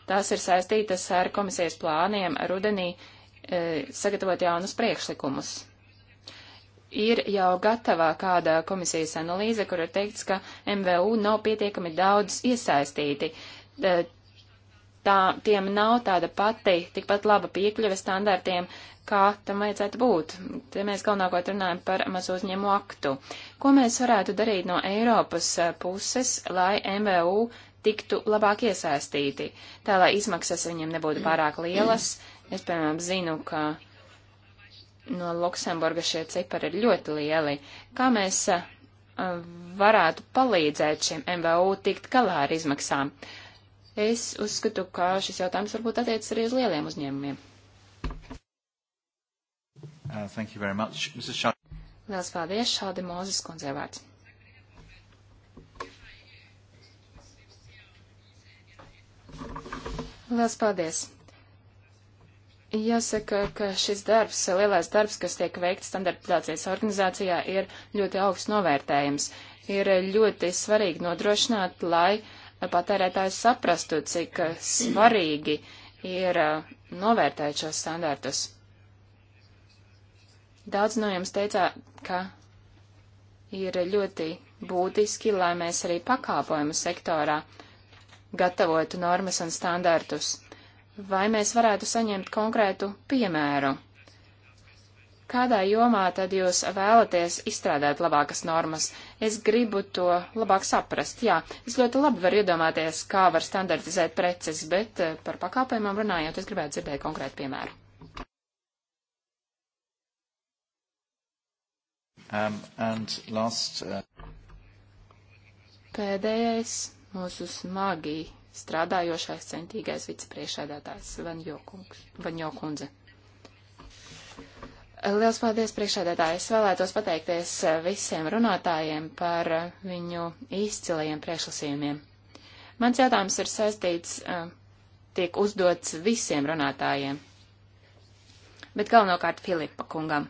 Tās ir saistītas ar komisijas plāniem rudenī e, sagatavot jaunus priekšlikumus ir jau gatavā kāda komisijas analīze, kur ir teikts, ka MVU nav pietiekami daudz iesaistīti. E, tā, tiem nav tāda pati, tikpat laba piekļuve standartiem, kā tam vajadzētu būt. Te mēs galvenokārt runājam par mazo uzņēmu aktu. Ko mēs varētu darīt no Eiropas eh, puses, lai MVU tiktu labāk iesaistīti, tā lai izmaksas viņiem nebūtu pārāk lielas. Es, piemēram, zinu, ka no Luksemburga šie cipari ir ļoti lieli. Kā mēs eh, varētu palīdzēt šiem MVU tikt galā ar izmaksām? Uh, Es uzskatu, ka šis jautājums varbūt attiecas arī uz lieliem uzņēmumiem. Uh, thank you very much. Mrs. Shad Liels paldies, šādi Mozes kundzei vārds. Liels paldies. Jāsaka, ka šis darbs, lielais darbs, kas tiek veikts standartizācijas organizācijā, ir ļoti augsts novērtējums. Ir ļoti svarīgi nodrošināt, lai uh, lai patērētājs saprastu, cik eh, svarīgi ir eh, novērtēt šos standartus. Daudz no jums teicā, ka ir ļoti būtiski, lai mēs arī pakāpojumu sektorā gatavotu normas un standartus. Vai mēs varētu saņemt konkrētu piemēru? kādā jomā tad jūs vēlaties izstrādāt labākas normas. Es gribu to labāk saprast. Jā, es ļoti labi varu iedomāties, kā var standartizēt preces, bet eh, par pakāpējumam runājot, es gribētu dzirdēt konkrētu piemēru. Um, and last, uh... Pēdējais mūsu smagi strādājošais centīgais vicepriekšēdētājs Vanjokundze. Van Liels paldies priekšādētāji. Es vēlētos pateikties eh, visiem runātājiem par eh, viņu izcilajiem priekšlasījumiem. Mans jautājums ir saistīts, eh, tiek uzdots visiem runātājiem, bet galvenokārt Filipa kungam.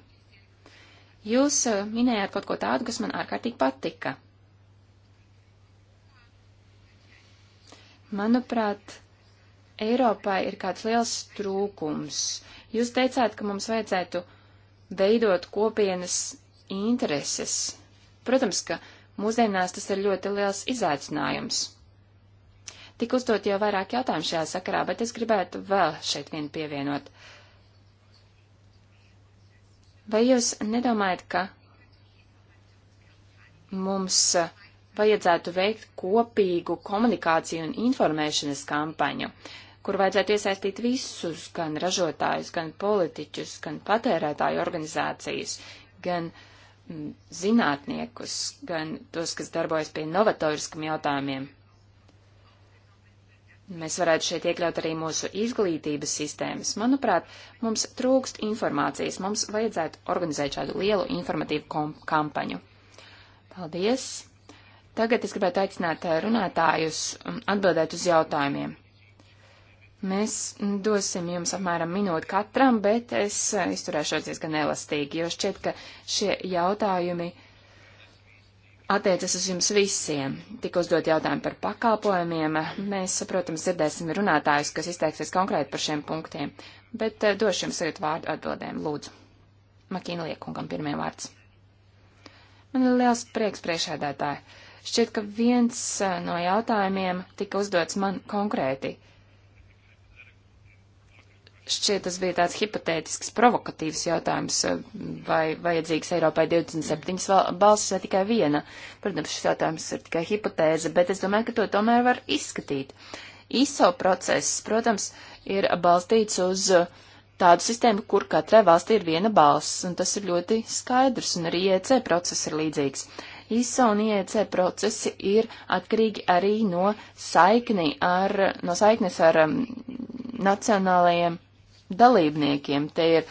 Jūs minējāt kaut ko tādu, kas man ārkārtīgi patika. Manuprāt, Eiropai ir kāds liels trūkums. Jūs teicāt, ka mums vajadzētu veidot kopienas intereses. Protams, ka mūsdienās tas ir ļoti liels izaicinājums. Tik uzdot jau vairāk jautājumu šajā sakarā, bet es gribētu vēl šeit vienu pievienot. Vai jūs nedomājat, ka mums vajadzētu veikt kopīgu komunikāciju un informēšanas kampaņu? kur vajadzētu iesaistīt visus, gan ražotājus, gan politiķus, gan patērētāju organizācijas, gan m, mm, zinātniekus, gan tos, kas darbojas pie novatoriskiem jautājumiem. Mēs varētu šeit iekļaut arī mūsu izglītības sistēmas. Manuprāt, mums trūkst informācijas, mums vajadzētu organizēt šādu lielu informatīvu kampaņu. Paldies! Tagad es gribētu aicināt eh, runātājus mm, atbildēt uz jautājumiem. Mēs dosim jums apmēram minūti katram, bet es izturēšos diezgan elastīgi, jo šķiet, ka šie jautājumi attiecas uz jums visiem. Tik uzdot jautājumu par pakalpojumiem. Mēs, protams, dzirdēsim runātājus, kas izteiksies konkrēti par šiem punktiem, bet eh, došu jums tagad vārdu atbildēm. Lūdzu. Makīna Liekungam pirmie vārds. Man ir liels prieks priekšēdētāji. Šķiet, ka viens eh, no jautājumiem tika uzdots man konkrēti. Uh, Šķiet, tas bija tāds hipotētisks, provokatīvs jautājums, eh, vai vajadzīgs Eiropai 27 balsis vai tikai viena. Protams, šis jautājums ir tikai hipotēze, bet es domāju, ka to tomēr var izskatīt. ISO process, protams, ir balstīts uz eh, tādu sistēmu, kur katrai valstī ir viena balss, un tas ir ļoti skaidrs, un arī IEC process ir līdzīgs. ISO un IEC procesi ir atkarīgi arī no saikni ar, no saiknes ar um, nacionālajiem dalībniekiem. Te ir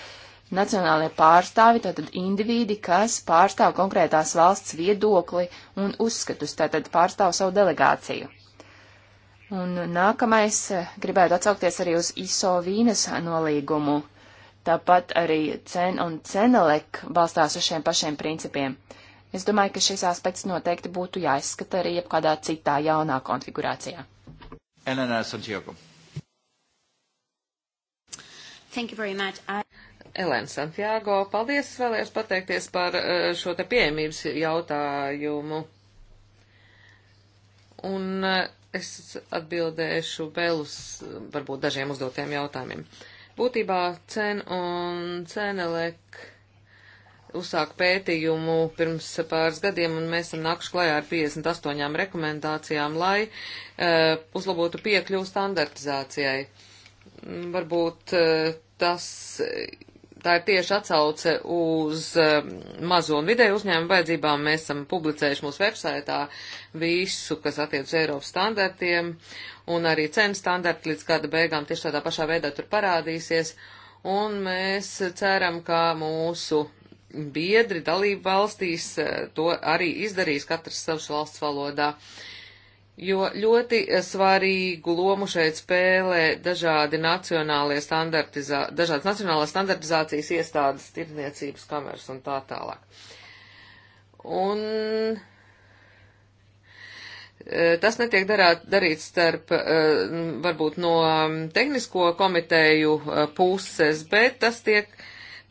nacionālie pārstāvi, tātad individi, kas pārstāv konkrētās valsts viedokli un uzskatus, tātad pārstāv savu delegāciju. Un nākamais eh, gribētu atsaukties arī uz ISO vīnas nolīgumu. Tāpat arī cen un cenelek balstās uz šiem pašiem principiem. Es domāju, ka šis aspekts noteikti būtu jāizskata arī jebkādā citā jaunā konfigurācijā. Elena Santiago. Thank you very much. I... Elēna Santiago, paldies, es vēlējos pateikties par eh, šo te pieejamības jautājumu. Un eh, es atbildēšu vēl uz varbūt dažiem uzdotiem jautājumiem. Būtībā CEN un CENELEK uzsāk pētījumu pirms pāris gadiem, un mēs esam nākuši klajā ar 58 rekomendācijām, lai uh, uzlabotu piekļuvu standartizācijai. Varbūt uh, tas, tā ir tieši atsauce uz um, mazo un vidēju uzņēmumu vajadzībām. Mēs esam publicējuši mūsu websaitā visu, kas attiec uz Eiropas standartiem, un arī cenu standarti līdz kāda beigām tieši tādā pašā veidā tur parādīsies. Un mēs ceram, ka mūsu biedri dalību valstīs uh, to arī izdarīs katrs savas valsts valodā. Uh, jo ļoti svarīgu lomu šeit spēlē dažādi nacionālie standartizā, dažādas nacionālās standartizācijas iestādes, tirdzniecības kameras un tā tālāk. Un e, tas netiek darāt, darīts starp e, varbūt no tehnisko komiteju e, puses, bet tas tiek,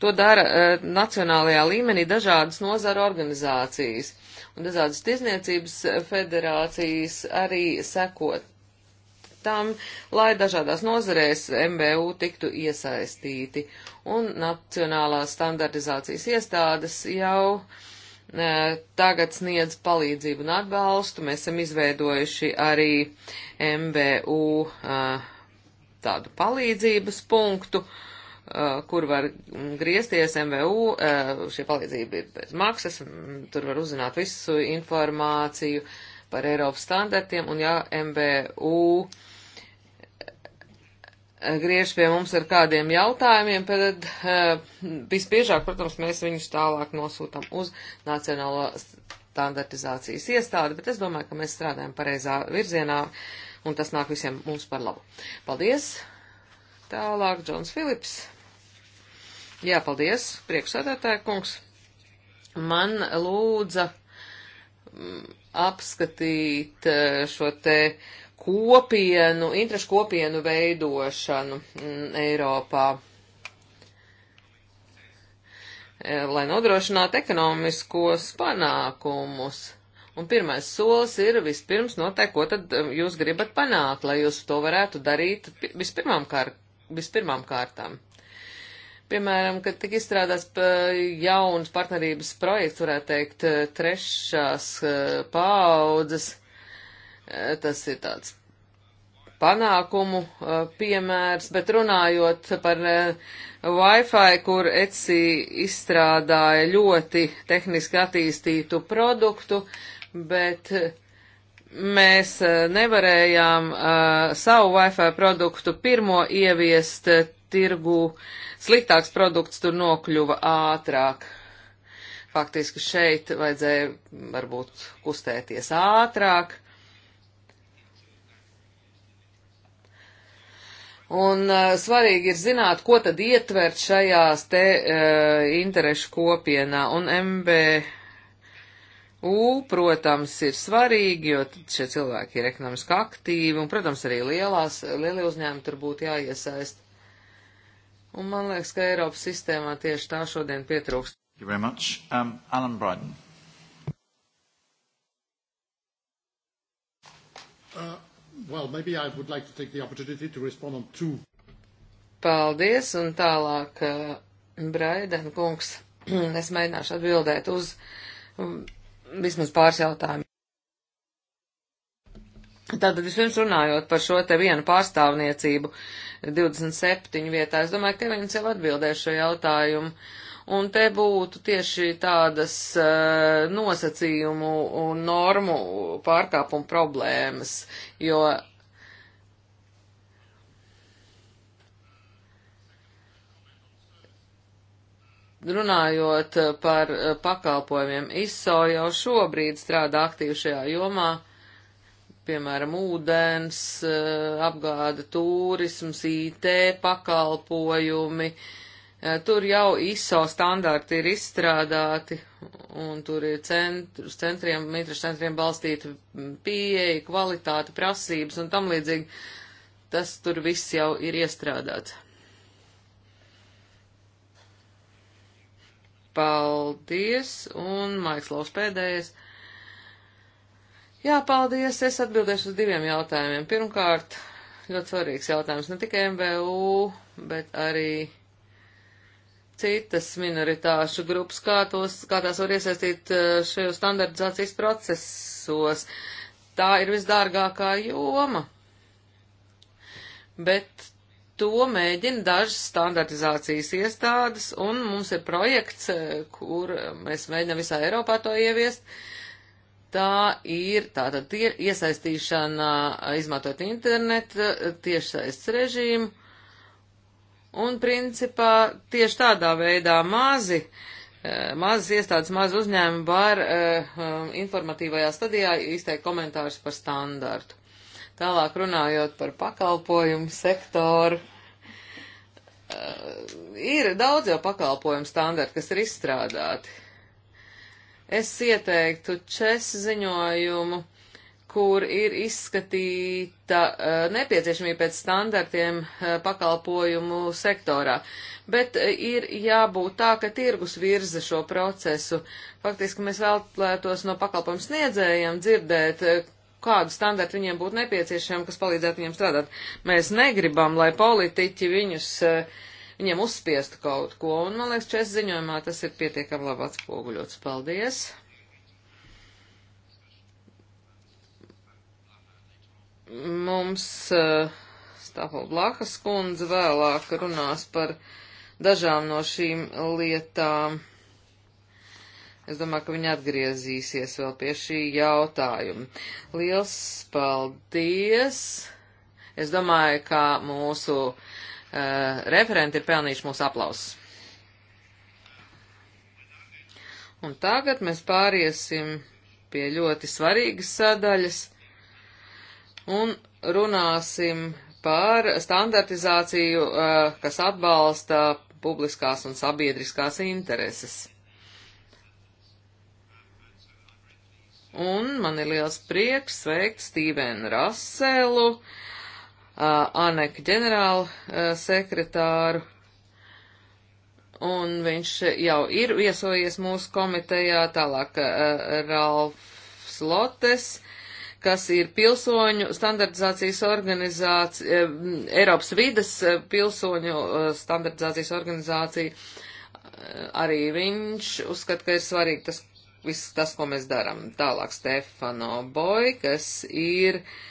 to dara nacionālajā līmenī dažādas nozaru organizācijas un dažādas tirzniecības federācijas arī sekot tam, lai dažādās nozarēs MBU tiktu iesaistīti. Un Nacionālās standartizācijas iestādes jau e, tagad sniedz palīdzību un atbalstu. Mēs esam izveidojuši arī MBU e, tādu palīdzības punktu. Uh, Eh, kur var griezties MVU, eh, šie palīdzība ir bez maksas, tur var uzzināt visu informāciju par Eiropas standartiem, un ja MVU eh, griež pie mums ar kādiem jautājumiem, tad visbiežāk, protams, mēs viņus tālāk nosūtam uz Nacionālo standartizācijas iestādi, bet es domāju, ka mēs strādājam pareizā virzienā, un tas nāk visiem mums par labu. Paldies! Tālāk Džons Filips. Jā, paldies, priekšsādātāja kungs. Man lūdza mm, apskatīt eh, šo te kopienu, interešu kopienu veidošanu mm, Eiropā eh, lai nodrošinātu ekonomiskos panākumus. Un pirmais solis ir vispirms noteikt, ko tad eh, jūs gribat panākt, lai jūs to varētu darīt vispirmām, kār, vispirmām kārtām. Piemēram, kad tika izstrādāts jauns partnerības projekts, varētu teikt, eh, trešās eh, paaudzes, eh, tas ir tāds panākumu piemērs, bet runājot par Wi-Fi, kur Etsy izstrādāja ļoti tehniski attīstītu produktu, bet mēs nevarējām savu Wi-Fi produktu pirmo ieviest tirgu sliktāks produkts tur nokļuva ātrāk. Faktiski šeit vajadzēja varbūt kustēties ātrāk. Un uh, svarīgi ir zināt, ko tad ietvert šajās te uh, interešu kopienā. Un MBU, protams, ir svarīgi, jo šie cilvēki ir ekonomiski aktīvi, un, protams, arī lielās, lielie uzņēmumi tur būtu jāiesaist. Un man liekas, ka Eiropas sistēmā tieši tā šodien pietrūkst. Um, Alan Brighton. Uh, well, maybe I would like to take the opportunity to respond on two. Paldies, un tālāk, uh, Braiden kungs, es mēģināšu atbildēt uz um, vismaz pāris jautājumiem. Tātad vispirms runājot par šo te vienu pārstāvniecību 27 vietā, es domāju, ka Kevins jau atbildēs šo jautājumu. Un te būtu tieši tādas uh, nosacījumu un normu pārkāpumu problēmas, jo runājot par eh, pakalpojumiem, ISO jau šobrīd strādā aktīvi šajā jomā piemēram, ūdens, eh, apgāde, turisms, IT pakalpojumi. Eh, tur jau ISO standarti ir izstrādāti, un tur ir centru, centriem, mitra centriem balstīta pieeja, kvalitāte, prasības un tam līdzīgi. Tas tur viss jau ir iestrādāts. Paldies, un Maiks Laus pēdējais. Jā, paldies. Es atbildēšu uz diviem jautājumiem. Pirmkārt, ļoti svarīgs jautājums ne tikai MVU, bet arī citas minoritāšu grupas, kā, tos, kā tās var iesaistīt eh, šajos standartizācijas procesos. Tā ir visdārgākā joma. Bet to mēģina dažas standartizācijas iestādes, un mums ir projekts, eh, kur eh, mēs mēģinām visā Eiropā to ieviest. Uh, Tā ir tātad tie, iesaistīšana, izmantot internetu, tiešsaistes režīmu, un principā tieši tādā veidā mazi, eh, mazas iestādes, mazi uzņēmumi var eh, um, informatīvajā stadijā izteikt komentārus par standartu. Tālāk runājot par pakalpojumu sektoru. Uh, ir daudz jau pakalpojumu standarti, kas ir izstrādāti Es ieteiktu čes ziņojumu, kur ir izskatīta uh, nepieciešamība pēc standartiem uh, pakalpojumu sektorā. Bet uh, ir jābūt tā, ka tirgus virza šo procesu. Faktiski mēs vēlētos no pakalpojumu sniedzējiem dzirdēt, kādu standartu viņiem būtu nepieciešama, kas palīdzētu viņiem strādāt. Mēs negribam, lai politiķi viņus uh, viņiem uzspiestu kaut ko, un man liekas, čes ziņojumā tas ir pietiekami labi atspoguļots. Paldies! Mums uh, eh, Stāvo Blākas kundze vēlāk runās par dažām no šīm lietām. Es domāju, ka viņi atgriezīsies vēl pie šī jautājuma. Liels paldies! Es domāju, ka mūsu uh, Eh, referenti ir pelnījuši mūsu aplausus. Un tagad mēs pāriesim pie ļoti svarīgas sadaļas un runāsim par standartizāciju, eh, kas atbalsta publiskās un sabiedriskās intereses. Un man ir liels prieks sveikt Stīvenu Raselu, uh, ANEK ģenerālu sekretāru, un viņš jau ir viesojies mūsu komitejā, tālāk Ralfs Lotes, kas ir pilsoņu standartizācijas organizācija, Eiropas vidas pilsoņu standartizācijas organizācija, arī viņš uzskata, ka ir svarīgi tas, viss tas, ko mēs darām. Tālāk Stefano Boj, kas ir uh,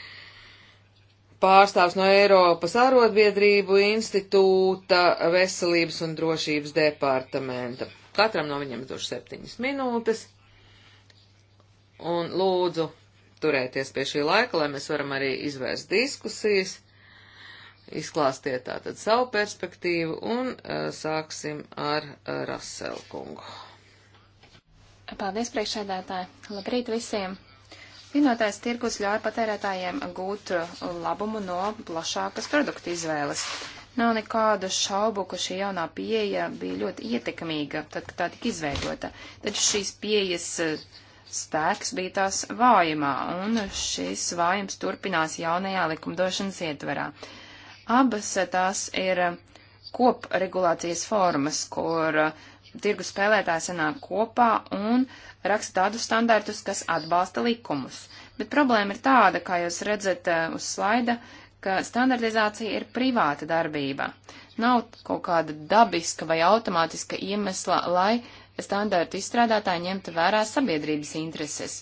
pārstāvs no Eiropas ārotbiedrību institūta veselības un drošības departamenta. Katram no viņiem došu septiņas minūtes. Un lūdzu turēties pie šī laika, lai mēs varam arī izvērst diskusijas. Izklāstiet tātad savu perspektīvu un uh, sāksim ar uh, eh, Raselkungu. Paldies, priekšsēdētāji! Labrīt visiem! Vienotais tirgus ļauj patērētājiem gūt uh, labumu no plašākas produktu izvēles. Nav nekādu šaubu, ka šī jaunā pieeja bija ļoti ietekmīga, tad, kad tā tika izveidota. Taču šīs pieejas uh, spēks bija tās vājumā, un šis vājums turpinās jaunajā likumdošanas ietverā. Abas uh, tās ir kopregulācijas formas, kur uh, tirgus spēlētāji sanāk kopā un raksta tādus standartus, kas atbalsta likumus. Bet problēma ir tāda, kā jūs redzat eh, uz slaida, ka standartizācija ir privāta darbība. Nav kaut kāda dabiska vai automātiska iemesla, lai standārtu izstrādātāji ņemtu vērā sabiedrības intereses.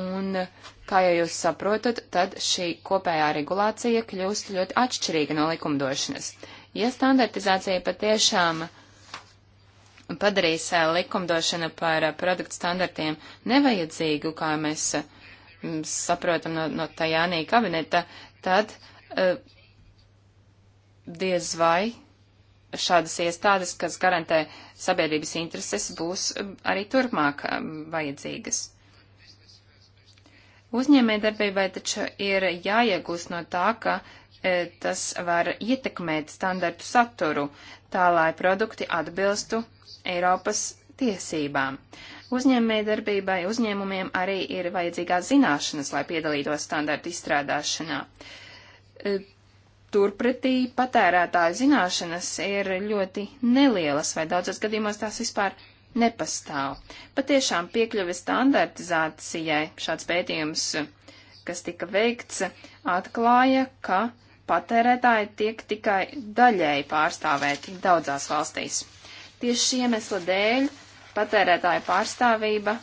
Un, kā jau jūs saprotat, tad šī kopējā regulācija kļūst ļoti atšķirīga no likumdošanas. Ja standartizācija patiešām uh, padarīs eh, likumdošanu par eh, produktu standartiem nevajadzīgu, kā mēs eh, saprotam no, no Tajānī kabineta, tad uh, diez vai šādas iestādes, kas garantē sabiedrības intereses, būs arī turpmāk vajadzīgas. Uzņēmējdarbībai taču ir jāiegūst no tā, ka e, tas var ietekmēt standartu saturu, tā lai produkti atbilstu Eiropas tiesībām. Uzņēmējdarbībai uzņēmumiem arī ir vajadzīgās zināšanas, lai piedalītos standartu izstrādāšanā. E, turpretī patērētāju zināšanas ir ļoti nelielas, vai daudzas gadījumos tās vispār nepastāv. Patiešām piekļuve standartizācijai šāds pētījums, kas tika veikts, atklāja, ka patērētāji tiek tikai daļēji pārstāvēti daudzās valstīs. Tieši šī iemesla dēļ patērētāja pārstāvība,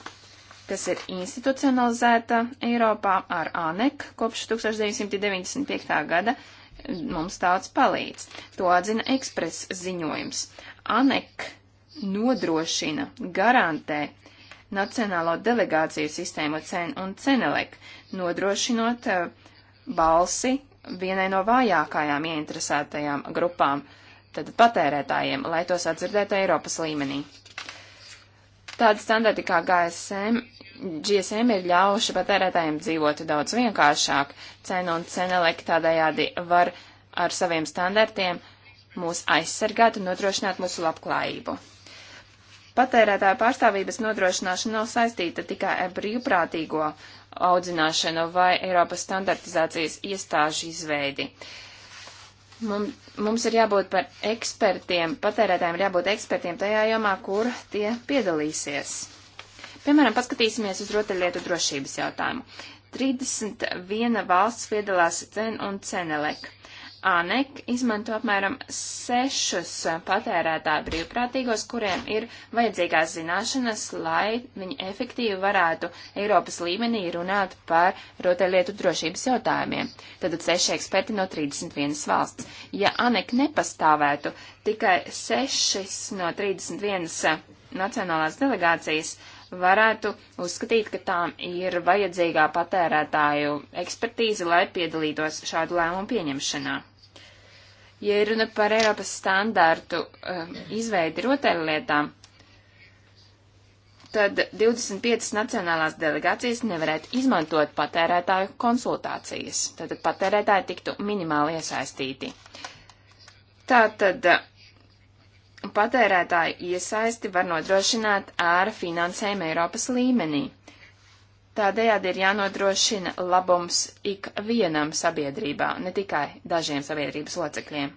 kas ir institucionalizēta Eiropā ar ANEK kopš 1995. gada, mums tāds palīdz. To atzina ekspres ziņojums. ANEK nodrošina, garantē Nacionālo delegāciju sistēmu CEN un CENELEK, nodrošinot eh, balsi vienai no vājākajām ieinteresētajām grupām tad patērētājiem, lai tos atdzirdētu Eiropas līmenī. Tādi standarti kā GSM, GSM ir ļauši patērētājiem dzīvot daudz vienkāršāk. Cena un cenelek tādējādi var ar saviem standartiem mūs aizsargāt un nodrošināt mūsu labklājību. Patērētāja pārstāvības nodrošināšana nav saistīta tikai ar brīvprātīgo audzināšanu vai Eiropas standartizācijas iestāžu izveidi. Uh, Mums, mums ir jābūt par ekspertiem, patērētājiem ir jābūt ekspertiem tajā jomā, kur tie piedalīsies. Piemēram, paskatīsimies uz rotaļlietu drošības jautājumu. 31 valsts piedalās CEN un CENELEK. ANEK izmanto apmēram sešus patērētāju brīvprātīgos, kuriem ir vajadzīgās zināšanas, lai viņi efektīvi varētu Eiropas līmenī runāt par rotaļlietu drošības jautājumiem. Tad seši eksperti no 31 valsts. Ja ANEK nepastāvētu, tikai sešas no 31 nacionālās delegācijas varētu uzskatīt, ka tām ir vajadzīgā patērētāju ekspertīze, lai piedalītos šādu lēmumu pieņemšanā. Ja ir runa par Eiropas standārtu um, izveidi rotaļlietām, tad 25 nacionālās delegācijas nevarētu izmantot patērētāju konsultācijas. Tad patērētāji tiktu minimāli iesaistīti. Tātad um, patērētāju iesaisti var nodrošināt ar finansējumu Eiropas līmenī. Tādējādi ir jānodrošina labums ik vienam sabiedrībā, ne tikai dažiem sabiedrības locekļiem.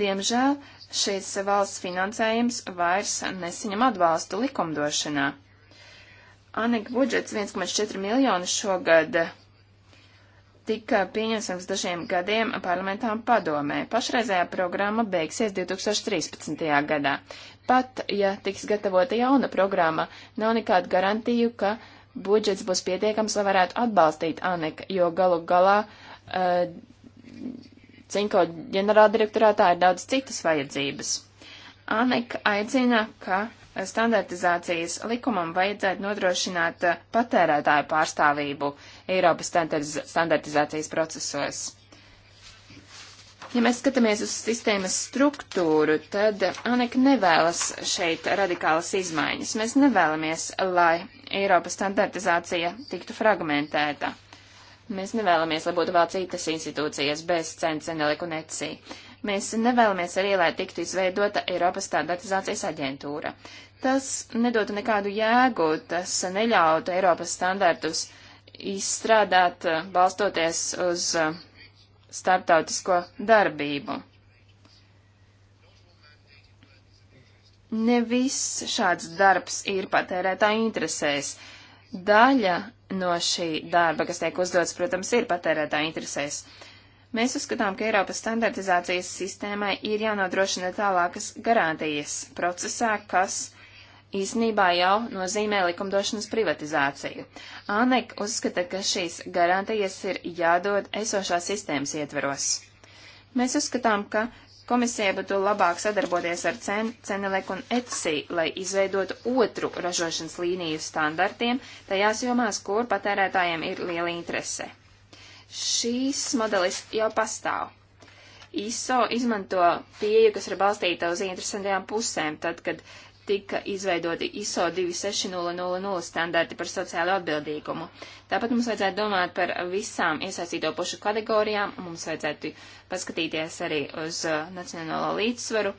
Diemžēl šis valsts finansējums vairs nesaņem atbalstu likumdošanā. Anika budžets 1,4 miljonu šogad tika pieņems pirms dažiem gadiem parlamentām padomē. Pašreizējā programma beigsies 2013. gadā. Pat, ja tiks gatavota jauna programma, nav nekādu garantiju, ka budžets būs pietiekams, lai varētu atbalstīt Aneku, jo galu galā uh, Cinko ģenerāldirektorātā ir daudz citas vajadzības. Aneka aicina, ka standartizācijas likumam vajadzētu nodrošināt eh, patērētāju pārstāvību Eiropas standartiz standartizācijas procesos. Ja mēs skatāmies uz sistēmas struktūru, tad Anika nevēlas šeit radikālas izmaiņas. Mēs nevēlamies, lai Eiropas standartizācija tiktu fragmentēta. Mēs nevēlamies, lai būtu vēl citas institūcijas bez Cencenelika un ECI. Mēs nevēlamies arī, lai tiktu izveidota Eiropas standartizācijas aģentūra. Tas nedotu nekādu jēgu, tas neļautu Eiropas standartus izstrādāt balstoties uz uh, starptautisko darbību. Nevis šāds darbs ir patērētāju interesēs. Daļa no šī darba, kas tiek uzdots, protams, ir patērētāju interesēs. Mēs uzskatām, ka Eiropas standartizācijas sistēmai ir jānodrošina tālākas garantijas procesā, kas īsnībā jau nozīmē likumdošanas privatizāciju. Ānek uzskata, ka šīs garantijas ir jādod esošās sistēmas ietveros. Mēs uzskatām, ka Komisija būtu labāk sadarboties ar CEN, CENELEK un ETSI, lai izveidotu otru ražošanas līniju standartiem tajās jomās, kur patērētājiem ir liela interese. Šīs modelis jau pastāv. ISO izmanto pieeju, kas ir balstīta uz interesantajām pusēm, tad, kad tika izveidoti ISO 26000 standarti par sociālo atbildīgumu. Tāpat mums vajadzētu domāt par visām iesaistīto pušu kategorijām, mums vajadzētu paskatīties arī uz uh, nacionālo līdzsvaru,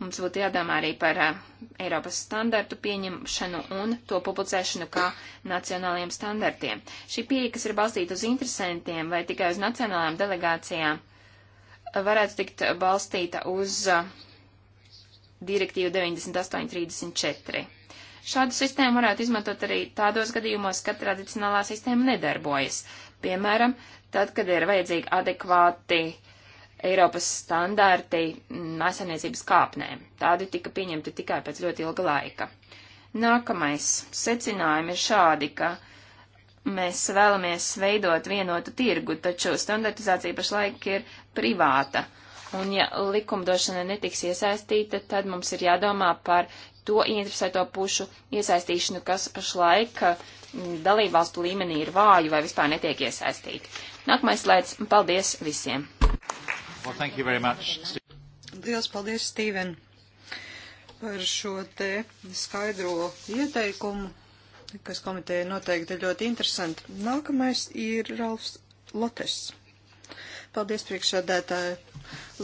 mums būtu jādomā arī par uh, Eiropas standartu pieņemšanu un to publicēšanu kā nacionālajiem standartiem. Šī pieeja, kas ir balstīta uz interesantiem vai tikai uz nacionālajām delegācijām, varētu tikt balstīta uz uh, direktīvu 9834. Šādu sistēmu varētu izmantot arī tādos gadījumos, kad tradicionālā sistēma nedarbojas. Piemēram, tad, kad ir vajadzīgi adekvāti Eiropas standārti mājasaniecības kāpnēm. Tādi tika pieņemti tikai pēc ļoti ilga laika. Nākamais secinājumi ir šādi, ka mēs vēlamies veidot vienotu tirgu, taču standartizācija pašlaik ir privāta. Uh, Un ja likumdošana netiks iesaistīta, tad mums ir jādomā par to ieinteresēto pušu iesaistīšanu, kas pašlaik eh, dalībvalstu līmenī ir vāju vai vispār netiek iesaistīti. Nākamais slaids. Paldies visiem! Well, thank you very much. Liels paldies, Stīven, par šo te skaidro ieteikumu, kas komiteja noteikti ļoti interesanti. Nākamais ir Ralfs Lotes. Paldies priekšsēdētāji.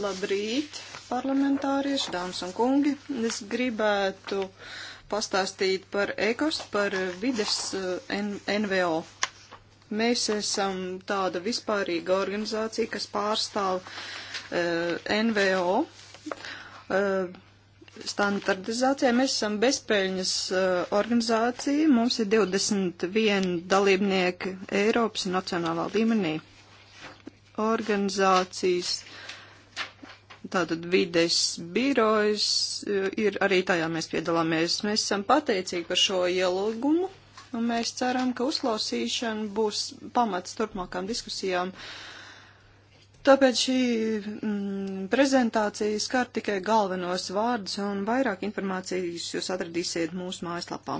Labrīt, parlamentārieši, dāmas un kungi. Es gribētu pastāstīt par ECOS, par vides eh, NVO. Mēs esam tāda vispārīga organizācija, kas pārstāv uh, eh, NVO. Uh, eh, standartizācijai. Mēs esam bezpēļņas uh, organizācija, mums ir 21 dalībnieki Eiropas nacionālā līmenī organizācijas, tātad vides birojas eh, ir arī tajā mēs piedalāmies. Mēs esam pateicīgi par šo ielūgumu un mēs ceram, ka uzklausīšana būs pamats turpmākām diskusijām. Tāpēc šī mm, prezentācija skar tikai galvenos vārdus un vairāk informācijas jūs atradīsiet mūsu mājaslapā.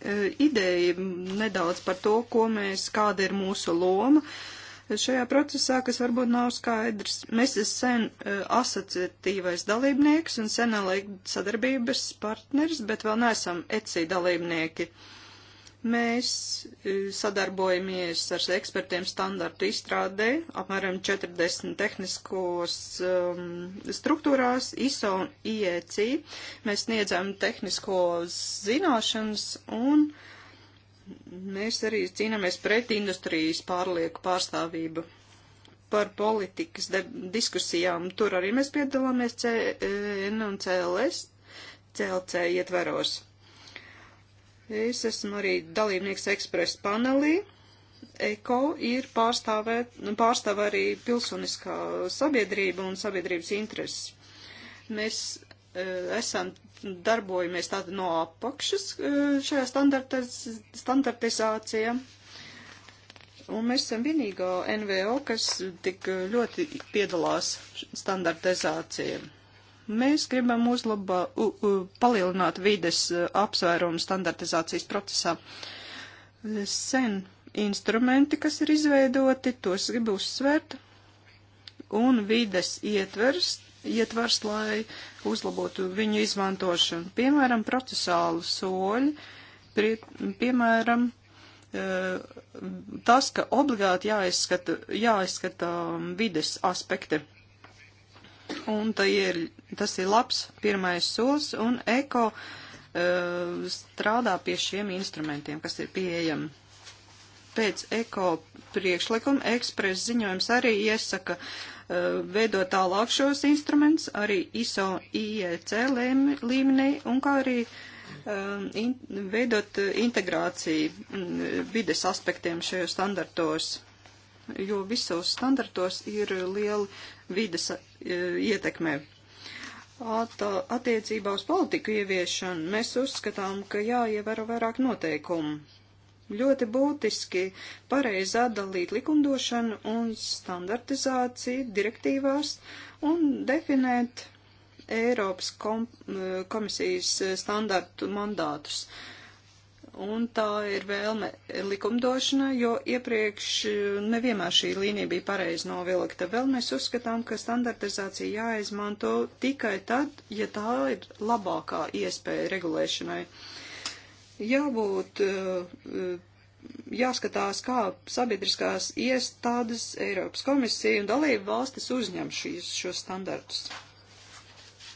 E, ideja nedaudz par to, ko mēs, kāda ir mūsu loma. E, šajā procesā, kas varbūt nav skaidrs. Mēs esam sen uh, asociatīvais dalībnieks un senalaik sadarbības partners, bet vēl neesam ECI dalībnieki. Mēs uh, sadarbojamies ar ekspertiem standartu izstrādē, apmēram 40 tehniskos um, struktūrās, ISO un IEC. Mēs sniedzam tehnisko zināšanas un uh, Mēs arī cīnāmies pret industrijas pārlieku pārstāvību par politikas diskusijām. Tur arī mēs piedalāmies CN un CLS, CLC ietveros. Es esmu arī dalībnieks ekspresa panelī. ECO ir pārstāvēt, pārstāv arī pilsoniskā sabiedrība un sabiedrības intereses. Mēs esam darbojamies tātad no apakšas šajā standartizācijā. Un mēs esam vienīgā NVO, kas tik ļoti piedalās standartizācijā. Mēs gribam uzlabā, u, u, palielināt vides apsvērumu standartizācijas procesā. Sen instrumenti, kas ir izveidoti, tos gribu uzsvērt. Un vides ietvers ietvars, lai uzlabotu viņu izmantošanu. Piemēram, procesālu soļi, prie, piemēram, eh, tas, ka obligāti jāizskata, jāizskata um, vides aspekti. Un ir, tas ir labs pirmais solis, un eko eh, strādā pie šiem instrumentiem, kas ir pieejami pēc eko priekšlikuma ekspres ziņojums arī iesaka uh, veidot tālāk šos instrumentus, arī ISO IEC līmenī un kā arī uh, in, veidot uh, integrāciju mm, vides aspektiem šajos standartos, jo visos standartos ir liela vides uh, ietekme. At, attiecībā uz politiku ieviešanu mēs uzskatām, ka jāievēro vairāk noteikumu Ļoti būtiski pareizi atdalīt likumdošanu un standartizāciju direktīvās un definēt Eiropas kom komisijas standartu mandātus. Un tā ir vēlme likumdošana, jo iepriekš uh, nevienmēr šī līnija bija pareizi novilkta. Vēl mēs uzskatām, ka standartizācija jāizmanto tikai tad, ja tā ir labākā iespēja regulēšanai. Uh, jābūt, eh, jāskatās, kā sabiedriskās iestādes, Eiropas komisija un dalību valstis uzņem šīs, šos standartus.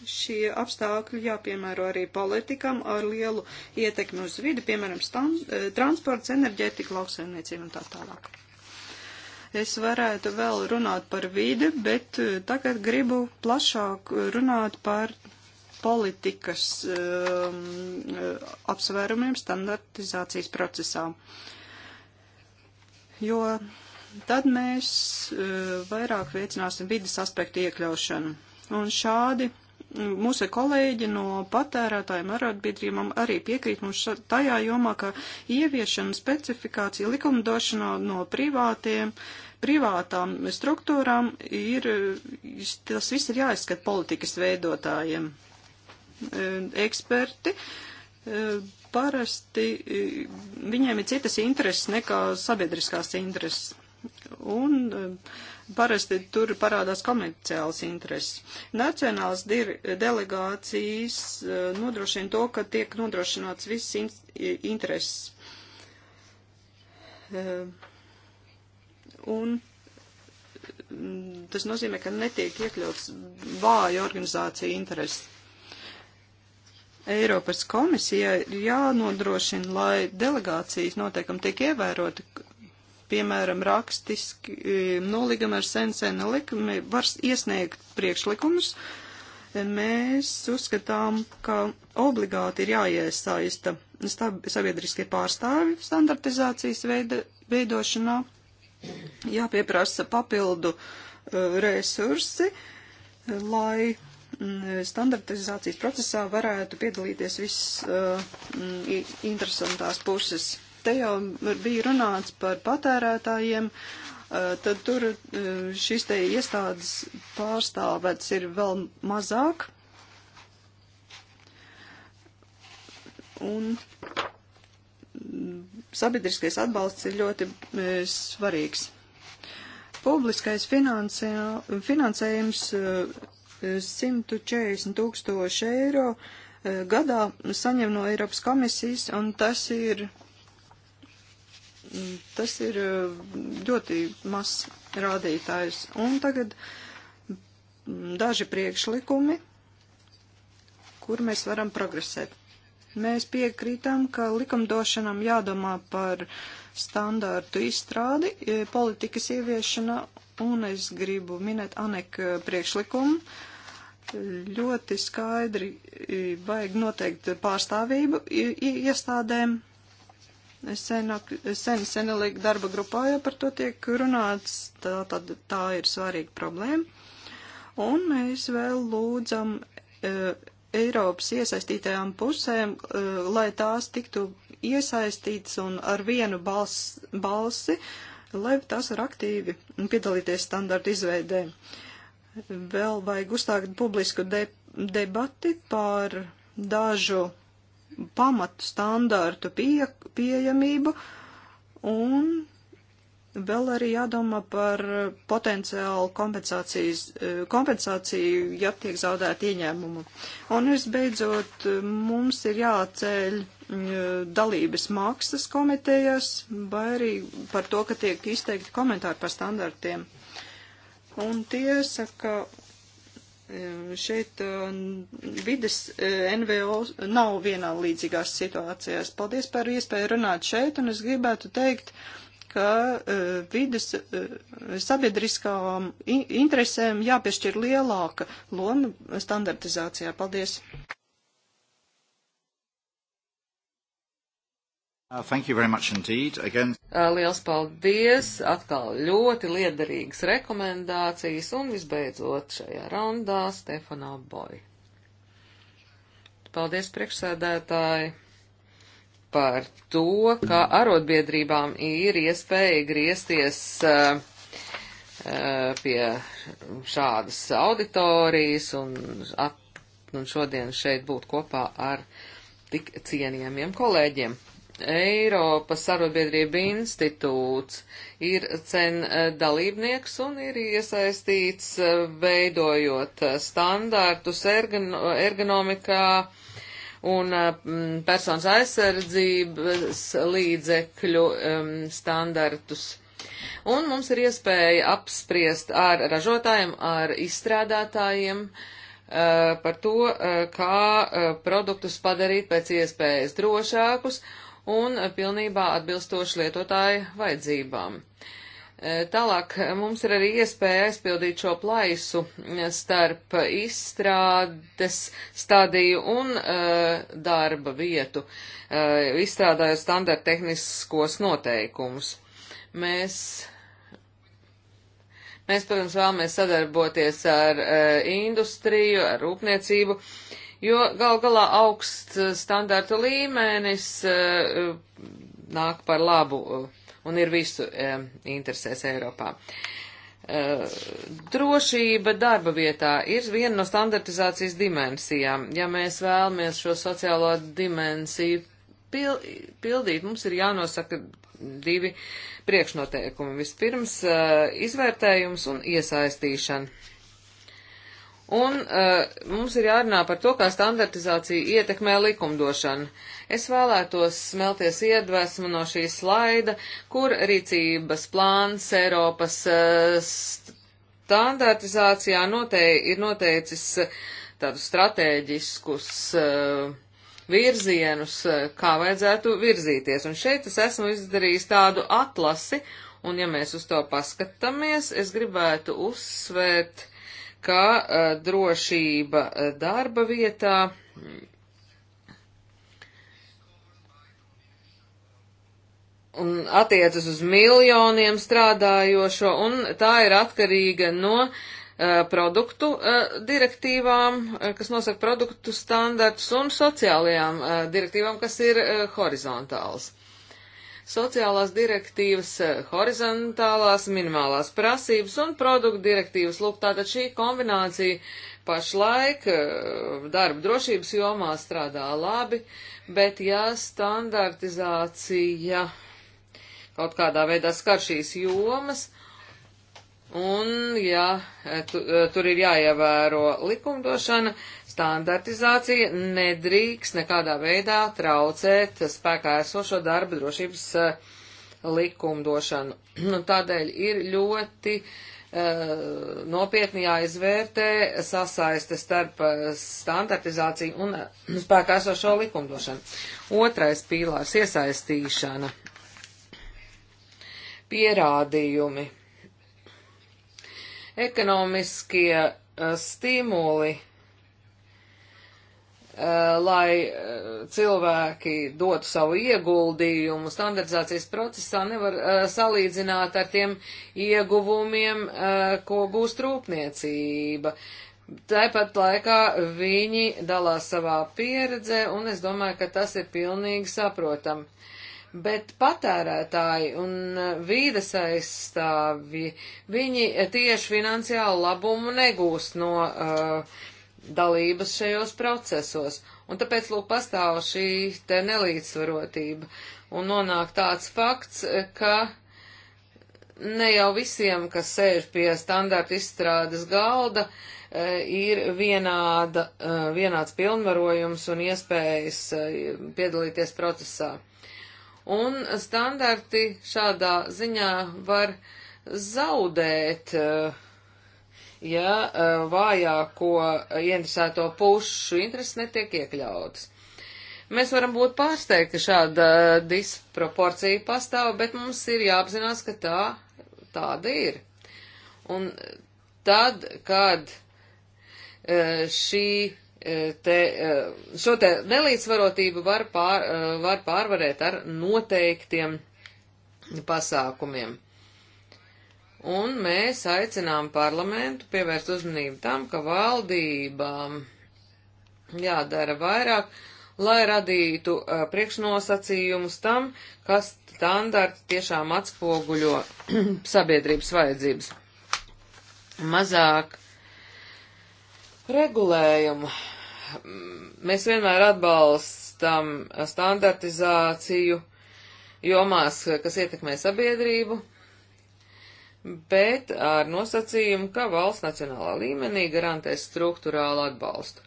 Šie apstākļi jāpiemēro arī politikam ar lielu ietekmi uz vidi, piemēram, stand, eh, transports, enerģētika, lauksaimniecība un tā tālāk. Es varētu vēl runāt par vidi, bet eh, tagad gribu plašāk runāt par politikas um, uh, apsvērumiem standartizācijas procesā. Jo tad mēs uh, vairāk veicināsim vidas aspektu iekļaušanu. Un šādi mūsu kolēģi no patērētājiem arotbiedrībām arī piekrīt mums tajā jomā, ka ieviešana specifikācija likumdošanā no privātiem, privātām struktūrām ir, tas viss ir jāizskat politikas veidotājiem eksperti parasti eh, viņiem ir citas intereses nekā sabiedriskās intereses. Un eh, parasti tur parādās komerciāls intereses. Nacionāls delegācijas eh, nodrošina to, ka tiek nodrošināts viss in intereses. Un mm, tas nozīmē, ka netiek iekļauts vāja organizācija intereses Eiropas komisijai ir jānodrošina, lai delegācijas noteikumi tiek ievēroti, piemēram, rakstiski eh, nolīgumi ar sensēna likumi var iesniegt priekšlikumus. Mēs uzskatām, ka obligāti ir jāiesaista sabiedriskie pārstāvi standartizācijas veida, veidošanā, jāpieprasa papildu eh, resursi, lai Mm, standartizācijas procesā varētu piedalīties viss uh, mm, interesantās puses. Te jau bija runāts par patērētājiem, uh, tad tur uh, šīs te iestādes pārstāvēts ir vēl mazāk. Un mm, sabiedriskais atbalsts ir ļoti e, svarīgs. Publiskais finansējums e, 140 tūkstoši eiro e, gadā saņem no Eiropas komisijas, un tas ir, mm, tas ir e, ļoti mazs rādītājs. Un tagad mm, daži priekšlikumi, kur mēs varam progresēt. Mēs piekrītam, ka likumdošanam jādomā par standārtu izstrādi, e, politikas ieviešana un es gribu minēt Aneka eh, priekšlikumu. Ļoti skaidri eh, vajag noteikt pārstāvību iestādēm. Senāk, sen, senelīgi darba grupā jau par to tiek runāts, tā, tā, tā ir svarīga problēma. Un mēs vēl lūdzam e, Eiropas iesaistītajām pusēm, e, lai tās tiktu iesaistītas un ar vienu bals, balsi, balsi lai tās var aktīvi piedalīties standarta izveidē. Vēl vajag uzstākt publisku de debati par dažu pamatu standārtu pie pieejamību un Vēl arī jādomā par potenciālu kompensāciju, ja tiek zaudēta ieņēmumu. Un visbeidzot, mums ir jāceļ mm, dalības maksas komitejas, vai arī par to, ka tiek izteikti komentāri par standartiem. Un tiesa, ka mm, šeit mm, vides eh, NVO nav vienā līdzīgās situācijās. Paldies par iespēju runāt šeit, un es gribētu teikt, uh, ka e, vidas e, sabiedriskām interesēm jāpiešķir lielāka loma standartizācijā. Paldies! Uh, thank you very much indeed. Again. Uh, liels paldies! Atkal ļoti liederīgas rekomendācijas un visbeidzot šajā raundā Stefanā Boja. Paldies, priekšsēdētāji! par to, ka arotbiedrībām ir iespēja griezties uh, pie šādas auditorijas un, at, un šodien šeit būt kopā ar tik cienījamiem kolēģiem. Eiropas arotbiedrība institūts ir cen eh, dalībnieks un ir iesaistīts veidojot standārtus ergon ergonomikā, un eh, personas aizsardzības līdzekļu um, standartus. Un mums ir iespēja apspriest ar ražotājiem, ar izstrādātājiem uh, par to, uh, kā uh, produktus padarīt pēc iespējas drošākus un pilnībā atbilstoši lietotāju vajadzībām. Uh, Eh, Tālāk eh, mums ir arī iespēja aizpildīt šo plaisu eh, starp izstrādes stadiju un uh, darba vietu, uh, izstrādājot standarta tehniskos noteikumus. Mēs, mēs, protams, vēlamies sadarboties ar uh, industriju, ar rūpniecību, jo gal galā augsts standarta līmenis uh, nāk par labu. Uh, un ir visu e, interesēs Eiropā. E, drošība darba vietā ir viena no standartizācijas dimensijām. Ja mēs vēlamies šo sociālo dimensiju pil pildīt, mums ir jānosaka divi priekšnoteikumi. Vispirms e, izvērtējums un iesaistīšana. Un uh, mums ir jārunā par to, kā standartizācija ietekmē likumdošanu. Es vēlētos smelties iedvesmu no šī slaida, kur rīcības plāns Eiropas uh, standartizācijā notei, ir noteicis eh, tādus stratēģiskus uh, virzienus, uh, kā vajadzētu virzīties. Un šeit es esmu izdarījis tādu atlasi, un ja mēs uz to paskatāmies, es gribētu uzsvērt, ka e, drošība e, darba vietā un attiecas uz miljoniem strādājošo, un tā ir atkarīga no uh, produktu uh, direktīvām, uh, kas nosaka produktu standartus, un sociālajām direktīvām, kas ir horizontāls sociālās direktīvas, eh, horizontālās minimālās prasības un produktu direktīvas. Lūk, tātad šī kombinācija pašlaik eh, darba drošības jomā strādā labi, bet ja standartizācija kaut kādā veidā skar šīs jomas, un ja eh, tu, tur ir jāievēro likumdošana, standartizācija nedrīkst nekādā veidā traucēt spēkā esošo darba drošības eh, likumdošanu. Tādēļ ir ļoti uh, nopietni jāizvērtē sasaiste starp eh, standartizāciju un spēkā esošo likumdošanu. Otrais pīlārs - iesaistīšana. Pierādījumi. Ekonomiskie stimuli Eh, lai eh, cilvēki dotu savu ieguldījumu standartizācijas procesā, nevar eh, salīdzināt ar tiem ieguvumiem, ko gūst rūpniecība. Tāpat laikā viņi dalās savā pieredzē, un es domāju, ka tas ir pilnīgi saprotam. Bet patērētāji un vīdes aizstāvji, viņi tieši finansiālu labumu negūst no uh, dalības šajos procesos. Un tāpēc, lūk, pastāv šī te nelīdzsvarotība. Un nonāk tāds fakts, ka ne jau visiem, kas sēž pie standarta izstrādes galda, e, ir vienāda, e, vienāds pilnvarojums un iespējas e, piedalīties procesā. Un standarti šādā ziņā var zaudēt uh, ja e, vājāko interesēto pušu intereses netiek iekļautas. Mēs varam būt pārsteigti, ka šāda disproporcija pastāv, bet mums ir jāapzinās, ka tā tāda ir. Un tad, kad e, šī e, te, šo te nelīdzvarotību var, pār, var pārvarēt ar noteiktiem pasākumiem un mēs aicinām parlamentu pievērst uzmanību tam, ka valdībām jādara vairāk, lai radītu uh, priekšnosacījumus tam, kas standarti tiešām atspoguļo sabiedrības vajadzības. Mazāk regulējumu. Mēs vienmēr atbalstam standartizāciju jomās, kas ietekmē sabiedrību, bet ar nosacījumu, ka valsts nacionālā līmenī garantēs struktūrālu atbalstu.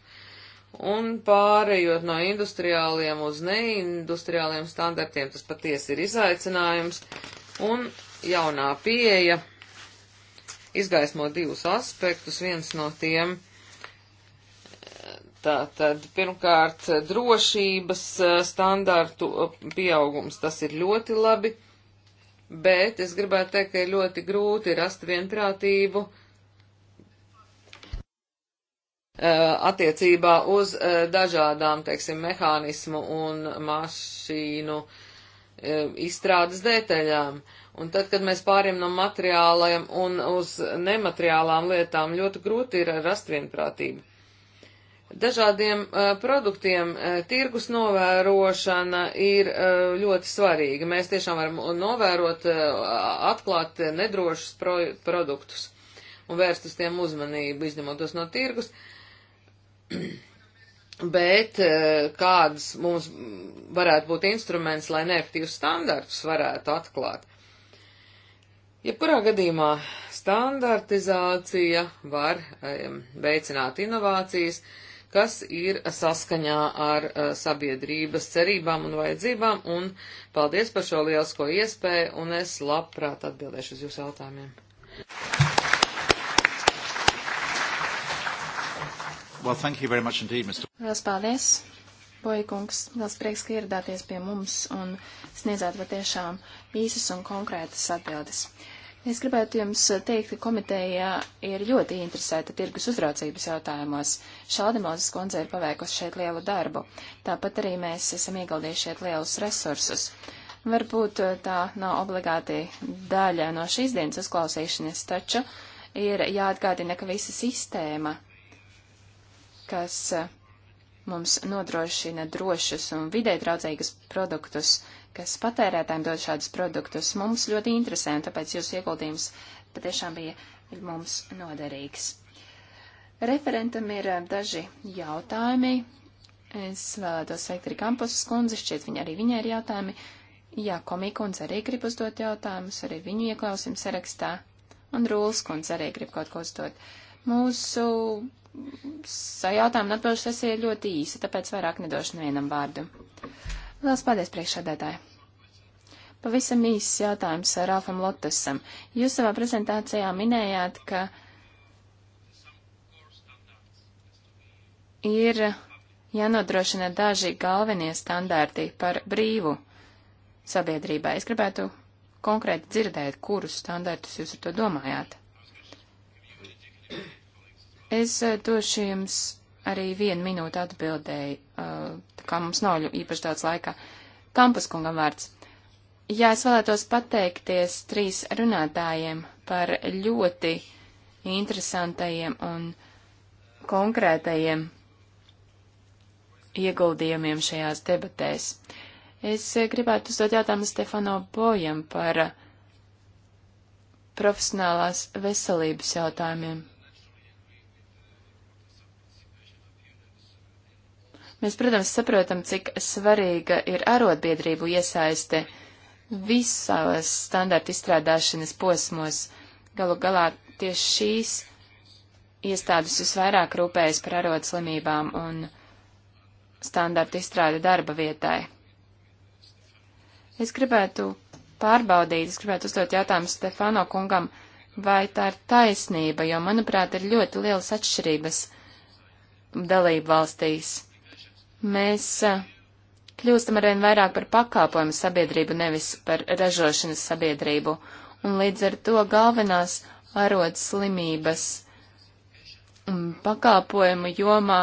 Un pārējot no industriāliem uz neindustriāliem standartiem, tas patiesi ir izaicinājums, un jaunā pieeja izgaismo divus aspektus, viens no tiem tātad pirmkārt drošības eh, standartu eh, pieaugums, tas ir ļoti labi bet es gribētu teikt, ka ir ļoti grūti rast vienprātību eh, attiecībā uz eh, dažādām, teiksim, mehānismu un mašīnu eh, izstrādes detaļām. Un tad, kad mēs pāriem no materiālajiem un uz nemateriālām lietām, ļoti grūti ir rast vienprātību. Dažādiem uh, produktiem uh, tirgus novērošana ir uh, ļoti svarīga. Mēs tiešām varam novērot, atklāt nedrošus pro produktus un vērst uz tiem uzmanību, izņemot tos no tirgus. Bet kādas mums varētu būt instruments, lai neefektīvus standartus varētu atklāt? Jebkurā gadījumā standartizācija var veicināt inovācijas, uh, kas ir saskaņā ar eh, sabiedrības cerībām un vajadzībām, un paldies par šo lielisko iespēju, un es labprāt atbildēšu uz jūsu jautājumiem. Well, thank you very much indeed, Mr. Lielas paldies, Boikungs. Liels prieks, ka ieradāties pie mums un sniedzāt patiešām īsas un konkrētas atbildes. Es gribētu jums teikt, ka komiteja ir ļoti interesēta tirgus uzraucības jautājumos. Šaldemozes kundze ir paveikusi šeit lielu darbu. Tāpat arī mēs esam ieguldījuši šeit lielus resursus. Varbūt eh, tā nav obligāti daļa no šīs dienas uzklausīšanas, taču ir jāatgādina, ka visa sistēma, kas eh, mums nodrošina drošus un vidē draudzīgus produktus, kas patērētājiem dod šādus produktus, mums ļoti interesē, un tāpēc jūsu ieguldījums patiešām bija mums noderīgs. Referentam ir eh, daži jautājumi. Es vēlētos sveikt arī kampusas kundzi, šķiet viņa arī viņai ir jautājumi. Jā, komikundze arī grib uzdot jautājumus, arī viņu ieklausim sarakstā. Un Rūls kundze arī grib kaut ko uzdot. Mūsu sajautājumu un atbildes sesija ir ļoti īsa, tāpēc vairāk nedošu nevienam vārdu. Lielas paldies priekšsēdētāji! Pavisam īsts jautājums Rāfam Lotesam. Jūs savā prezentācijā minējāt, ka ir jānodrošina daži galvenie standarti par brīvu sabiedrībā. Es gribētu konkrēti dzirdēt, kurus standartus jūs ar to domājāt. Es došu jums arī vienu minūtu atbildēji, tā uh, kā mums nav īpaši daudz laika. Kampas kungam vārds. Jā, es vēlētos pateikties trīs runātājiem par ļoti interesantajiem un konkrētajiem ieguldījumiem šajās debatēs. Es gribētu uzdot jautājumu Stefano Bojam par profesionālās veselības jautājumiem Mēs, protams, saprotam, cik svarīga ir arotbiedrību iesaiste visās standarta izstrādāšanas posmos. Galu galā tieši šīs iestādes visvairāk rūpējas par arotslimībām un standarta izstrādi darba vietai. Es gribētu pārbaudīt, es gribētu uzdot jautājumu Stefano kungam, vai tā ir taisnība, jo, manuprāt, ir ļoti lielas atšķirības dalību valstīs mēs eh, kļūstam arvien vairāk par pakāpojumu sabiedrību, nevis par ražošanas sabiedrību, un līdz ar to galvenās arodas slimības mm, pakāpojumu jomā,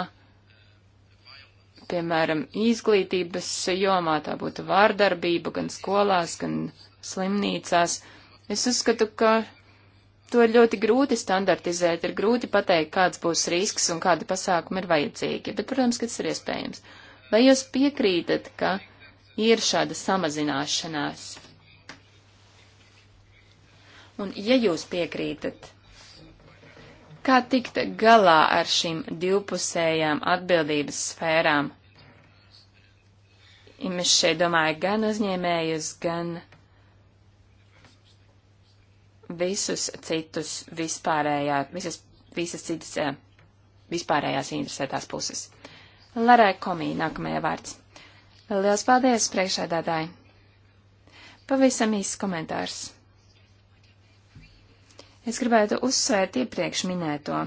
piemēram, izglītības jomā, tā būtu vārdarbība gan skolās, gan slimnīcās. Es uzskatu, ka To ir ļoti grūti standartizēt, ir grūti pateikt, kāds būs risks un kādi pasākumi ir vajadzīgi, bet, protams, ka tas ir iespējams. Vai jūs piekrītat, ka ir šāda samazināšanās? Un, ja jūs piekrītat, kā tikt galā ar šīm divpusējām atbildības sfērām? Ja mēs šeit domāju gan uzņēmējus, gan visus citus vispārējā, visas, visas citas eh, vispārējās interesētās puses. Larai Komī, nākamajā vārds. Liels paldies, priekšēdādāji! Pavisam īsts komentārs. Es gribētu uzsvērt iepriekš minēto.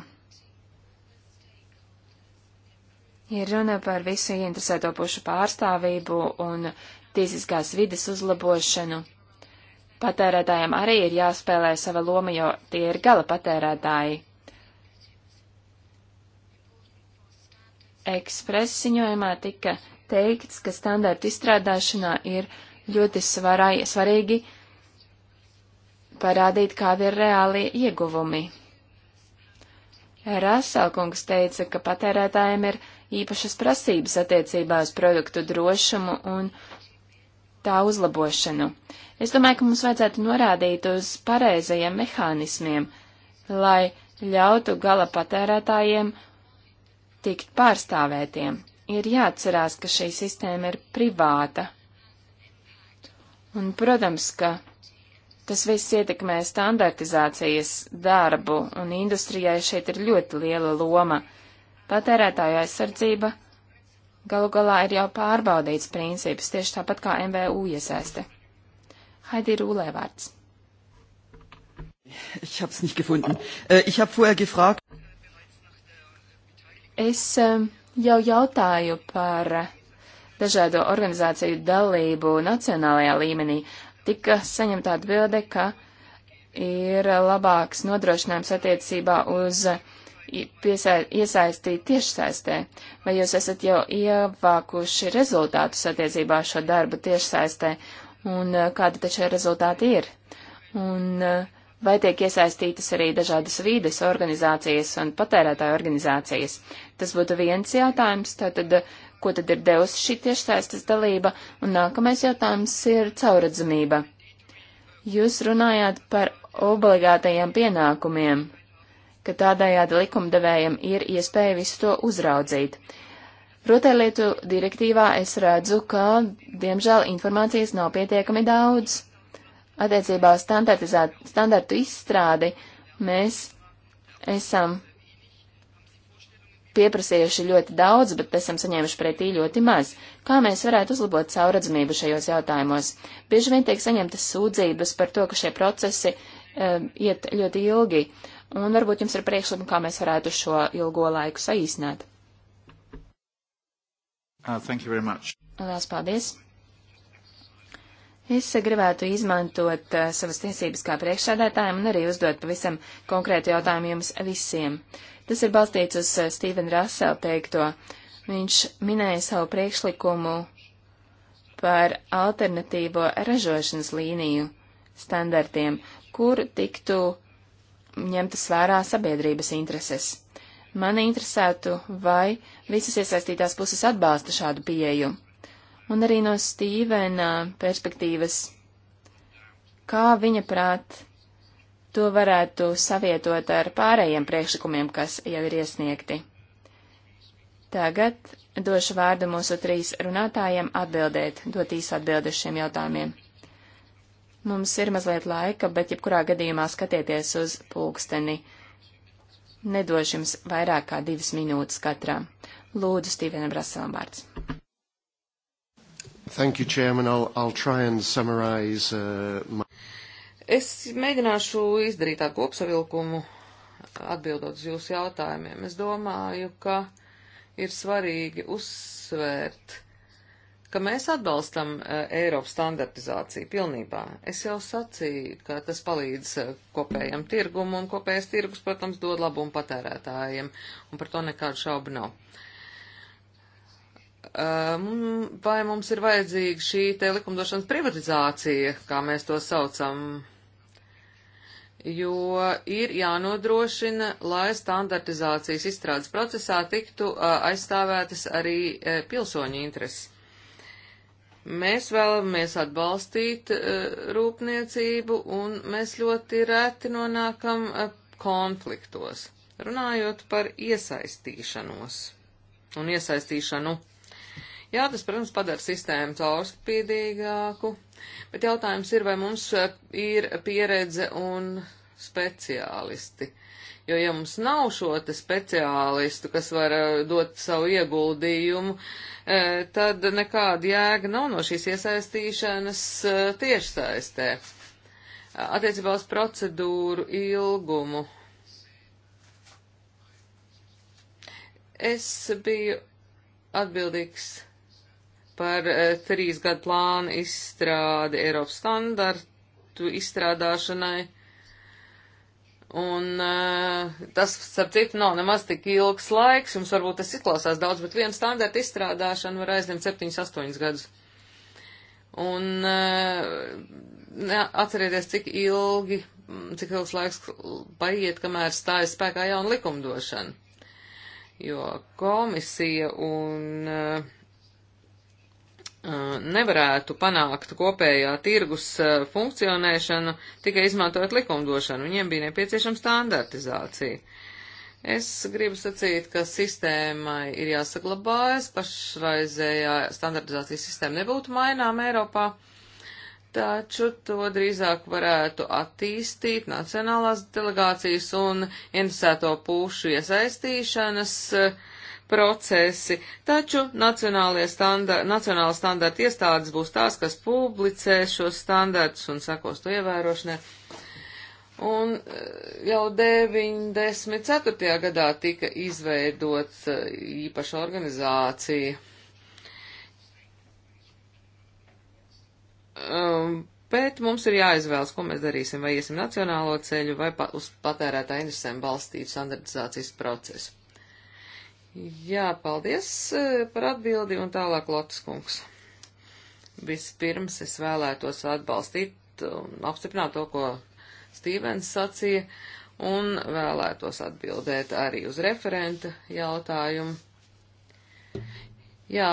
Ir runa par visu interesēto pušu pārstāvību un tiesiskās vides uzlabošanu. Patērētājiem arī ir jāspēlē sava loma, jo tie ir gala patērētāji. Ekspresa ziņojumā tika teikts, ka standarta izstrādāšanā ir ļoti svarai, svarīgi parādīt, kādi ir reāli ieguvumi. Raselkungs teica, ka patērētājiem ir īpašas prasības attiecībā uz produktu drošumu un tā uzlabošanu. Es domāju, ka mums vajadzētu norādīt uz pareizajiem mehānismiem, lai ļautu gala patērētājiem tikt pārstāvētiem. Ir jāatcerās, ka šī sistēma ir privāta. Un, protams, ka tas viss ietekmē standartizācijas darbu, un industrijai šeit ir ļoti liela loma. Patērētāju aizsardzība Galu galā ir jau pārbaudīts princips, tieši tāpat kā MVU iesaiste. Haidī Rūlē vārds. Ich hab's nicht gefunden. Äh, ich hab vorher gefragt. Es ähm, jau jautāju par dažādo organizāciju dalību nacionālajā līmenī. Tika saņemta atbilde, ka ir labāks nodrošinājums attiecībā uz uh, iesaistīt tiešsaistē? Vai jūs esat jau ievākuši rezultātus attiecībā ar šo darbu tiešsaistē? Un eh, kādi taču rezultāti ir? Un eh, vai tiek iesaistītas arī dažādas vīdes organizācijas un patērētāju organizācijas? Tas būtu viens jautājums. Tātad, eh, ko tad ir devusi šī tiešsaistes dalība? Un nākamais jautājums ir cauradzamība. Jūs runājāt par obligātajiem pienākumiem ka tādējādi likumdevējiem ir iespēja visu to uzraudzīt. Rotaļlietu direktīvā es redzu, ka, diemžēl, informācijas nav pietiekami daudz. Attiecībā uz standartu izstrādi mēs esam pieprasījuši ļoti daudz, bet esam saņēmuši pretī ļoti maz. Kā mēs varētu uzlabot caurredzamību šajos jautājumos? Bieži vien tiek saņemtas sūdzības par to, ka šie procesi e, iet ļoti ilgi. E, Un varbūt jums ir priekšlikumi, kā mēs varētu šo ilgo laiku saīsināt. Uh, thank you very much. Lielas paldies. Es gribētu izmantot uh, savas tiesības kā priekšsēdētājiem un arī uzdot pavisam konkrētu jautājumu jums visiem. Tas ir balstīts uz uh, Stīvena Rasela teikto. Viņš minēja savu priekšlikumu par alternatīvo ražošanas līniju standartiem, kur tiktu uh, ņemtas vērā sabiedrības intereses. Mani interesētu, vai visas iesaistītās puses atbalsta šādu pieeju. Un arī no Stīvena perspektīvas, kā viņa prāt to varētu savietot ar pārējiem priekšlikumiem, kas jau ir iesniegti. Tagad došu vārdu mūsu trīs runātājiem atbildēt, dot īsu atbildi uz šiem jautājumiem. Mums ir mazliet laika, bet jebkurā gadījumā skatieties uz pulksteni. Nedošu jums vairāk kā divas minūtes katram. Lūdzu, Stīvena Braselam vārds. Thank you, Chairman. I'll, I'll try and summarize uh, my... Es mēģināšu izdarīt tā kopsavilkumu, atbildot uz jūsu jautājumiem. Es domāju, ka ir svarīgi uzsvērt ka mēs atbalstam e, Eiropas standartizāciju pilnībā. Es jau sacīju, ka tas palīdz e, kopējam tirgumu, un kopējais tirgus, protams, dod labumu patērētājiem, un par to nekādu šaubu nav. E, vai mums ir vajadzīga šī te likumdošanas privatizācija, kā mēs to saucam? jo ir jānodrošina, lai standartizācijas izstrādes procesā tiktu aizstāvētas arī pilsoņu intereses. Mēs vēlamies atbalstīt eh, rūpniecību un mēs ļoti reti nonākam eh, konfliktos, runājot par iesaistīšanos un iesaistīšanu. Jā, tas, protams, padara sistēmu caurspīdīgāku, bet jautājums ir, vai mums eh, ir pieredze un speciālisti. Jo, ja mums nav šo te speciālistu, kas var eh, dot savu ieguldījumu, eh, tad nekāda jēga nav no šīs iesaistīšanas eh, tiešsaistē. Attiecībā uz procedūru ilgumu. Es biju atbildīgs par trīs gadu plānu izstrādi Eiropas standartu izstrādāšanai Un eh, tas, starp citu, nav nemaz tik ilgs laiks, jums varbūt tas izklausās daudz, bet viena standarta izstrādāšana var aizņemt 7-8 gadus. Un eh, ne, atcerieties, cik ilgi, cik ilgs laiks paiet, kamēr stājas spēkā jauna likumdošana. Jo komisija un uh, Uh, nevarētu panākt kopējā tirgus uh, funkcionēšanu tikai izmantojot likumdošanu. Viņiem bija nepieciešama standartizācija. Es gribu sacīt, ka sistēmai ir jāsaglabājas, pašreizējā standartizācijas sistēma nebūtu mainām Eiropā, taču to drīzāk varētu attīstīt nacionālās delegācijas un interesēto pušu iesaistīšanas uh, procesi, taču standart, nacionāla standarta iestādes būs tās, kas publicē šos standartus un sakos to ievērošanai. Un eh, jau 94. gadā tika izveidots eh, īpaša organizācija. Um, bet mums ir jāizvēlas, ko mēs darīsim, vai iesim nacionālo ceļu, vai pa, uz patērētā interesēm balstītu standartizācijas procesu. Jā, paldies eh, par atbildi un tālāk Lotus kungs. Vispirms es vēlētos atbalstīt un apstiprināt to, ko Stīvens sacīja, un vēlētos atbildēt arī uz referenta jautājumu. Jā,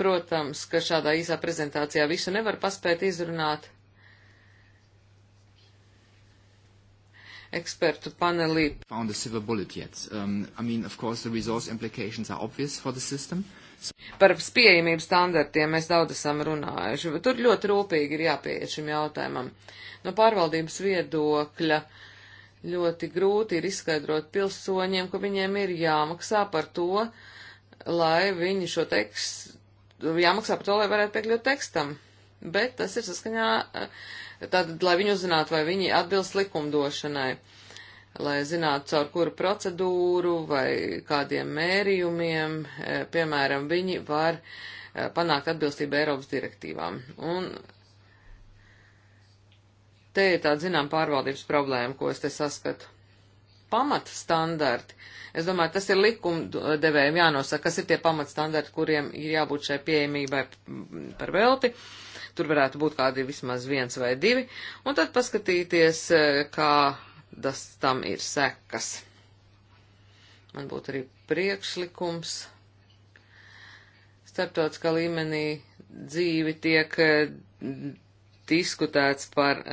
protams, ka šādā īsā prezentācijā visu nevar paspēt izrunāt, ekspertu panelī. Found a survivability yet. Um, I mean, of course, the resource implications are obvious for the system. Par pieejamību standartiem mēs daudz esam runājuši, bet tur ļoti rūpīgi ir jāpieiet šim jautājumam. No pārvaldības viedokļa ļoti grūti ir izskaidrot pilsoņiem, ka viņiem ir jāmaksā par to, lai viņi šo tekstu, jāmaksā par to, lai varētu piekļūt tekstam. Bet tas ir saskaņā. Uh, tātad, lai viņi uzzinātu, vai viņi atbilst likumdošanai, lai zinātu, caur kuru procedūru vai kādiem mērījumiem, e, piemēram, viņi var e, panākt atbilstību Eiropas direktīvām. Un te ir tāda, zinām, pārvaldības problēma, ko es te saskatu. Pamata standarti. Es domāju, tas ir likumdevējiem jānosaka, kas ir tie pamata standarti, kuriem ir jābūt šai pieejamībai par velti. Uh, tur varētu būt kādi vismaz viens vai divi, un tad paskatīties, e, kā tas tam ir sekas. Man būtu arī priekšlikums. Starptautiskā līmenī dzīvi tiek e, diskutēts par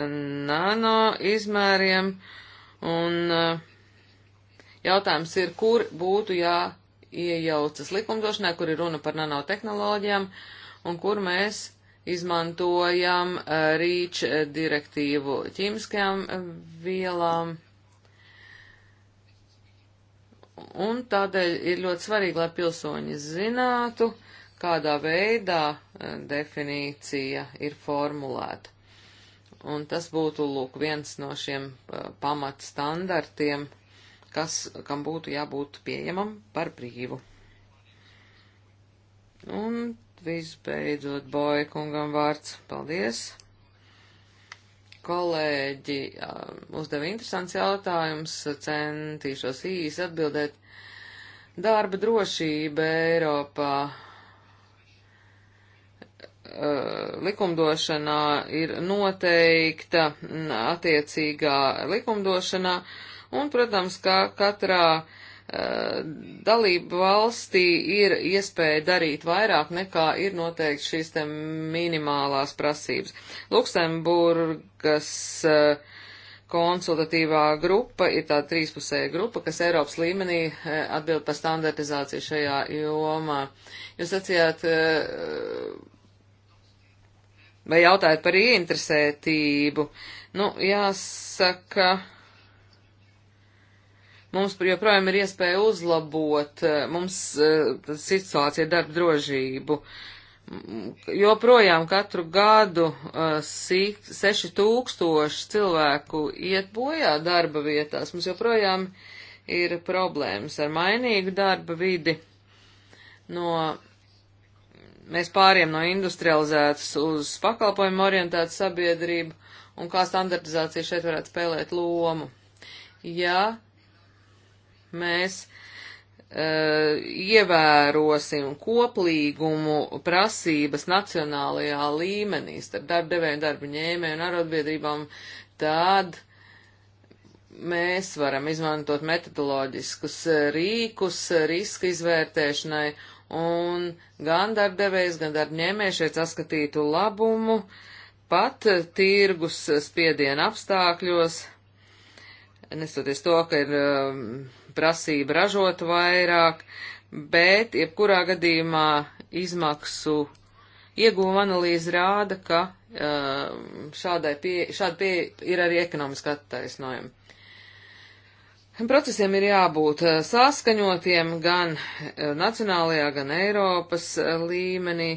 nano izmēriem, un e, jautājums ir, kur būtu jāiejaucas likumdošanai, kur ir runa par nanotehnoloģijām, un kur mēs izmantojam eh, rīč eh, direktīvu ķīmiskajām eh, vielām. Un tādēļ ir ļoti svarīgi, lai pilsoņi zinātu, kādā veidā definīcija ir formulēta. Un tas būtu, lūk, viens no šiem pamatstandartiem, kas, kam būtu jābūt pieejamam par brīvu. Un Visbeidzot, Boja kungam vārds. Paldies! Kolēģi uzdeva interesants jautājums, centīšos īsi atbildēt. Darba drošība Eiropā likumdošanā ir noteikta attiecīgā likumdošanā, un, protams, kā katrā Eh, dalību valstī ir iespēja darīt vairāk nekā ir noteikti šīs te minimālās prasības. Luksemburgas eh, konsultatīvā grupa ir tā trīspusēja grupa, kas Eiropas līmenī eh, atbild par standartizāciju šajā jomā. Jūs sacījāt, vai jautājat par ieinteresētību? Nu, jāsaka Mums joprojām ir iespēja uzlabot eh, mums eh, situāciju darba drošību. Joprojām katru gadu 6000 eh, cilvēku iet bojā darba vietās. Mums joprojām ir problēmas ar mainīgu darba vidi. No mēs pāriem no industrializētas uz pakalpojumu orientētu sabiedrību un kā standartizācija šeit varētu spēlēt lomu. Ja mēs uh, ievērosim koplīgumu prasības nacionālajā līmenī starp darbdevēju, darba ņēmēju un arotbiedrībām, tad mēs varam izmantot metodoloģiskus rīkus riska izvērtēšanai un gan darbdevējs, gan darbņēmējs šeit saskatītu labumu pat tirgus spiediena apstākļos, nesoties to, ka ir um, prasība ražot vairāk, bet jebkurā gadījumā izmaksu ieguvuma analīze rāda, ka uh, šādai pie, šāda pieeja ir arī ekonomiski attaisnojama. Procesiem ir jābūt uh, saskaņotiem gan uh, nacionālajā, gan Eiropas līmenī,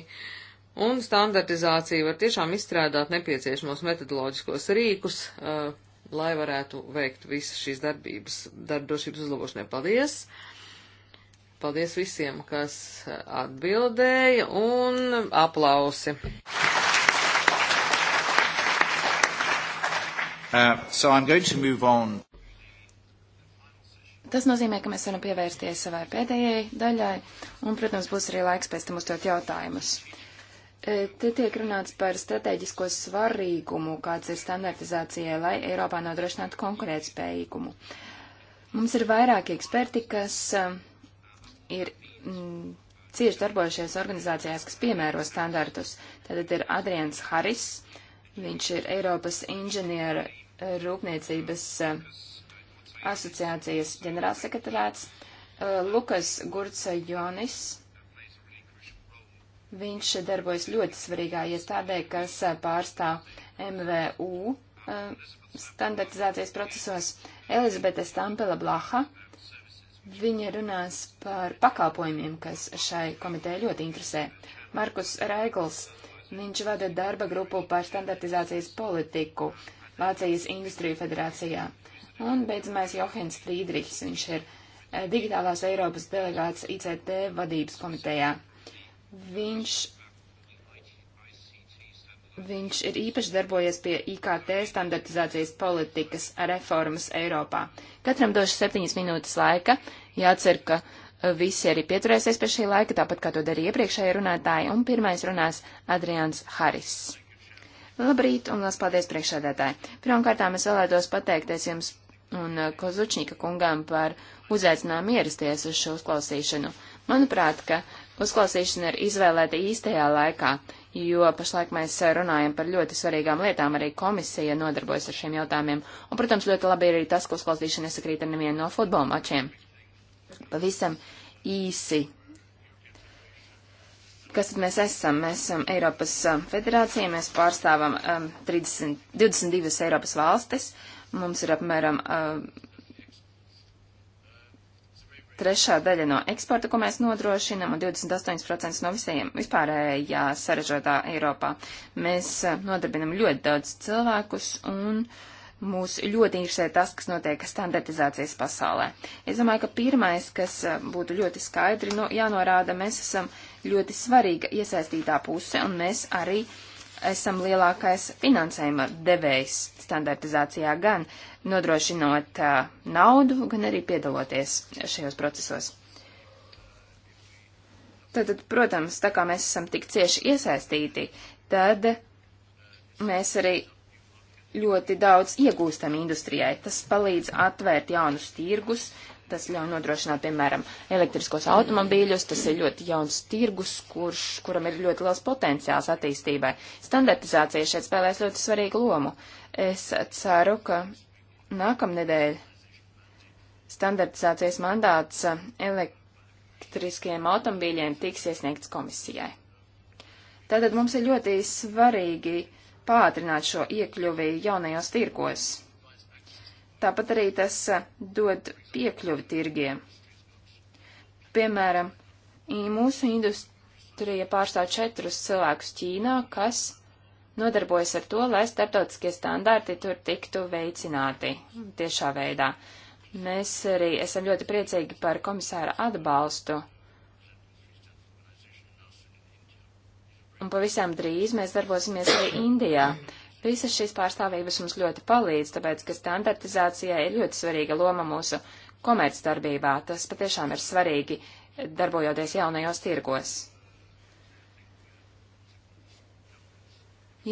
un standartizācija var tiešām izstrādāt nepieciešamos metodoloģiskos rīkus, lai varētu veikt visas šīs darbības, darba drošības uzlabošanai. Paldies! Paldies visiem, kas atbildēja un aplausi! Uh, so I'm going to move on. Tas nozīmē, ka mēs varam pievērsties savai pēdējai daļai, un, protams, būs arī laiks pēc tam uzdot jautājumus. E, te tiek runāts par strateģisko svarīgumu, kāds ir standartizācijai, lai Eiropā nodrošinātu konkurētspējīgumu. Mums ir vairāki eksperti, kas e, ir mm, cieši darbojušies organizācijās, kas piemēro standartus. Tad ir Adrians Haris, viņš ir Eiropas inženiera e, rūpniecības asociācijas ģenerālsekretārāts, Lukas Gurca Jonis, Viņš darbojas ļoti svarīgā iestādē, kas eh, pārstāv MVU eh, standartizācijas procesos Elizabete Stampela Blaha. Viņa runās par pakalpojumiem, kas šai komitē ļoti interesē. Markus Raigls, viņš vada darba grupu par standartizācijas politiku Vācijas Industriju federācijā. Un beidzamais Johans Friedrichs, viņš ir eh, digitālās Eiropas delegāts ICT vadības komitejā. Viņš, viņš ir īpaši darbojies pie IKT standartizācijas politikas reformas Eiropā. Katram došu septiņas minūtes laika. Jācer, ka uh, visi arī pieturēsies pie šī laika, tāpat kā to darīja iepriekšējie runātāji, un pirmais runās Adrians Haris. Labrīt un liels paldies priekšādētāji. Pirmkārtām es vēlētos pateikties jums un uh, Kozučņika kungām par uzaicinājumu ierasties uz šo uzklausīšanu. Manuprāt, ka uzklausīšana ir izvēlēta īstajā laikā, jo pašlaik mēs runājam par ļoti svarīgām lietām, arī komisija nodarbojas ar šiem jautājumiem. Un, protams, ļoti labi ir arī tas, ka uzklausīšana nesakrīt ar nevienu no futbola mačiem. Pavisam īsi. Kas tad mēs esam? Mēs esam Eiropas um, federācija, mēs pārstāvam um, 30, 22 Eiropas valstis, mums ir apmēram um, trešā daļa no eksporta, ko mēs nodrošinam, un 28% no visiem vispārējā saražotā Eiropā. Mēs eh, nodarbinam ļoti daudz cilvēkus, un mūs ļoti interesē tas, kas notiek standartizācijas pasaulē. Es domāju, ka pirmais, kas eh, būtu ļoti skaidri no, jānorāda, mēs esam ļoti svarīga iesaistītā puse, un mēs arī uh, esam lielākais finansējuma devējs standartizācijā, gan nodrošinot uh, naudu, gan arī piedaloties šajos procesos. Tātad, protams, tā kā mēs esam tik cieši iesaistīti, tad mēs arī ļoti daudz iegūstam industrijai. Tas palīdz atvērt jaunus tirgus, Tas ļauj nodrošināt, piemēram, elektriskos automobīļus. Tas ir ļoti jauns tirgus, kurš, kuram ir ļoti liels potenciāls attīstībai. Standartizācija šeit spēlēs ļoti svarīgu lomu. Es ceru, ka nākamnedēļ standartizācijas mandāts elektriskajiem automobīļiem tiks iesniegts komisijai. Tātad mums ir ļoti svarīgi pātrināt šo iekļuvi jaunajos tirgos. Tāpat arī tas eh, dod piekļuvi tirgiem. Piemēram, mūsu industrija pārstāv četrus cilvēkus Ķīnā, kas nodarbojas ar to, lai starptautiskie standarti tur tiktu veicināti tiešā veidā. Mēs arī esam ļoti priecīgi par komisāra atbalstu. Un pavisam drīz mēs darbosimies arī Indijā. Visas šīs pārstāvības mums ļoti palīdz, tāpēc, ka standartizācijai ir ļoti svarīga loma mūsu komercdarbībā. Tas patiešām ir svarīgi, darbojoties jaunajos tirgos.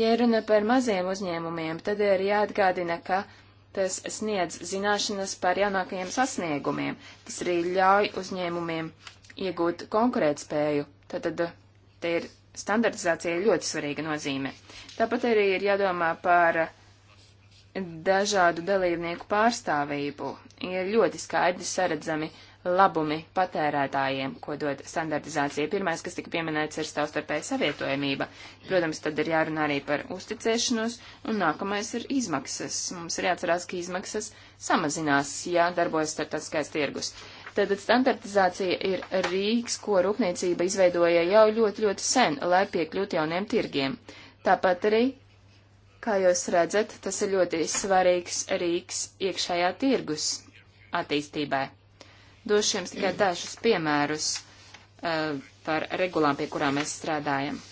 Ja runa par maziem uzņēmumiem, tad ir jāatgādina, ka tas sniedz zināšanas par jaunākajiem sasniegumiem. Tas arī ļauj uzņēmumiem iegūt konkurētspēju. Tad, tad te ir standartizācija ir ļoti svarīga nozīme. Tāpat arī ir jādomā par dažādu dalībnieku pārstāvību. Ir ļoti skaidri saredzami labumi patērētājiem, ko dod standartizācija. Pirmais, kas tika pieminēts, ir savstarpēja savietojamība. Protams, tad ir jārunā arī par uzticēšanos, un nākamais ir izmaksas. Mums ir jāatcerās, ka izmaksas samazinās, ja darbojas starptautiskais tirgus. Uh, Tātad standartizācija ir rīks, ko rūpniecība izveidoja jau ļoti, ļoti sen, lai piekļūtu jauniem tirgiem. Tāpat arī, kā jūs redzat, tas ir ļoti svarīgs rīks iekšējā tirgus attīstībai. Došu jums tikai dažus piemērus uh, par regulām, pie kurām mēs strādājam.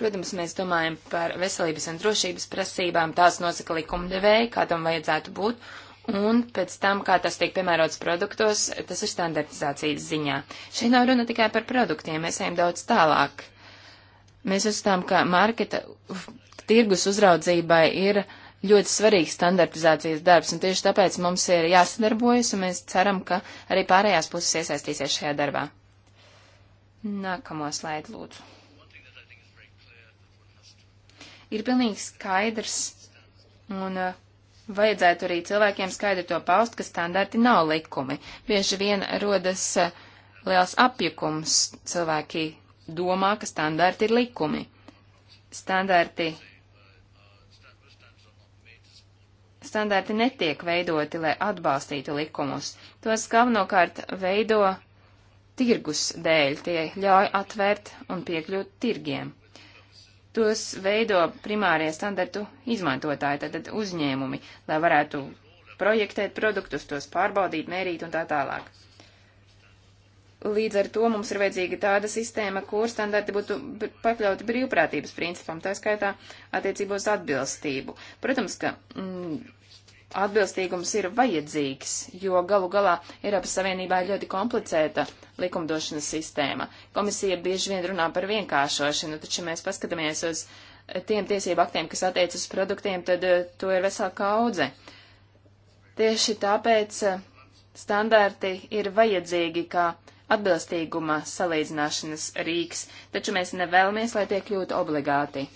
Protams, mēs domājam par veselības un drošības prasībām, tās nosaka likuma devēja, kādam vajadzētu būt, Un pēc tam, kā tas tiek piemērots produktos, tas ir standartizācijas ziņā. Šeit nav runa tikai par produktiem, mēs ejam daudz tālāk. Mēs uzstām, ka marketa tirgus uzraudzībai ir ļoti svarīgs standartizācijas darbs, un tieši tāpēc mums ir jāsadarbojas, un mēs ceram, ka arī pārējās puses iesaistīsies šajā darbā. Nākamo slaidu lūdzu. Ir pilnīgi skaidrs, un uh, Vajadzētu arī cilvēkiem skaidri to paust, ka standarti nav likumi. Bieži vien rodas eh, liels apjukums. Cilvēki domā, ka standarti ir likumi. Standarti, standarti netiek veidoti, lai atbalstītu likumus. Tos galvenokārt veido tirgus dēļ, tie ļauj atvērt un piekļūt tirgiem tos veido primārie standartu izmantotāji, tātad uzņēmumi, lai varētu projektēt produktus, tos pārbaudīt, mērīt un tā tālāk. Līdz ar to mums ir vajadzīga tāda sistēma, kur standarti būtu pakļauti brīvprātības principam, tā skaitā attiecībos atbilstību. Protams, ka mm, atbilstīgums ir vajadzīgs, jo galu galā Eiropas Savienībā ir ļoti komplicēta likumdošanas sistēma. Komisija bieži vien runā par vienkāršošanu, taču mēs paskatāmies uz tiem tiesību aktiem, kas attiec uz produktiem, tad eh, to ir vesela kaudze. Tieši tāpēc eh, standarti ir vajadzīgi, kā atbilstīguma salīdzināšanas rīks, taču mēs nevēlamies, lai tie kļūtu obligāti.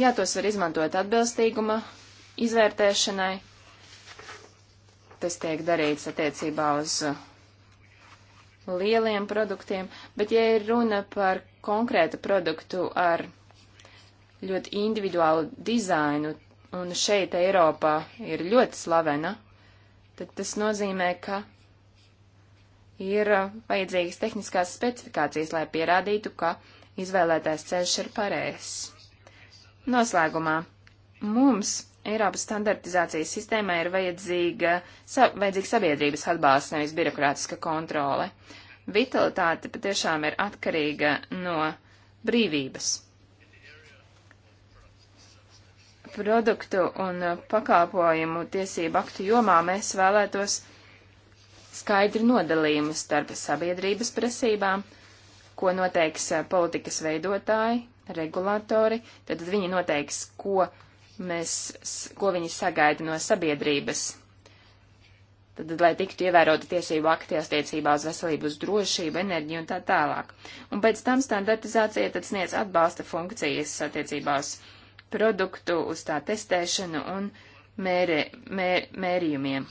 Jā, tos var izmantot atbilstīguma izvērtēšanai, tas tiek darīts attiecībā uz uh, lieliem produktiem, bet ja ir runa par konkrētu produktu ar ļoti individuālu dizainu, un šeit Eiropā ir ļoti slavena, tad tas nozīmē, ka ir uh, vajadzīgas tehniskās specifikācijas, lai pierādītu, ka izvēlētais ceļš ir pareizs. Noslēgumā mums Eiropas standartizācijas sistēmai ir vajadzīga, sa, vajadzīga sabiedrības atbalsts, nevis birokrātiska kontrole. Vitalitāte patiešām ir atkarīga no brīvības. Produktu un pakāpojumu tiesību aktu jomā mēs vēlētos skaidru nodalījumu starp sabiedrības prasībām, ko noteiks politikas veidotāji, regulatori, tad viņi noteiks, ko mēs, ko viņi sagaida no sabiedrības. Tad, lai tiktu ievērota tiesību akti attiecībā uz veselības drošību, enerģiju un tā tālāk. Un pēc tam standartizācija tad sniedz atbalsta funkcijas attiecībā uz produktu, uz tā testēšanu un mēri, mēr, mērījumiem.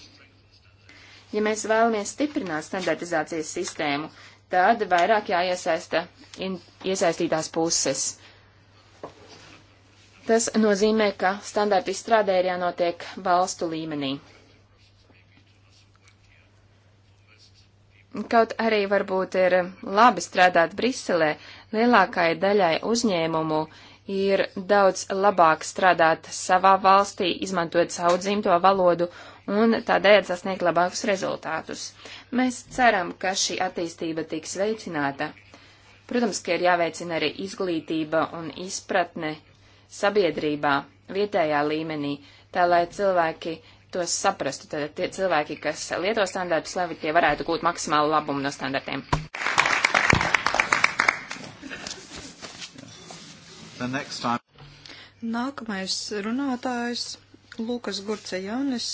Ja mēs vēlamies stiprināt standartizācijas sistēmu, tad vairāk jāiesaista in, iesaistītās puses. Tas nozīmē, ka standarta izstrādē ir jānotiek valstu līmenī. Kaut arī varbūt ir labi strādāt Briselē, lielākajai daļai uzņēmumu ir daudz labāk strādāt savā valstī, izmantot savu dzimto valodu un tādējādi sasniegt labākus rezultātus. Mēs ceram, ka šī attīstība tiks veicināta. Protams, ka ir jāveicina arī izglītība un izpratne sabiedrībā, vietējā līmenī, tā lai cilvēki tos saprastu, tad tie cilvēki, kas lieto standartus, lai tie varētu gūt maksimālu labumu no standartiem. Nākamais runātājs Lukas Gurce Jānis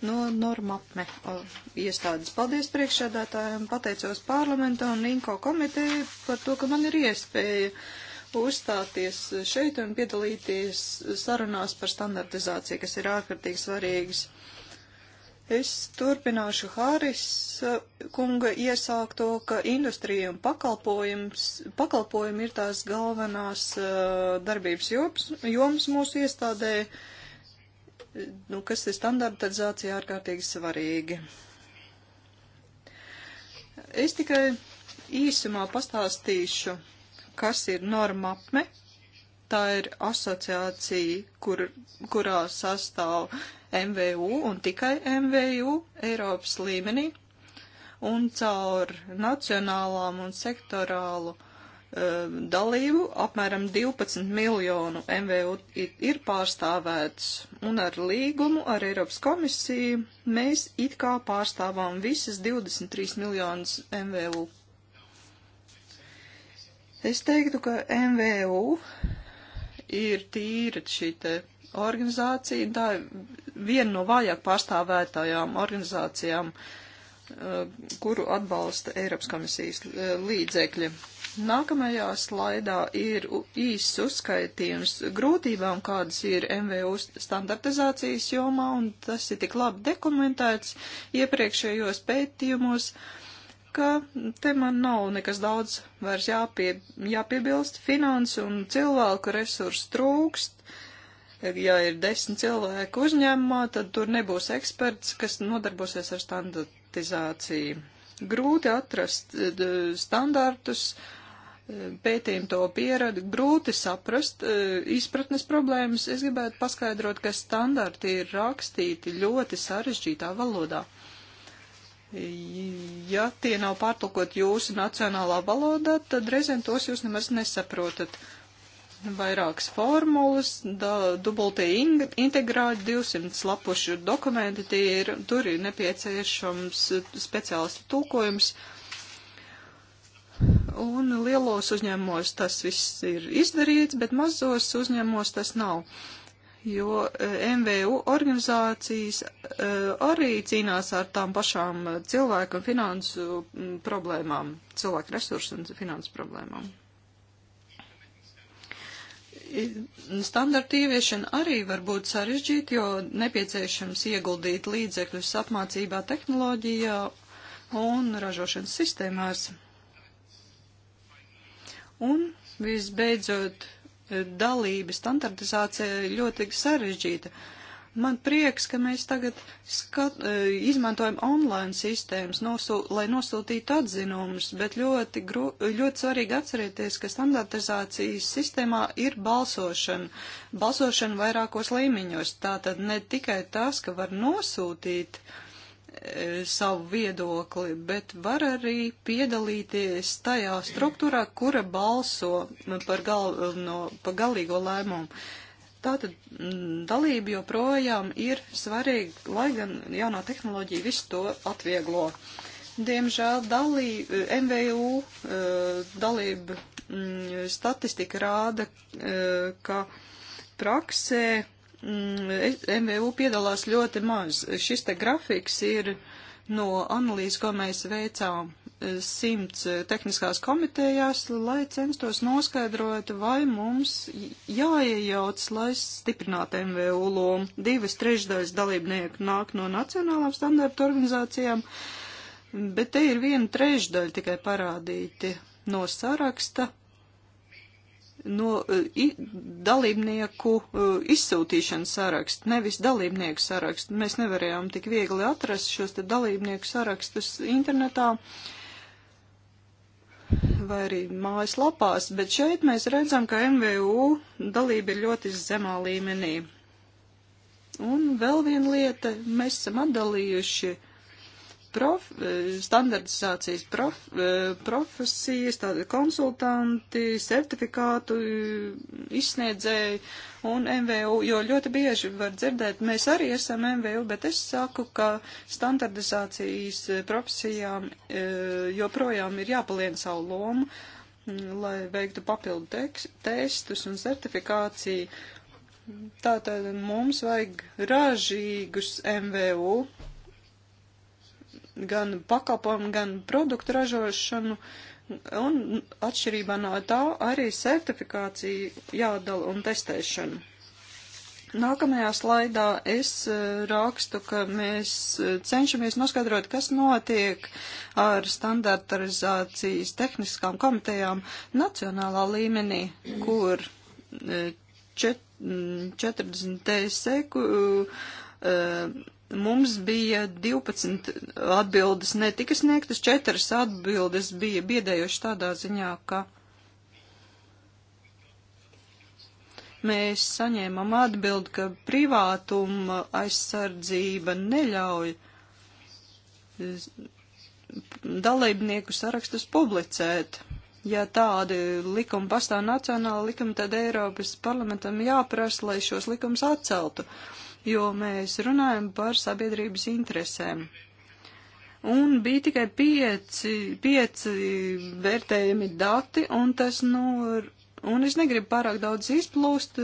no Normapme iestādes. Paldies priekšsēdētājiem, pateicos parlamentu un Inko komiteju par to, ka man ir iespēja uh, uzstāties šeit un piedalīties sarunās par standartizāciju, kas ir ārkārtīgi svarīgas. Es turpināšu Hāris uh, kunga iesākto, ka industrija un pakalpojumi ir tās galvenās uh, darbības joms, joms mūsu iestādē, nu, kas ir standartizācija ārkārtīgi svarīgi. Es tikai īsumā pastāstīšu kas ir norma apme. Tā ir asociācija, kur, kurā sastāv MVU un tikai MVU Eiropas līmenī. Un caur nacionālām un sektorālu e, dalību, apmēram 12 miljonu MVU ir pārstāvēts, un ar līgumu ar Eiropas komisiju mēs it kā pārstāvām visas 23 miljonus MVU. Es teiktu, ka MVU ir tīra šī te organizācija, un tā ir viena no vājāk pārstāvētājām organizācijām, eh, kuru atbalsta Eiropas komisijas eh, līdzekļi. Nākamajā slaidā ir īsts uzskaitījums grūtībām, kādas ir MVU standartizācijas jomā, un tas ir tik labi dokumentēts iepriekšējos pētījumos. Uh, ka te man nav nekas daudz vairs jāpie, jāpiebilst. Finansu un cilvēku resursu trūkst. Ja ir desmit cilvēku uzņēmumā, tad tur nebūs eksperts, kas nodarbosies ar standartizāciju. Grūti atrast eh, standartus, eh, pētījumi to pierada, grūti saprast eh, izpratnes problēmas. Es gribētu paskaidrot, ka standarti ir rakstīti ļoti sarežģītā valodā. Ja tie nav pārtulkot jūsu nacionālā valodā, tad reizēm tos jūs nemaz nesaprotat. Vairākas formulas, da, dubultie integrāļi, 200 lapušu dokumenti, tie ir, tur ir nepieciešams speciālistu tulkojums. Un lielos uzņēmumos tas viss ir izdarīts, bet mazos uzņēmumos tas nav. Uh, jo eh, MVU organizācijas eh, arī cīnās ar tām pašām eh, cilvēku un finansu mm, problēmām, cilvēku resursu un finansu problēmām. Standarta ieviešana arī var būt sarežģīta, jo nepieciešams ieguldīt līdzekļus apmācībā, tehnoloģijā un ražošanas sistēmās. Un visbeidzot, dalība, standartizācija ļoti sarežģīta. Man prieks, ka mēs tagad skat, e, izmantojam online sistēmas, nosū, lai nosūtītu atzinumus, bet ļoti, gru, ļoti svarīgi atcerieties, ka standartizācijas sistēmā ir balsošana. Balsošana vairākos līmeņos. Tātad ne tikai tas, ka var nosūtīt uh, E, savu viedokli, bet var arī piedalīties tajā struktūrā, kura balso par, galveno, par galīgo lēmumu. Tātad dalība joprojām ir svarīga, lai gan jaunā tehnoloģija visu to atvieglo. Diemžēl dalī, MVU dalība e, statistika rāda, e, ka praksē MVU mm, piedalās ļoti maz. Šis te grafiks ir no analīzes, ko mēs veicām eh, simts tehniskās komitejās, lai censtos noskaidrot, vai mums jāiejauc, lai stiprinātu MVU lomu. Divas trešdaļas dalībnieku nāk no nacionālām standarta organizācijām, bet te ir viena trešdaļa tikai parādīti no saraksta no i, dalībnieku e, izsūtīšanas sarakstu, nevis dalībnieku sarakstu. Mēs nevarējām tik viegli atrast šos te dalībnieku sarakstus internetā vai arī mājaslapās, bet šeit mēs redzam, ka MVU dalība ir ļoti zemā līmenī. Un vēl viena lieta, mēs esam atdalījuši uh, prof, eh, standartizācijas prof, eh, profesijas, tādi konsultanti, certifikātu eh, izsniedzēji un MVU, jo ļoti bieži var dzirdēt, mēs arī esam MVU, bet es saku, ka standartizācijas profesijām joprojām ir jāpalien savu lomu, mm, lai veiktu papildu tekst, testus un certifikāciju. Tātad mums vajag ražīgus MVU, gan pakalpojumu, gan produktu ražošanu, un atšķirībā no tā arī certifikāciju jādala un testēšanu. Nākamajā slaidā es e, rakstu, ka mēs e, cenšamies noskaidrot, kas notiek ar standartarizācijas tehniskām komitejām nacionālā līmenī, kur 40 TSE Mums bija 12 atbildes netika sniegtas, 4 atbildes bija biedējuši tādā ziņā, ka mēs saņēmam atbildi, ka privātuma aizsardzība neļauj dalībnieku sarakstus publicēt. Ja tādi likumi pastāv nacionāli likumi, tad Eiropas parlamentam jāprasa, lai šos likumus atceltu. Uh, jo mēs runājam par sabiedrības interesēm. Un bija tikai pieci, pieci vērtējami dati, un tas, nu, un es negribu pārāk daudz izplūst.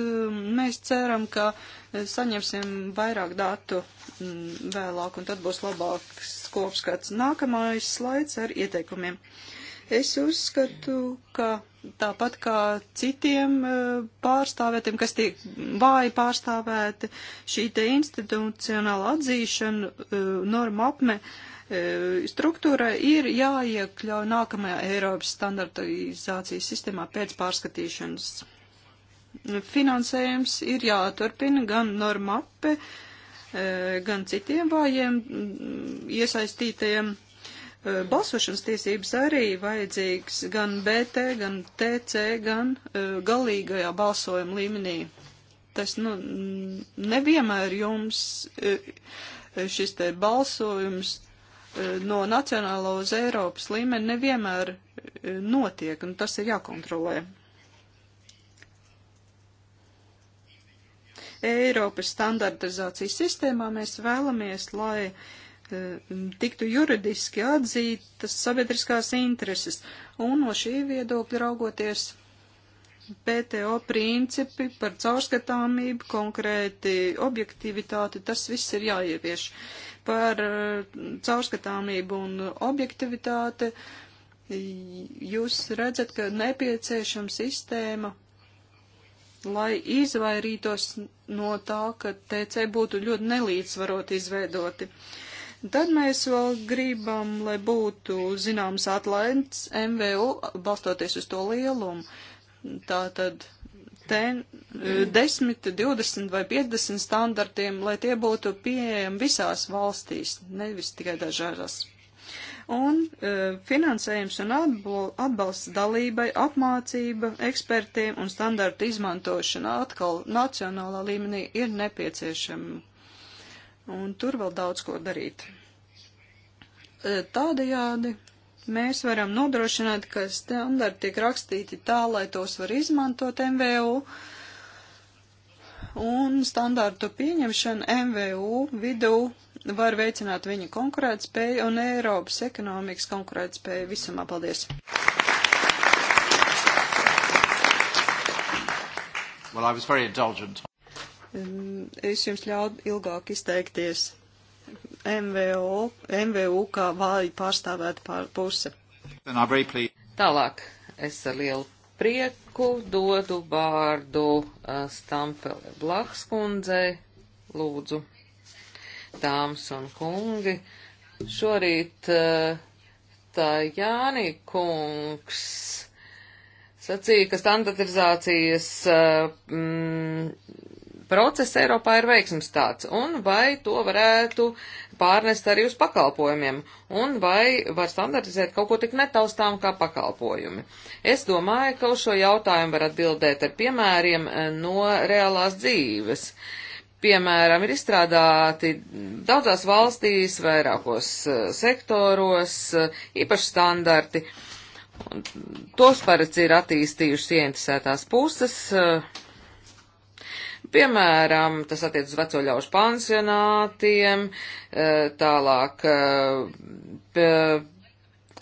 Mēs ceram, ka saņemsim vairāk datu mm, vēlāk, un tad būs labāks kopskats. Nākamais slaids ar ieteikumiem. Uh, Es uzskatu, ka tāpat kā citiem e, pārstāvētiem, kas tiek vāji pārstāvēti, šī te institucionāla atzīšana, e, norma apme, e, struktūra ir jāiekļauj nākamajā Eiropas standartizācijas sistēmā pēc pārskatīšanas. Finansējums ir jāturpina gan norma apme, gan citiem vājiem iesaistītajiem balsošanas tiesības arī vajadzīgs gan BT, gan TC, gan galīgajā balsojuma līmenī. Tas nu, nevienmēr jums šis te balsojums no nacionālā uz Eiropas līmeni nevienmēr notiek, un tas ir jākontrolē. Eiropas standartizācijas sistēmā mēs vēlamies, lai uh, Eh, tiktu juridiski atzītas sabiedriskās intereses. Un no šī viedokļa raugoties PTO principi par caurskatāmību, konkrēti objektivitāti, tas viss ir jāievieš. Par eh, caurskatāmību un objektivitāti jūs redzat, ka nepieciešama sistēma, lai izvairītos no tā, ka TC būtu ļoti nelīdzvarot izveidoti. Uh, Tad mēs vēl gribam, lai būtu zināms atlaids MVU, balstoties uz to lielumu. Tā tad ten, 10, 20 vai 50 standartiem, lai tie būtu pieejami visās valstīs, nevis tikai dažādās. Un e, finansējums un atbalsts dalībai, apmācība ekspertiem un standarta izmantošana atkal nacionālā līmenī ir nepieciešama un tur vēl daudz ko darīt. E, Tādējādi mēs varam nodrošināt, ka standarti tiek rakstīti tā, lai tos var izmantot MVU, un standartu pieņemšana MVU vidū var veicināt viņa konkurētspēju un Eiropas ekonomikas konkurētspēju visumā. Paldies! Well, I was very indulgent. Es jums ļaudu ilgāk izteikties. MVO, MVU kā vāji pārstāvēta pār puse. Tālāk es ar lielu prieku dodu vārdu uh, Stampele Blakskundzei. Lūdzu, dāmas un kungi, šorīt uh, tā Jāni kungs sacīja, ka standartizācijas uh, mm, process Eiropā ir veiksms tāds, un vai to varētu pārnest arī uz pakalpojumiem, un vai var standartizēt kaut ko tik netaustām kā pakalpojumi. Es domāju, ka uz šo jautājumu var atbildēt ar piemēriem eh, no reālās dzīves. Piemēram, ir izstrādāti daudzās valstīs, vairākos eh, sektoros, eh, īpaši standarti. Tos paredz ir attīstījušas ieinteresētās puses, uh, Piemēram, tas attiec uz veco ļaužu pansionātiem, eh, tālāk eh,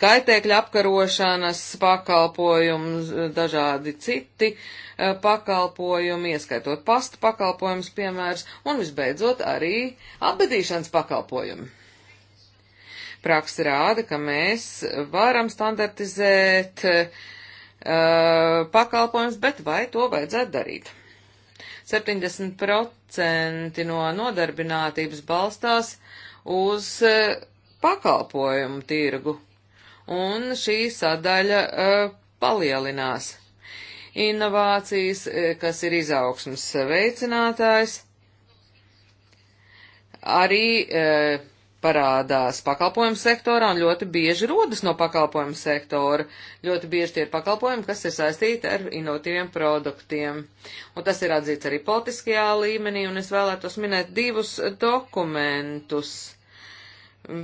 kaitēkļa apkarošanas pakalpojums, dažādi citi eh, pakalpojumi, ieskaitot pasta pakalpojums, piemērs, un visbeidzot arī apbedīšanas pakalpojumi. Praksa rāda, ka mēs varam standartizēt uh, pakalpojumus, bet vai to vajadzētu darīt? 70% no nodarbinātības balstās uz eh, pakalpojumu tirgu, un šī sadaļa eh, palielinās. Inovācijas, eh, kas ir izaugsmas veicinātājs, arī parādās pakalpojumu sektorā un ļoti bieži rodas no pakalpojumu sektora. Ļoti bieži tie ir pakalpojumi, kas ir saistīti ar inovatīviem produktiem. Un tas ir atzīts arī politiskajā līmenī, un es vēlētos minēt divus dokumentus.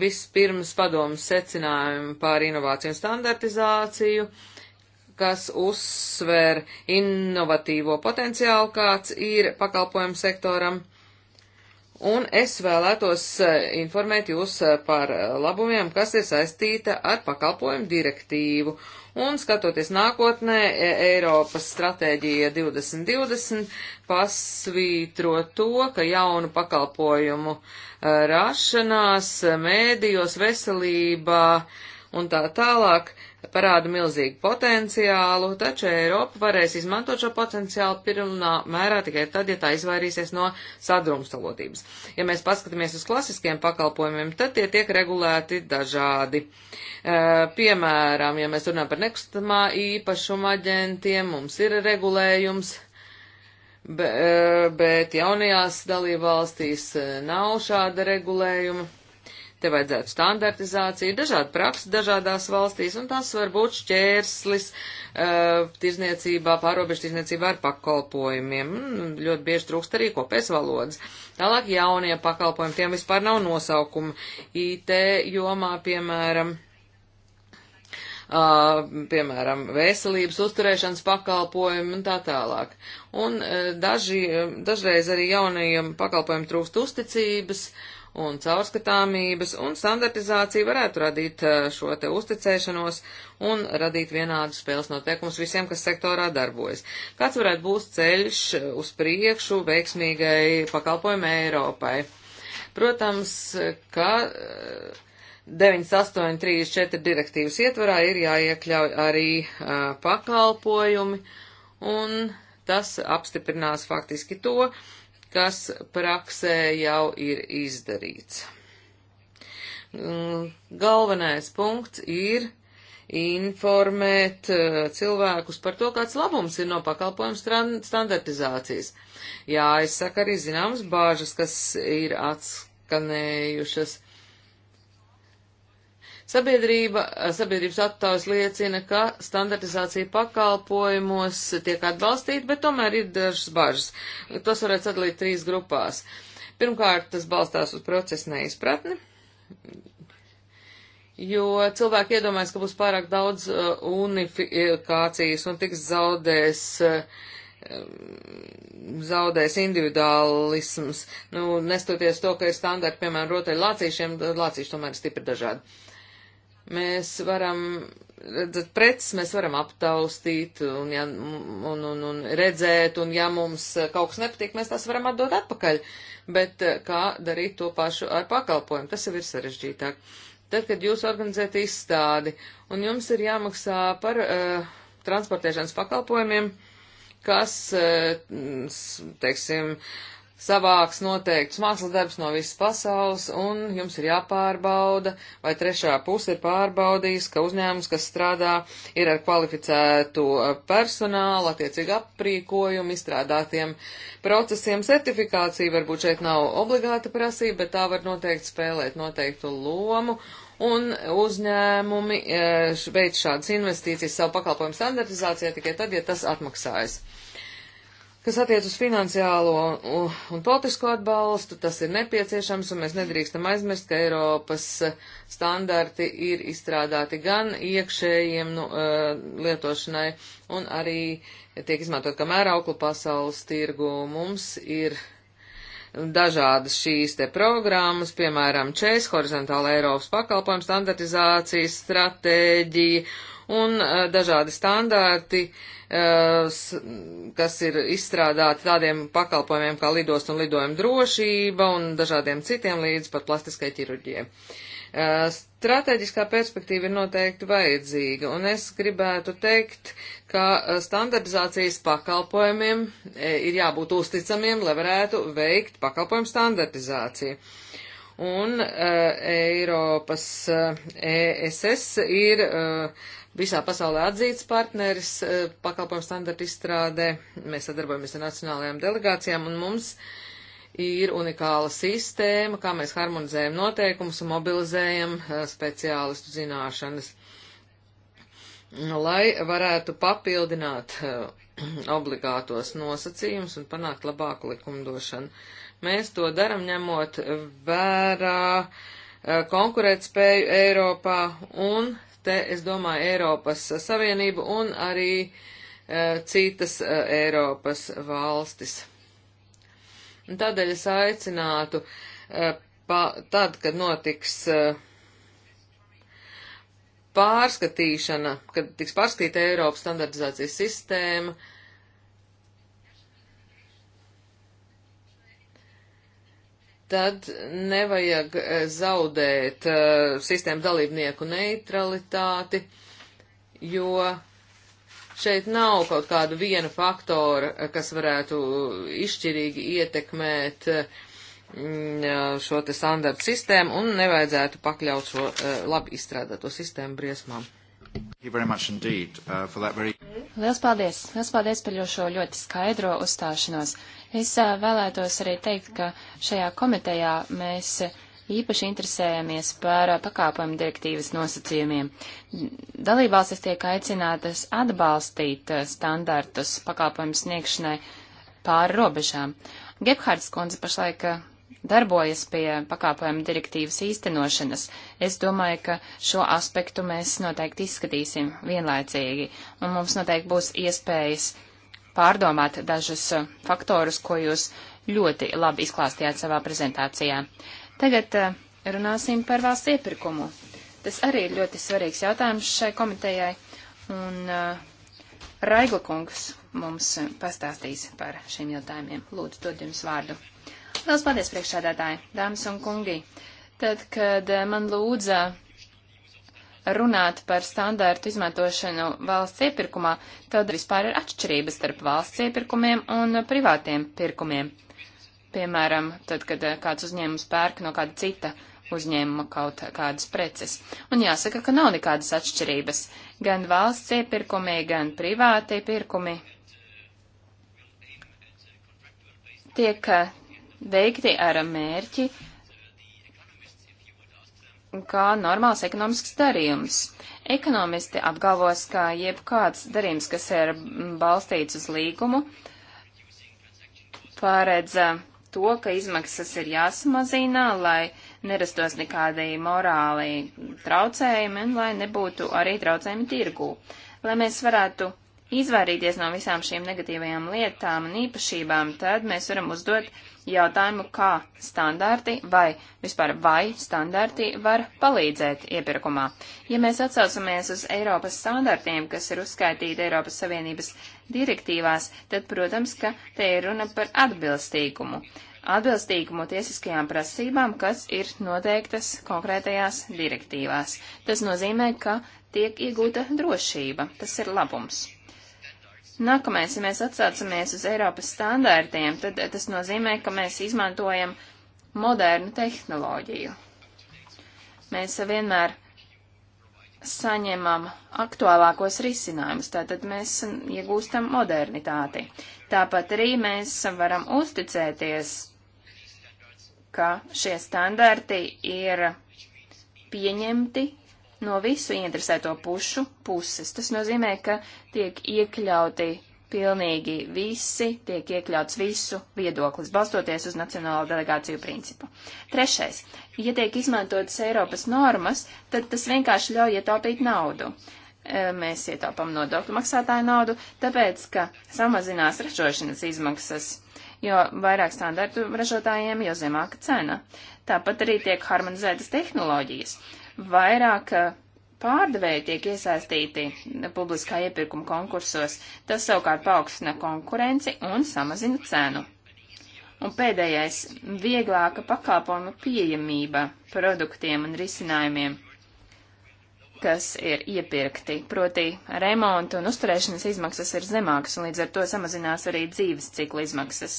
Vispirms padomu secinājumu par inovāciju un standartizāciju, kas uzsver inovatīvo potenciālu, kāds ir pakalpojumu sektoram Un es vēlētos eh, informēt jūs eh, par eh, labumiem, kas ir saistīta ar pakalpojumu direktīvu. Un skatoties nākotnē, e-, Eiropas stratēģija 2020 pasvītro to, ka jaunu pakalpojumu rašanās, mēdījos, veselībā un tā tālāk parāda milzīgu potenciālu, taču Eiropa varēs izmantot šo potenciālu pirmā mērā tikai tad, ja tā izvairīsies no sadrumstalotības. Ja mēs paskatāmies uz klasiskiem pakalpojumiem, tad tie tiek regulēti dažādi. E, piemēram, ja mēs runājam par nekustamā īpašuma aģentiem, mums ir regulējums. E, bet jaunajās dalībvalstīs e, nav šāda regulējuma. Te vajadzētu standartizāciju, dažādu praksi dažādās valstīs, un tas var būt šķērslis uh, tirzniecībā, pārobežu tirzniecībā ar pakalpojumiem. Mm, ļoti bieži trūkst arī kopējas valodas. Tālāk jaunie pakalpojumi, tiem vispār nav nosaukumi. IT jomā, piemēram, Uh, piemēram, veselības uzturēšanas pakalpojumi un tā tālāk. Un uh, daži, dažreiz arī jaunajiem pakalpojumiem trūkst uzticības, uh, un caurskatāmības, un standartizācija varētu radīt eh, šo te uzticēšanos un radīt vienādus spēles noteikumus visiem, kas sektorā darbojas. Kāds varētu būt ceļš uz priekšu veiksmīgai pakalpojumu Eiropai? Protams, ka 9834 eh, direktīvas ietvarā ir jāiekļauj arī uh, pakalpojumi, un tas apstiprinās faktiski to, uh, kas praksē jau ir izdarīts. Mm, galvenais punkts ir informēt eh, cilvēkus par to, kāds labums ir no pakalpojumu standartizācijas. Jā, es saku arī zināmas bāžas, kas ir atskanējušas Sabiedrība, eh, sabiedrības attāvis liecina, ka standartizācija pakalpojumos tiek atbalstīta, bet tomēr ir dažas bažas. Tos varētu sadalīt trīs grupās. Pirmkārt, tas balstās uz procesu neizpratni, jo cilvēki iedomājas, ka būs pārāk daudz eh, unifikācijas un tiks zaudēs uh, zaudēs individuālisms, nu, nestoties to, ka ir standarti, piemēram, rotaļlācīšiem, lācīši tomēr ir stipri dažādi. Mēs varam redzēt preces, mēs varam aptaustīt un, ja, un, un, un redzēt, un ja mums kaut kas nepatīk, mēs tās varam atdot atpakaļ. Bet eh, kā darīt to pašu ar pakalpojumu? Tas jau ir sarežģītāk. Tad, kad jūs organizējat izstādi un jums ir jāmaksā par uh, transportēšanas pakalpojumiem, kas, uh, teiksim, uh, savāks noteikts mākslas darbs no visas pasaules, un jums ir jāpārbauda, vai trešā puse ir pārbaudījis, ka uzņēmums, kas strādā, ir ar kvalificētu eh, personālu, attiecīgi aprīkojumu, izstrādātiem procesiem. Certifikācija varbūt šeit nav obligāta prasība, bet tā var noteikti spēlēt noteiktu lomu. Un uzņēmumi eh, veic šādas investīcijas savu pakalpojumu standartizācijā tikai tad, ja tas atmaksājas. Kas attiec uz finansiālo un, un politisko atbalstu, tas ir nepieciešams, un mēs nedrīkstam aizmirst, ka Eiropas standarti ir izstrādāti gan iekšējiem nu, lietošanai, un arī tiek izmantot kā mērauklu pasaules tirgu. Mums ir dažādas šīs te programmas, piemēram, ČES, horizontāla Eiropas pakalpojuma standartizācijas stratēģija un uh, dažādi standarti, uh, Eh, kas ir izstrādāti tādiem pakalpojumiem kā lidost un lidojuma drošība un dažādiem citiem līdz pat plastiskai ķirurģijai. Eh, strateģiskā perspektīva ir noteikti vajadzīga, un es gribētu teikt, ka eh, standartizācijas pakalpojumiem ir jābūt uzticamiem, lai varētu veikt pakalpojumu standartizāciju. Uh, un uh, Eiropas uh, eh, ESS ir uh, visā pasaulē atzīts partneris uh, pakalpojumu standartu izstrādē. Mēs sadarbojamies ar nacionālajām delegācijām un mums ir unikāla sistēma, kā mēs harmonizējam noteikumus un mobilizējam uh, speciālistu zināšanas, lai varētu papildināt uh, obligātos nosacījumus un panākt labāku likumdošanu. Uh, Mēs to daram ņemot vērā e, konkurētspēju Eiropā un te, es domāju, Eiropas Savienību un arī e, citas e, Eiropas valstis. Un tādēļ es aicinātu, pa, tad, kad notiks pārskatīšana, kad tiks pārskatīta Eiropas standartizācijas sistēma, tad nevajag eh, zaudēt uh, sistēmu dalībnieku neutralitāti, jo šeit nav kaut kāda viena faktora, eh, kas varētu izšķirīgi ietekmēt uh, šo te standartu sistēmu un nevajadzētu pakļaut šo uh, labi izstrādāto sistēmu briesmām. Indeed, uh, very... Liels paldies! Liels paldies par šo ļoti skaidro uzstāšanos. Uh, Es vēlētos arī teikt, ka šajā komitejā mēs īpaši interesējamies par pakāpojumu direktīvas nosacījumiem. Dalībvalstis tiek aicinātas atbalstīt standartus pakāpojumu sniegšanai pāri robežām. Gebhards kundze pašlaik darbojas pie pakāpojumu direktīvas īstenošanas. Es domāju, ka šo aspektu mēs noteikti izskatīsim vienlaicīgi, un mums noteikti būs iespējas pārdomāt dažus uh, faktorus, ko jūs ļoti labi izklāstījāt savā prezentācijā. Tagad uh, runāsim par valsts iepirkumu. Tas arī ir ļoti svarīgs jautājums šai komitejai, un uh, Raigla kungs mums pastāstīs par šiem jautājumiem. Lūdzu, dod jums vārdu. Lielas paldies priekšādātāji, dāmas un kungi. Tad, kad man lūdza runāt par standārtu izmantošanu valsts iepirkumā, tad vispār ir atšķirības starp valsts iepirkumiem un privātiem pirkumiem. Piemēram, tad, kad eh, kāds uzņēmums pērk no kāda cita uzņēmuma kaut kādas preces. Un jāsaka, ka nav nekādas atšķirības. Gan valsts iepirkumi, gan privātie pirkumi tiek eh, veikti ar mērķi kā normāls ekonomisks darījums. Ekonomisti apgalvos, ka jebkāds darījums, kas ir balstīts uz līgumu, paredz uh, to, ka izmaksas ir jāsamazina, lai nerastos nekādi morāli traucējumi un lai nebūtu arī traucējumi tirgū. Lai mēs varētu izvairīties no visām šīm negatīvajām lietām un īpašībām, tad mēs varam uzdot jautājumu, kā standarti vai vispār vai standarti var palīdzēt iepirkumā. Ja mēs atsaucamies uz Eiropas standartiem, kas ir uzskaitīti Eiropas Savienības direktīvās, tad, protams, ka te ir runa par atbilstīgumu. Atbilstīgumu tiesiskajām prasībām, kas ir noteiktas konkrētajās direktīvās. Tas nozīmē, ka tiek iegūta drošība. Tas ir labums. Nākamais, ja mēs atsaucamies uz Eiropas standārtiem, tad tas nozīmē, ka mēs izmantojam modernu tehnoloģiju. Mēs vienmēr saņemam aktuālākos risinājumus, tātad mēs iegūstam modernitāti. Tāpat arī mēs varam uzticēties, ka šie standarti ir pieņemti, no visu interesēto pušu puses. Tas nozīmē, ka tiek iekļauti pilnīgi visi, tiek iekļauts visu viedoklis, balstoties uz nacionālo delegāciju principu. Trešais. Ja tiek izmantotas Eiropas normas, tad tas vienkārši ļauj ietaupīt naudu. E, mēs ietaupam nodokļu maksātāju naudu, tāpēc, ka samazinās ražošanas izmaksas, jo vairāk standartu ražotājiem, jo zemāka cena. Tāpat arī tiek harmonizētas tehnoloģijas vairāk eh, pārdevēji tiek iesaistīti publiskā iepirkuma konkursos. Tas savukārt paaugstina konkurenci un samazina cenu. Un pēdējais - vieglāka pakalpojuma pieejamība produktiem un risinājumiem, kas ir iepirkti. Proti, remonta un uzturēšanas izmaksas ir zemākas, un līdz ar to samazinās arī dzīves cikla izmaksas.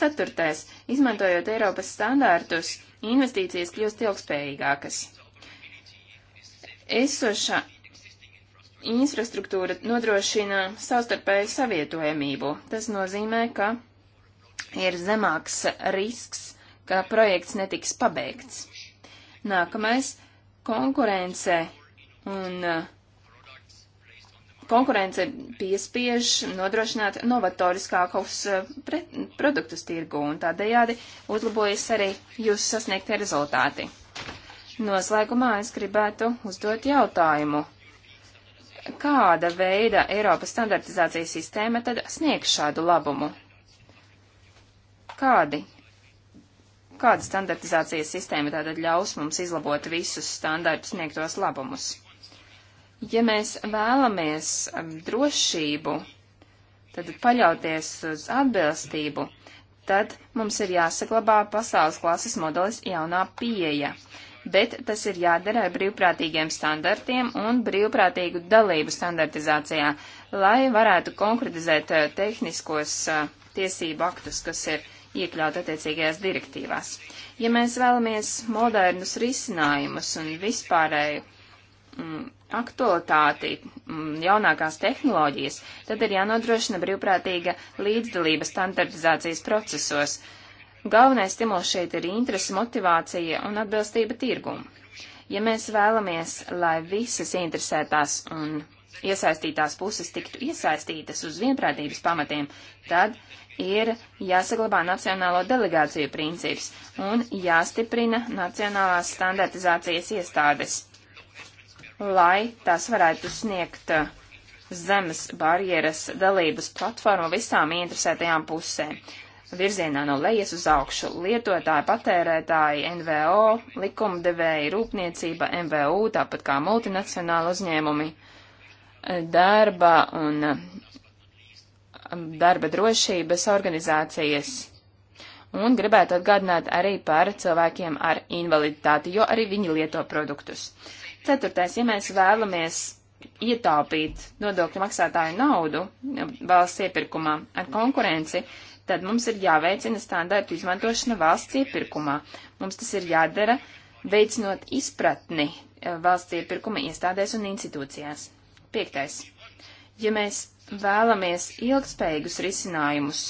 Ceturtais - izmantojot Eiropas standārtus, investīcijas kļūst ilgspējīgākas esoša infrastruktūra nodrošina savstarpēju savietojamību. Tas nozīmē, ka ir zemāks risks, ka projekts netiks pabeigts. Nākamais - konkurence un uh, konkurence piespiež nodrošināt novatoriskākus uh, produktus tirgu un tādējādi uzlabojas arī jūsu sasniegtie rezultāti. Noslēgumā es gribētu uzdot jautājumu. Kāda veida Eiropas standartizācijas sistēma tad sniegs šādu labumu? Kādi? Kāda standartizācijas sistēma tātad ļaus mums izlabot visus standartus sniegtos labumus? Ja mēs vēlamies um, drošību, tad paļauties uz atbilstību, tad mums ir jāsaglabā pasaules klases modelis jaunā pieeja bet tas ir jādara ar brīvprātīgiem standartiem un brīvprātīgu dalību standartizācijā, lai varētu konkretizēt eh, tehniskos eh, tiesību aktus, kas ir iekļaut attiecīgajās direktīvās. Ja mēs vēlamies modernus risinājumus un vispārēju mm, aktualitāti, mm, jaunākās tehnoloģijas, tad ir jānodrošina brīvprātīga līdzdalība standartizācijas procesos, Galvenais stimuls šeit ir interesi, motivācija un atbilstība tirgumu. Ja mēs vēlamies, lai visas interesētās un iesaistītās puses tiktu iesaistītas uz vienprātības pamatiem, tad ir jāsaglabā nacionālo delegāciju princips un jāstiprina nacionālās standartizācijas iestādes, lai tās varētu sniegt uh, zemes barjeras dalības platformu visām interesētajām pusēm virzienā no lejas uz augšu. Lietotāji, patērētāji, NVO, likumdevēji, rūpniecība, MVU, tāpat kā multinacionāli uzņēmumi, darba un um, darba drošības organizācijas. Un gribētu atgādināt arī par cilvēkiem ar invaliditāti, jo arī viņi lieto produktus. Ceturtais, ja mēs vēlamies ietaupīt nodokļu maksātāju naudu valsts iepirkumā ar konkurenci, tad mums ir jāveicina standārtu izmantošana valsts iepirkumā. Mums tas ir jādara, veicinot izpratni eh, valsts iepirkuma iestādēs un institūcijās. Piektais. Ja mēs vēlamies ilgspējīgus risinājumus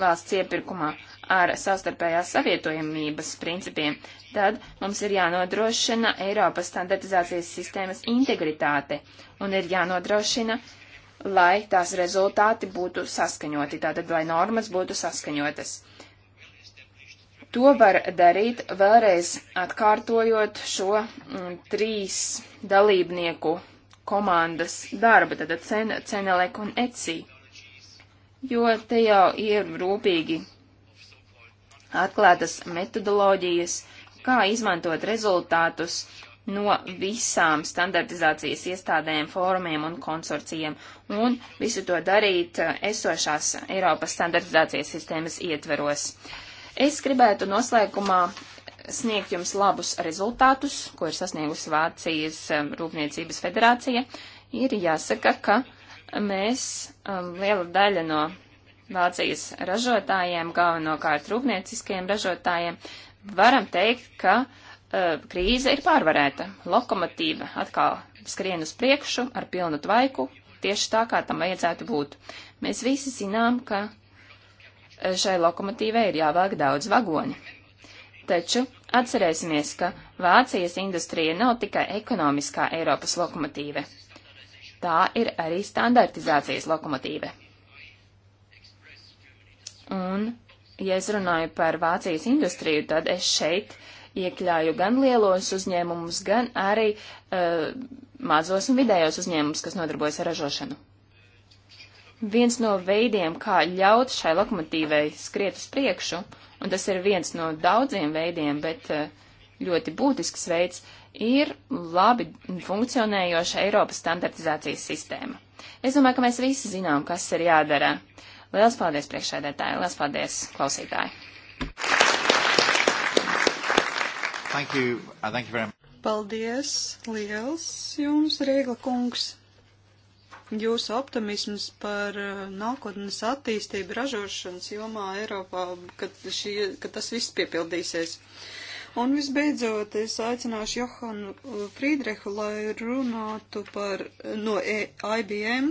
valsts iepirkumā ar savstarpējās savietojamības principiem, tad mums ir jānodrošina Eiropas standartizācijas sistēmas integritāte un ir jānodrošina, uh, lai tās rezultāti būtu saskaņoti, tātad lai normas būtu saskaņotas. To var darīt vēlreiz atkārtojot šo m, mm, trīs dalībnieku komandas darbu, tātad cen, Cenelek un ECI, jo te jau ir rūpīgi atklātas metodoloģijas, kā izmantot rezultātus no visām standartizācijas iestādēm, fórumiem un konsorcijiem, un visu to darīt eh, esošās Eiropas standartizācijas sistēmas ietveros. Es gribētu noslēgumā sniegt jums labus rezultātus, ko ir sasniegusi Vācijas eh, Rūpniecības federācija. Ir jāsaka, ka mēs eh, liela daļa no Vācijas ražotājiem, galvenokārt rūpnieciskiem ražotājiem, varam teikt, ka uh, Eh, krīze ir pārvarēta. Lokomotīva atkal skrien uz priekšu ar pilnu tvaiku, tieši tā, kā tam vajadzētu būt. Mēs visi zinām, ka eh, šai lokomotīvai ir jāvelk daudz vagoni. Taču atcerēsimies, ka Vācijas industrija nav tikai ekonomiskā Eiropas lokomotīve. Tā ir arī standartizācijas lokomotīve. Un, ja es runāju par Vācijas industriju, tad es šeit uh, iekļauju gan lielos uzņēmumus, gan arī uh, mazos un vidējos uzņēmumus, kas nodarbojas ar ražošanu. Viens no veidiem, kā ļaut šai lokomotīvai skriet uz priekšu, un tas ir viens no daudziem veidiem, bet uh, ļoti būtisks veids, ir labi funkcionējoša Eiropas standartizācijas sistēma. Es domāju, ka mēs visi zinām, kas ir jādara. Lielas paldies priekšēdētāji, lielas paldies klausītāji! Thank you. Uh, thank you very much. Paldies liels jums, Rīgla kungs. Jūsu optimisms par uh, nākotnes attīstību ražošanas jomā Eiropā, kad, šī, kad tas viss piepildīsies. Un visbeidzot, es aicināšu Johanu Friedrehu, lai runātu par, no e, IBM.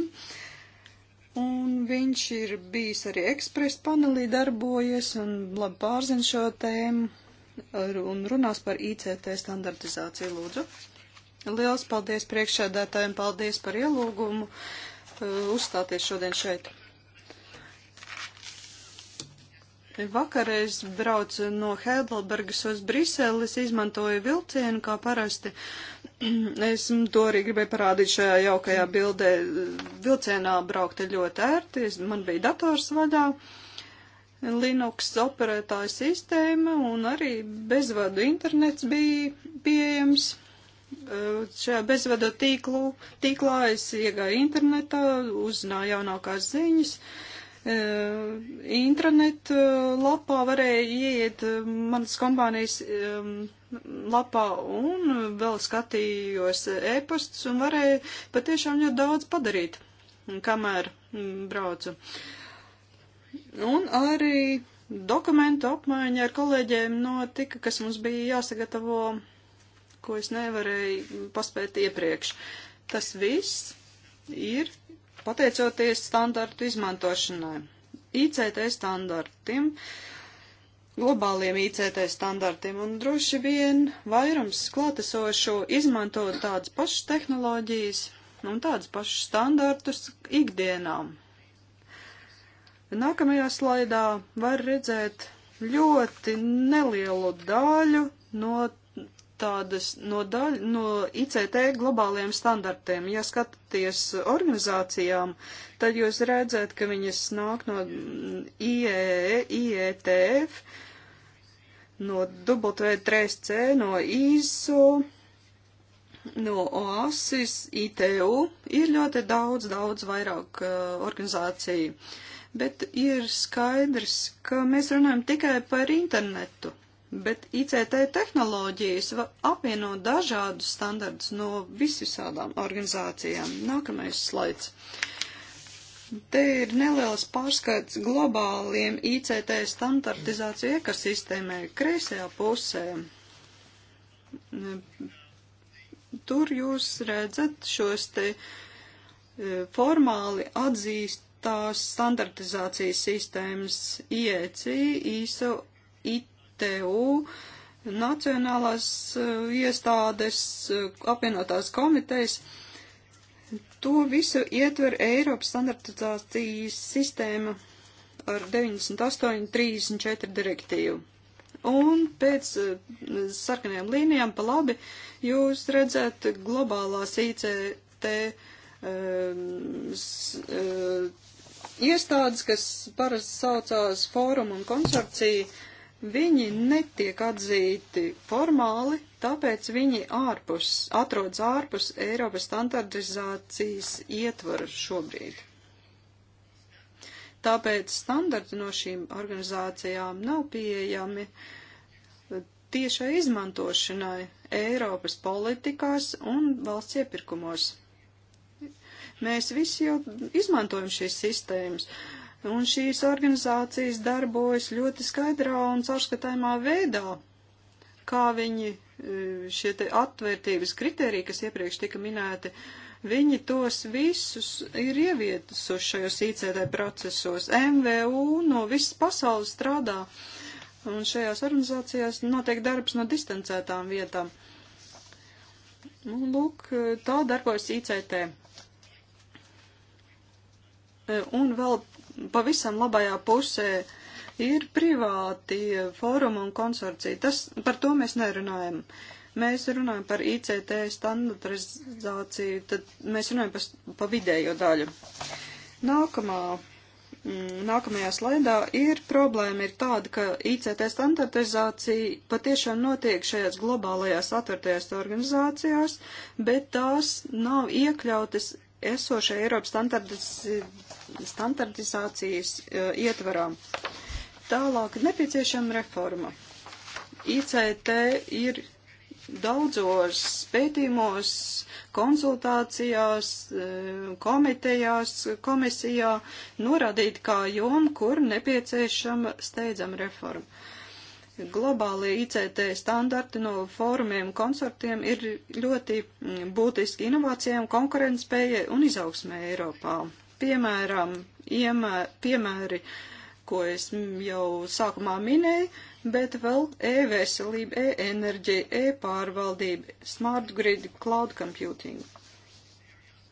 Un viņš ir bijis arī ekspres panelī darbojies un labi pārzina šo tēmu un runās par ICT standartizāciju lūdzu. Liels paldies priekšsēdētājiem, paldies par ielūgumu uh, uzstāties šodien šeit. Vakarreiz braucu no Heidelbergas uz Briseles, izmantoju vilcienu kā parasti. Es to arī gribēju parādīt šajā jaukajā bildē. Vilcienā braukt ir ļoti ērti, man bija dators vaļā. Uh, Linux operētāja sistēma un arī bezvadu internets bija pieejams. Eh, šajā bezvadu tīklu, tīklā es iegāju internetā, uzzināju jaunākās ziņas. Eh, Intranet eh, lapā varēja ieiet manas kompānijas lapā un vēl skatījos e-pastus un varēja patiešām ļoti daudz padarīt, kamēr mm, braucu. Uh, Un arī dokumentu apmaiņa ar kolēģiem notika, kas mums bija jāsagatavo, ko es nevarēju paspēt iepriekš. Tas viss ir pateicoties standartu izmantošanai. ICT standartiem, globāliem ICT standartiem, un droši vien vairums klātesošo izmanto tādas pašas tehnoloģijas un tādas pašas standartus ikdienām Nākamajā slaidā var redzēt ļoti nelielu daļu no tādas, no, daļ, no ICT globāliem standartiem. Ja skatāties organizācijām, tad jūs redzat, ka viņas nāk no IEE, IETF, no W3C, no ISO, no OASIS, ITU. Ir ļoti daudz, daudz vairāk uh, organizāciju. Uh, bet ir skaidrs, ka mēs runājam tikai par internetu. Bet ICT tehnoloģijas var apvienot dažādus standartus no visvisādām organizācijām. Nākamais slaids. Te ir neliels pārskats globāliem ICT standartizāciju ekosistēmē kreisajā pusē. Tur jūs redzat šos te e, formāli atzīst tās standartizācijas sistēmas IEC, ISO, ITU, nacionālās uh, iestādes, uh, apvienotās komitejas. To visu ietver Eiropas standartizācijas sistēma ar 98.34 direktīvu. Un pēc uh, sarkanajām līnijām pa labi jūs redzat globālās ICT um, iestādes, kas parasti saucās fórumu un konsorciju, viņi netiek atzīti formāli, tāpēc viņi ārpus, atrodas ārpus Eiropas standartizācijas ietvara šobrīd. Tāpēc standarti no šīm organizācijām nav pieejami tiešai izmantošanai Eiropas politikās un valsts iepirkumos. Mēs visi jau izmantojam šīs sistēmas. Un šīs organizācijas darbojas ļoti skaidrā un caurskatāmā veidā, kā viņi e, šie te atvērtības kriteriji, kas iepriekš tika minēti, viņi tos visus ir ievietusuši šajos ICT procesos. MVU no visas pasaules strādā, un šajās organizācijās notiek darbs no distancētām vietām. Un, nu, lūk, tā darbojas ICT. E, un vēl pavisam labajā pusē ir privāti fórumi un konsorcija. Tas, par to mēs nerunājam. Mēs runājam par ICT standartizāciju, tad mēs runājam par, par vidējo daļu. Nākamā, mm, nākamajā slaidā ir problēma ir tāda, ka ICT standartizācija patiešām notiek šajās globālajās atvertajās organizācijās, bet tās nav iekļautas esošā Eiropas standartizācijas e, ietvarā. Tālāk nepieciešama reforma. ICT ir daudzos pētījumos, konsultācijās, e, komitejās, komisijā norādīt kā jomu, kur nepieciešama steidzama reforma globālie ICT standarti no fórumiem un konsortiem ir ļoti mm, būtiski inovācijām, konkurentspējai un izaugsmē Eiropā. Piemēram, iemē, piemēri, ko es jau sākumā minēju, bet vēl e-veselība, e-enerģija, e-pārvaldība, smart grid, cloud computing.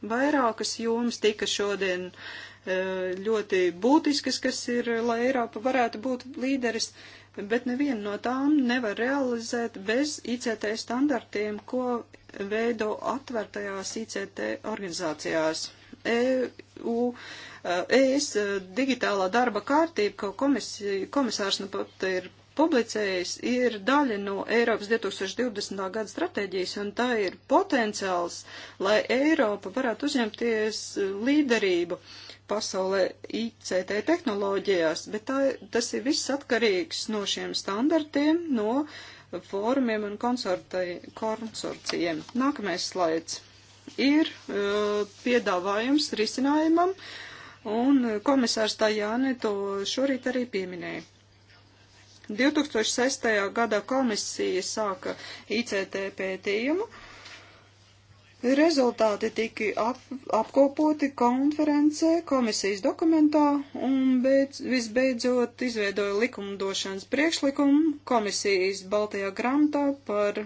Vairākas jomas tika šodien e, ļoti būtiskas, kas ir, lai Eiropa varētu būt līderis. Uh, bet nevienu no tām nevar realizēt bez ICT standartiem, ko veido atvērtajās ICT organizācijās. EU, ES eh, e eh, digitālā darba kārtība, ko komisija, komisārs nu pat ir publicējis, ir daļa no Eiropas 2020. gada stratēģijas, un tā ir potenciāls, lai Eiropa varētu uzņemties eh, līderību uh, pasaulē ICT tehnoloģijās, bet tā, tas ir viss atkarīgs no šiem standartiem, no fórumiem un konsorcijiem. Nākamais slaids ir uh, piedāvājums risinājumam, un komisārs Tajāni to šorīt arī pieminēja. 2006. gadā komisija sāka ICT pētījumu, uh, Rezultāti tika ap, apkopoti konferencē, komisijas dokumentā un beidz, visbeidzot izveidoja likumdošanas priekšlikumu komisijas Baltajā grāmatā par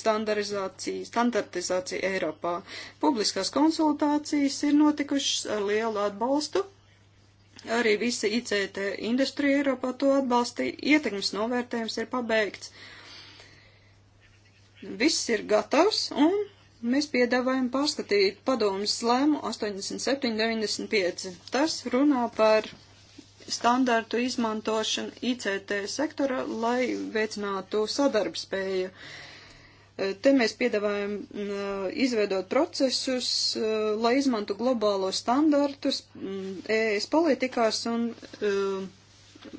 standartizāciju, standartizāciju Eiropā. Publiskās konsultācijas ir notikušas ar lielu atbalstu. Arī visa ICT industrija Eiropā to atbalstīja. Ietekmes novērtējums ir pabeigts. Viss ir gatavs un Mēs piedāvājam pārskatīt padomus lēmu 8795. Tas runā par standartu izmantošanu ICT sektora, lai veicinātu sadarbspēju. E, te mēs piedāvājam e, izveidot procesus, e, lai izmantu globālos standartus ES politikās un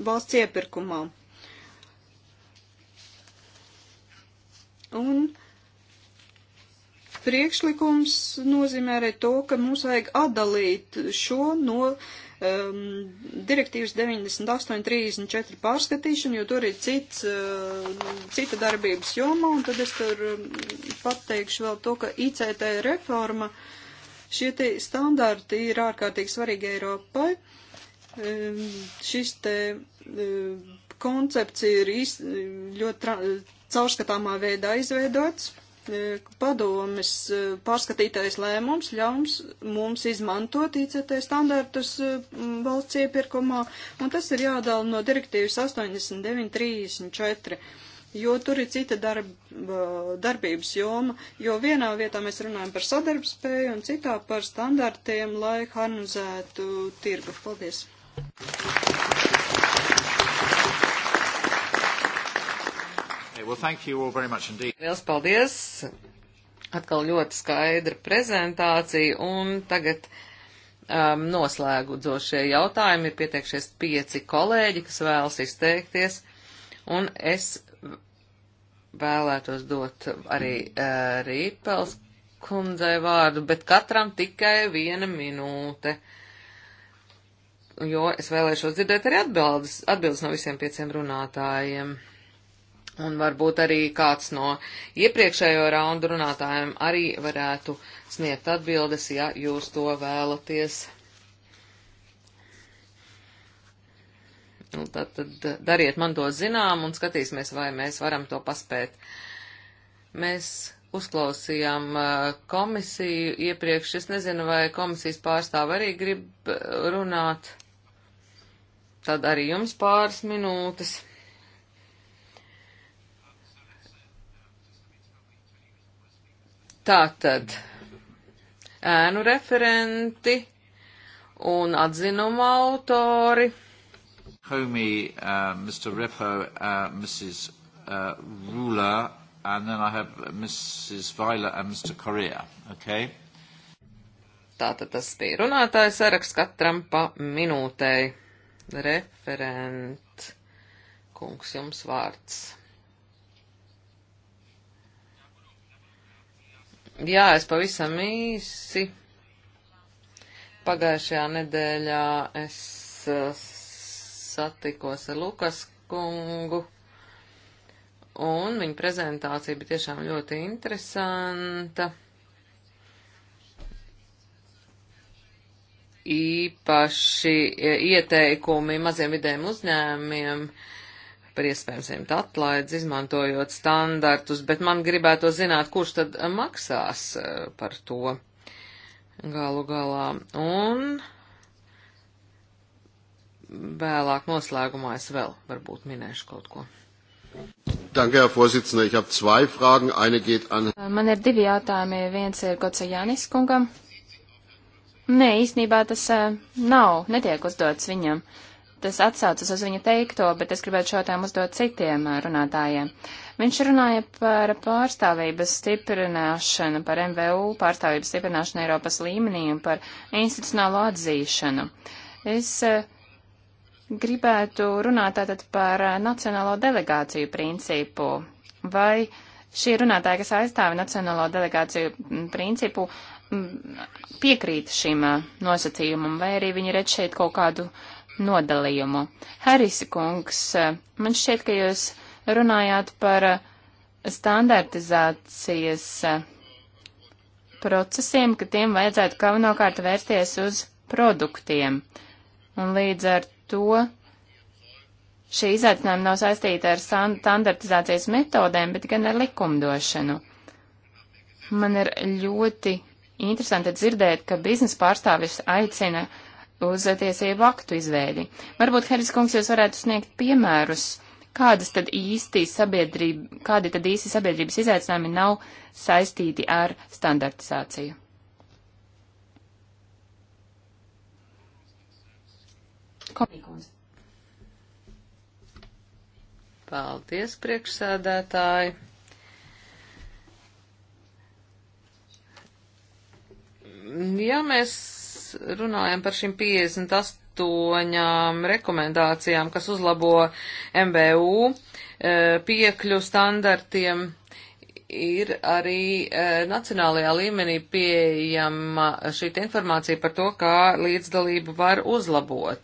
valsts iepirkumā. Un priekšlikums nozīmē arī to, ka mums vajag atdalīt šo no um, direktīvas 98.34 pārskatīšanu, jo tur ir cits, uh, nu, cita darbības joma, un tad es tur um, pateikšu vēl to, ka ICT reforma, šie te standarti ir ārkārtīgi svarīgi Eiropai. Um, šis te um, koncepts ir iz, ļoti caurskatāmā veidā izveidots. E, padomis e, pārskatītais lēmums ļaus mums izmantot ICT standartus e, valsts iepirkumā, un tas ir jādala no direktīvas 89.34, jo tur ir cita darb, darbības joma, jo vienā vietā mēs runājam par sadarbspēju un citā par standartiem, lai harmonizētu tirgu. Paldies! Thank you. Okay, well, thank you all very much indeed. Liels paldies! Atkal ļoti skaidra prezentācija, un tagad um, noslēgudzošie jautājumi ir pieteikšies pieci kolēģi, kas vēlas izteikties, un es vēlētos dot arī uh, Rīpels kundzei vārdu, bet katram tikai viena minūte. Jo es vēlēšos dzirdēt arī atbildes, atbildes no visiem pieciem runātājiem. Un varbūt arī kāds no iepriekšējo raundu runātājiem arī varētu sniegt atbildes, ja jūs to vēlaties. Nu, tad, tad dariet man to zinām un skatīsimies, vai mēs varam to paspēt. Mēs uzklausījām uh, komisiju iepriekš. Es nezinu, vai komisijas pārstāv arī grib uh, runāt. Tad arī jums pāris minūtes. Tātad ēnu referenti un atzinuma autori. Homey, uh, Mr. Repo, uh, Mrs. Uh, Ruler, and then I have Mrs. Viola and Mr. Correa. Okay? Tātad tas bija runātājs saraksts katram pa minūtei. Referent. Kungs, jums vārds. Jā, es pavisam īsi. Pagājušajā nedēļā es uh, satikos ar Lukas kungu, un viņa prezentācija bija tiešām ļoti interesanta. Īpaši uh, ieteikumi maziem vidējiem uzņēmiem uh, par iespējams ņemt atlaides, izmantojot standartus, bet man gribētu zināt, kurš tad eh, maksās eh, par to galu galā. Un vēlāk noslēgumā es vēl varbūt minēšu kaut ko. Danke, Herr Vorsitzender. Ich habe zwei Fragen. Eine geht an. Äh, man ir divi jautājumi. Viens ir Gocajanis kungam. Nē, īstenībā tas äh, nav, netiek uzdots viņam. Uh, tas atsaucas uz viņa teikto, bet es gribētu šo jautājumu uzdot citiem runātājiem. Viņš runāja par pārstāvības stiprināšanu, par MVU pārstāvības stiprināšanu Eiropas līmenī un par institucionālo atzīšanu. Es gribētu runāt tātad par nacionālo delegāciju principu. Vai šie runātāji, kas aizstāvi nacionālo delegāciju principu, piekrīt šim nosacījumam, vai arī viņi redz šeit kaut kādu uh, nodalījumu. Harisa kungs, man šķiet, ka jūs runājāt par standartizācijas procesiem, ka tiem vajadzētu galvenokārt vērsties uz produktiem. Un līdz ar to šī izaicinājuma nav saistīta ar standartizācijas metodēm, bet gan ar likumdošanu. Man ir ļoti interesanti dzirdēt, ka biznesa pārstāvis aicina uh, uz tiesību aktu izveidi. Varbūt, Heris kungs, jūs varētu sniegt piemērus, kādas tad īsti sabiedrība, kādi tad īsti sabiedrības izaicinājumi nav saistīti ar standartizāciju. Komikums. Paldies, priekšsēdētāji. Ja mēs runājam par šīm 58 rekomendācijām, kas uzlabo MBU e, piekļu standartiem, ir arī e, nacionālajā līmenī pieejama šī informācija par to, kā līdzdalību var uzlabot.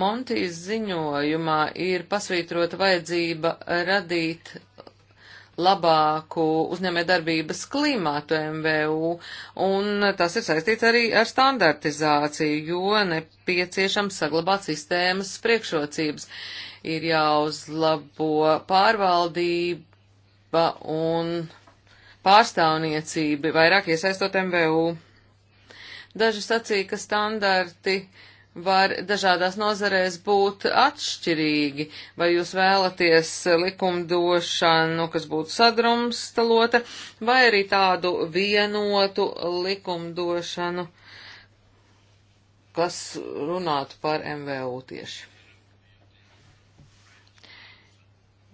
Montijas ziņojumā ir pasvītrota vajadzība radīt labāku uzņēmē darbības klimātu MVU, un tas ir saistīts arī ar standartizāciju, jo nepieciešams saglabāt sistēmas priekšrocības. Ir jāuzlabo pārvaldība un pārstāvniecība, vairāk iesaistot MVU. Daži sacīja, ka standarti uh, var dažādās nozarēs būt atšķirīgi, vai jūs vēlaties likumdošanu, kas būtu sadrumstalota, vai arī tādu vienotu likumdošanu, kas runātu par MVU tieši.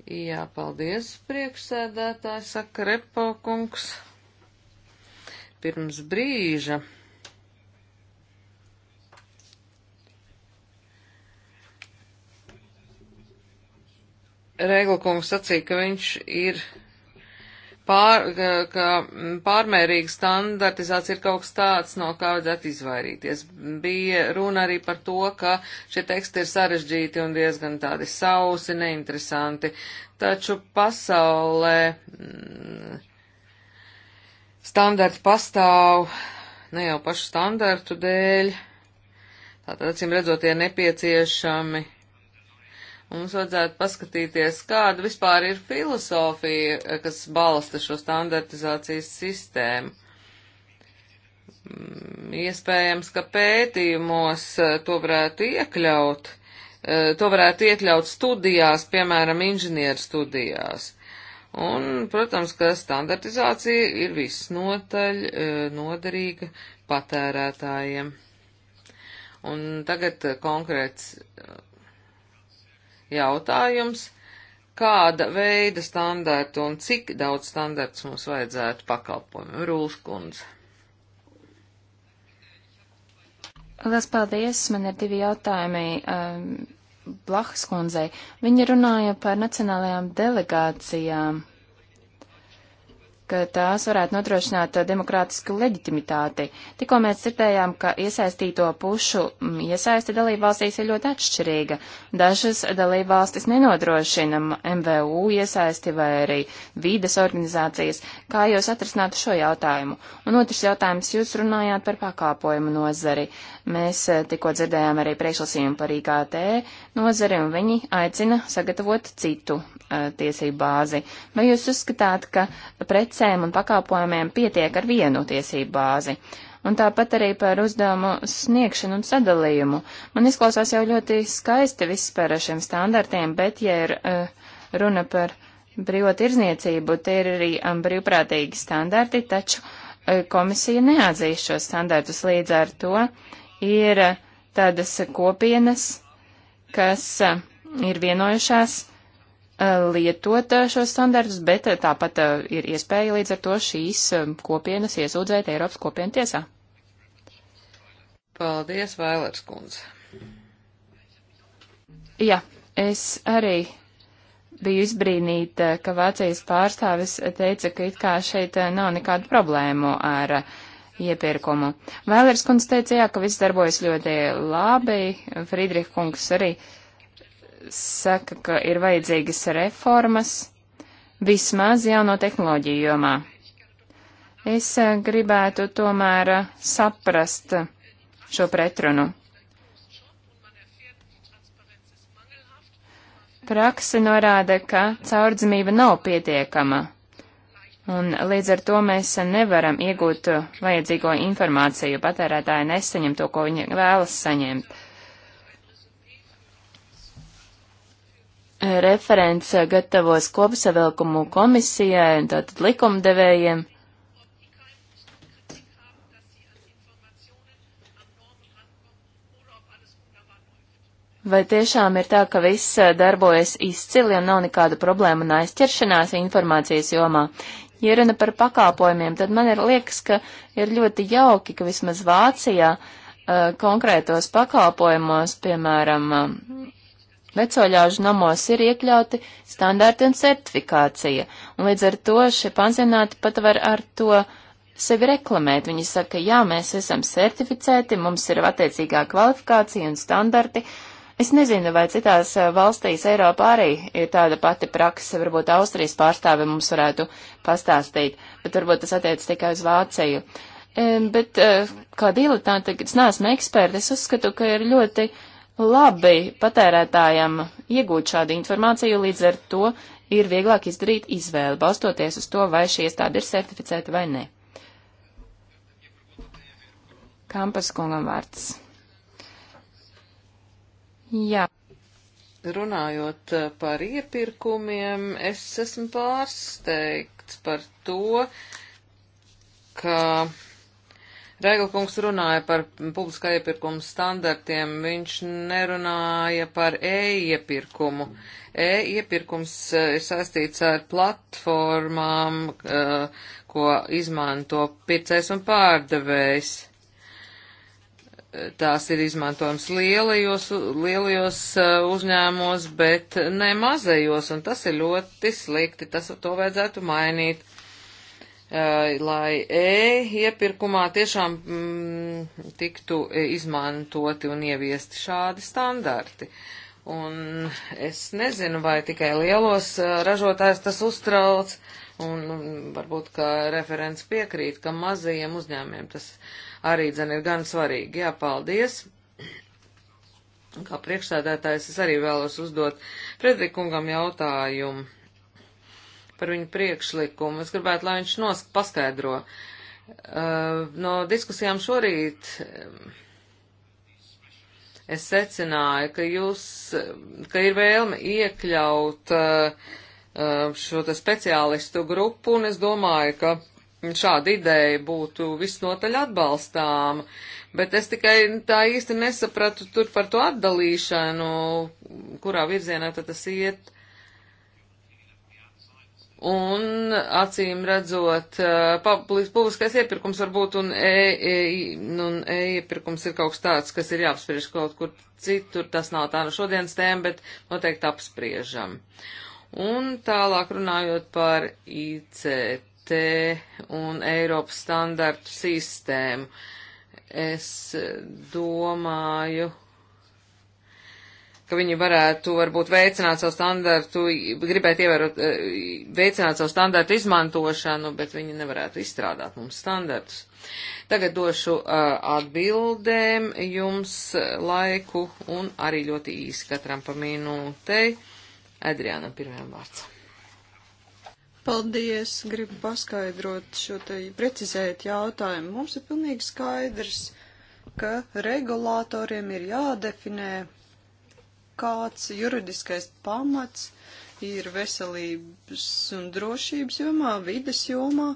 Jā, paldies, priekšsēdētāji, saka Repo kungs. Pirms brīža Reglakungs sacīja, ka viņš ir pār, ka, ka pārmērīga standartizācija ir kaut kas tāds, no kā vajadzētu izvairīties. Bija runa arī par to, ka šie teksti ir sarežģīti un diezgan tādi sausi, neinteresanti. Taču pasaulē mm, standarti pastāv ne jau pašu standartu dēļ, tātad acīm redzot, tie nepieciešami Un mums vajadzētu paskatīties, kāda vispār ir filozofija, eh, kas balsta šo standartizācijas sistēmu. Mm, iespējams, ka pētījumos eh, to varētu iekļaut, eh, to varētu iekļaut studijās, piemēram, inženieru studijās. Un, protams, ka standartizācija ir visnotaļ noderīga patērētājiem. Un tagad konkrēts Jautājums, kāda veida standārtu un cik daudz standārts mums vajadzētu pakalpojumiem? Rūškundze. Lielas paldies, man ir divi jautājumi. Um, Blahas kundzei. Viņa runāja par nacionālajām delegācijām ka tās varētu nodrošināt uh, demokrātisku leģitimitāti. Tikko mēs dzirdējām, ka iesaistīto pušu mm, iesaisti dalībvalstīs ir ļoti atšķirīga. Dažas dalībvalstis nenodrošina MVU iesaisti vai arī vīdes organizācijas. Kā jūs atrasinātu šo jautājumu? Un otrs jautājums, jūs runājāt par pakāpojumu nozari. Mēs uh, tikko dzirdējām arī priekšlasījumu par IKT nozari, un viņi aicina sagatavot citu uh, tiesību bāzi. Vai jūs uzskatāt, ka pret precēm un pakalpojumiem pietiek ar vienu tiesību bāzi. Un tāpat arī par uzdevumu sniegšanu un sadalījumu. Man izklausās jau ļoti skaisti viss par šiem standartiem, bet, ja ir uh, runa par brīvo tirzniecību, tie ir arī um, brīvprātīgi standarti, taču uh, komisija neatzīst šos standartus līdz ar to. Ir uh, tādas kopienas, kas ir vienojušās Uh, lietot uh, šos standartus, bet uh, tāpat ir iespēja līdz ar to šīs um, kopienas iesūdzēt Eiropas kopienu tiesā. Paldies, Vailers kundze. Jā, es arī biju izbrīnīta, ka Vācijas pārstāvis teica, ka it kā šeit nav nekādu problēmu ar iepirkumu. Vēlers kundze teica, jā, ka viss darbojas ļoti labi, Friedrich kungs arī uh, saka, ka ir vajadzīgas reformas vismaz jauno tehnoloģiju jomā. Es eh, gribētu tomēr eh, saprast šo pretrunu. Prakse norāda, ka caurdzimība nav pietiekama, un līdz ar to mēs nevaram iegūt eh, vajadzīgo informāciju, patērētāji nesaņem to, ko viņi vēlas saņemt. referents gatavos kopsavilkumu komisijai, tātad likumdevējiem. Vai tiešām ir tā, ka viss darbojas izcili un nav nekāda problēma un aizķeršanās informācijas jomā? Ja runa par pakāpojumiem, tad man ir liekas, ka ir ļoti jauki, ka vismaz Vācijā uh, konkrētos pakāpojumos, piemēram, uh, vecoļāžu namos ir iekļauti standarti un certifikācija, un līdz ar to šie pansionāti pat var ar to sevi reklamēt. Viņi saka, jā, mēs esam certificēti, mums ir attiecīgā kvalifikācija un standarti. Es nezinu, vai citās eh, valstīs Eiropā arī ir tāda pati praksa, varbūt Austrijas pārstāve mums varētu pastāstīt, bet varbūt tas attiec tikai uz Vāciju. Bet eh, kā diletanti, es neesmu eksperts, es uzskatu, ka ir ļoti uh, labi patērētājam iegūt šādu informāciju, līdz ar to ir vieglāk izdarīt izvēli, balstoties uz to, vai šī iestāde ir certificēta vai nē. Kampas kungam vārds. Jā. Runājot eh, par iepirkumiem, es esmu pārsteigts par to, ka Rēglkungs runāja par publiskā iepirkuma standartiem, viņš nerunāja par e-iepirkumu. E-iepirkums e, ir saistīts ar platformām, e, ko izmanto pircējs un pārdevējs. E, tās ir izmantojams lielajos, lielajos uzņēmos, bet ne mazajos, un tas ir ļoti slikti, tas to vajadzētu mainīt. Eh, lai e-iepirkumā tiešām mm, tiktu eh, izmantoti un ieviesti šādi standarti. Un es nezinu, vai tikai lielos eh, ražotājs tas uztrauc, un varbūt, ka referents piekrīt, ka mazajiem uzņēmiem tas arī dzen ir gan svarīgi. Jā, paldies! Kā priekšstādētājs es arī vēlos uzdot Fredrikungam jautājumu par viņu priekšlikumu. Es gribētu, lai viņš nos paskaidro. Uh, no diskusijām šorīt um, es secināju, ka jūs, uh, ka ir vēlme iekļaut uh, šo te speciālistu grupu, un es domāju, ka šāda ideja būtu visnotaļ atbalstāma, bet es tikai tā īsti nesapratu tur par to atdalīšanu, kurā virzienā tad tas iet. Un acīm redzot, eh, publiskais iepirkums var būt un e-iepirkums e, e, nu, e ir kaut kas tāds, kas ir jāapspriež kaut kur citur. Tas nav tā no šodienas tēma, bet noteikti apspriežam. Un tālāk runājot par ICT un Eiropas standartu sistēmu, es domāju ka viņi varētu varbūt veicināt savu standartu, gribēt ievērot, eh, veicināt savu standartu izmantošanu, bet viņi nevarētu izstrādāt mums standartus. Tagad došu eh, atbildēm jums laiku un arī ļoti īsi katram pa minūtei. Adriānam pirmajam vārds. Paldies, gribu paskaidrot šo te precizēt jautājumu. Mums ir pilnīgi skaidrs, ka regulātoriem ir jādefinē kāds juridiskais pamats ir veselības un drošības jomā, vides jomā,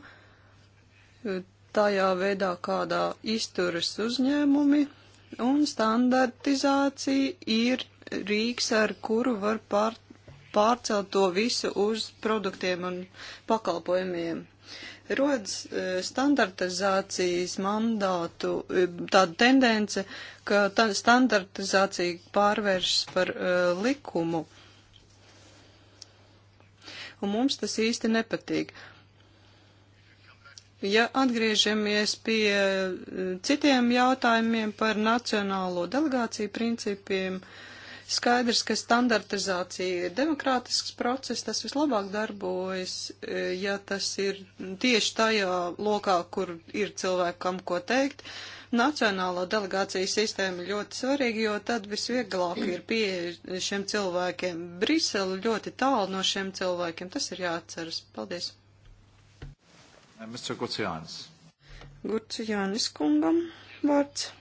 tajā veidā, kādā izturas uzņēmumi, un standartizācija ir rīks, ar kuru var pār, pārcelt to visu uz produktiem un pakalpojumiem rodas e, standartizācijas mandātu e, tāda tendence, ka tā standartizācija pārvēršas par uh, likumu. Un mums tas īsti nepatīk. Ja atgriežamies pie citiem jautājumiem par nacionālo delegāciju principiem, uh, Skaidrs, ka standartizācija ir demokrātisks process, tas vislabāk darbojas, e, ja tas ir tieši tajā lokā, kur ir cilvēkam ko teikt. Nacionālā delegācija sistēma ir ļoti svarīga, jo tad visvieglāk ir pieeja šiem cilvēkiem. Brisele ļoti tālu no šiem cilvēkiem, tas ir jāatceras. Paldies. Uh, Mr. Gucijānis. Gucijānis kungam vārds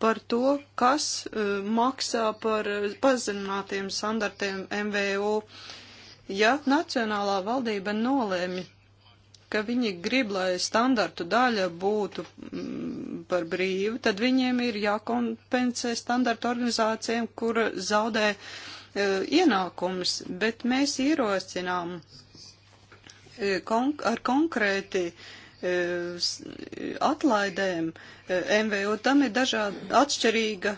par to, kas e, maksā par e, pazeminātiem standartiem MVU. Ja nacionālā valdība nolēmi, ka viņi grib, lai standartu daļa būtu mm, par brīvu, tad viņiem ir jākompensē standartu organizācijām, kur zaudē e, ienākums, bet mēs ierosinām e, konk ar konkrēti uh, E, e, atlaidēm e, MVU, tam ir dažāda atšķirīga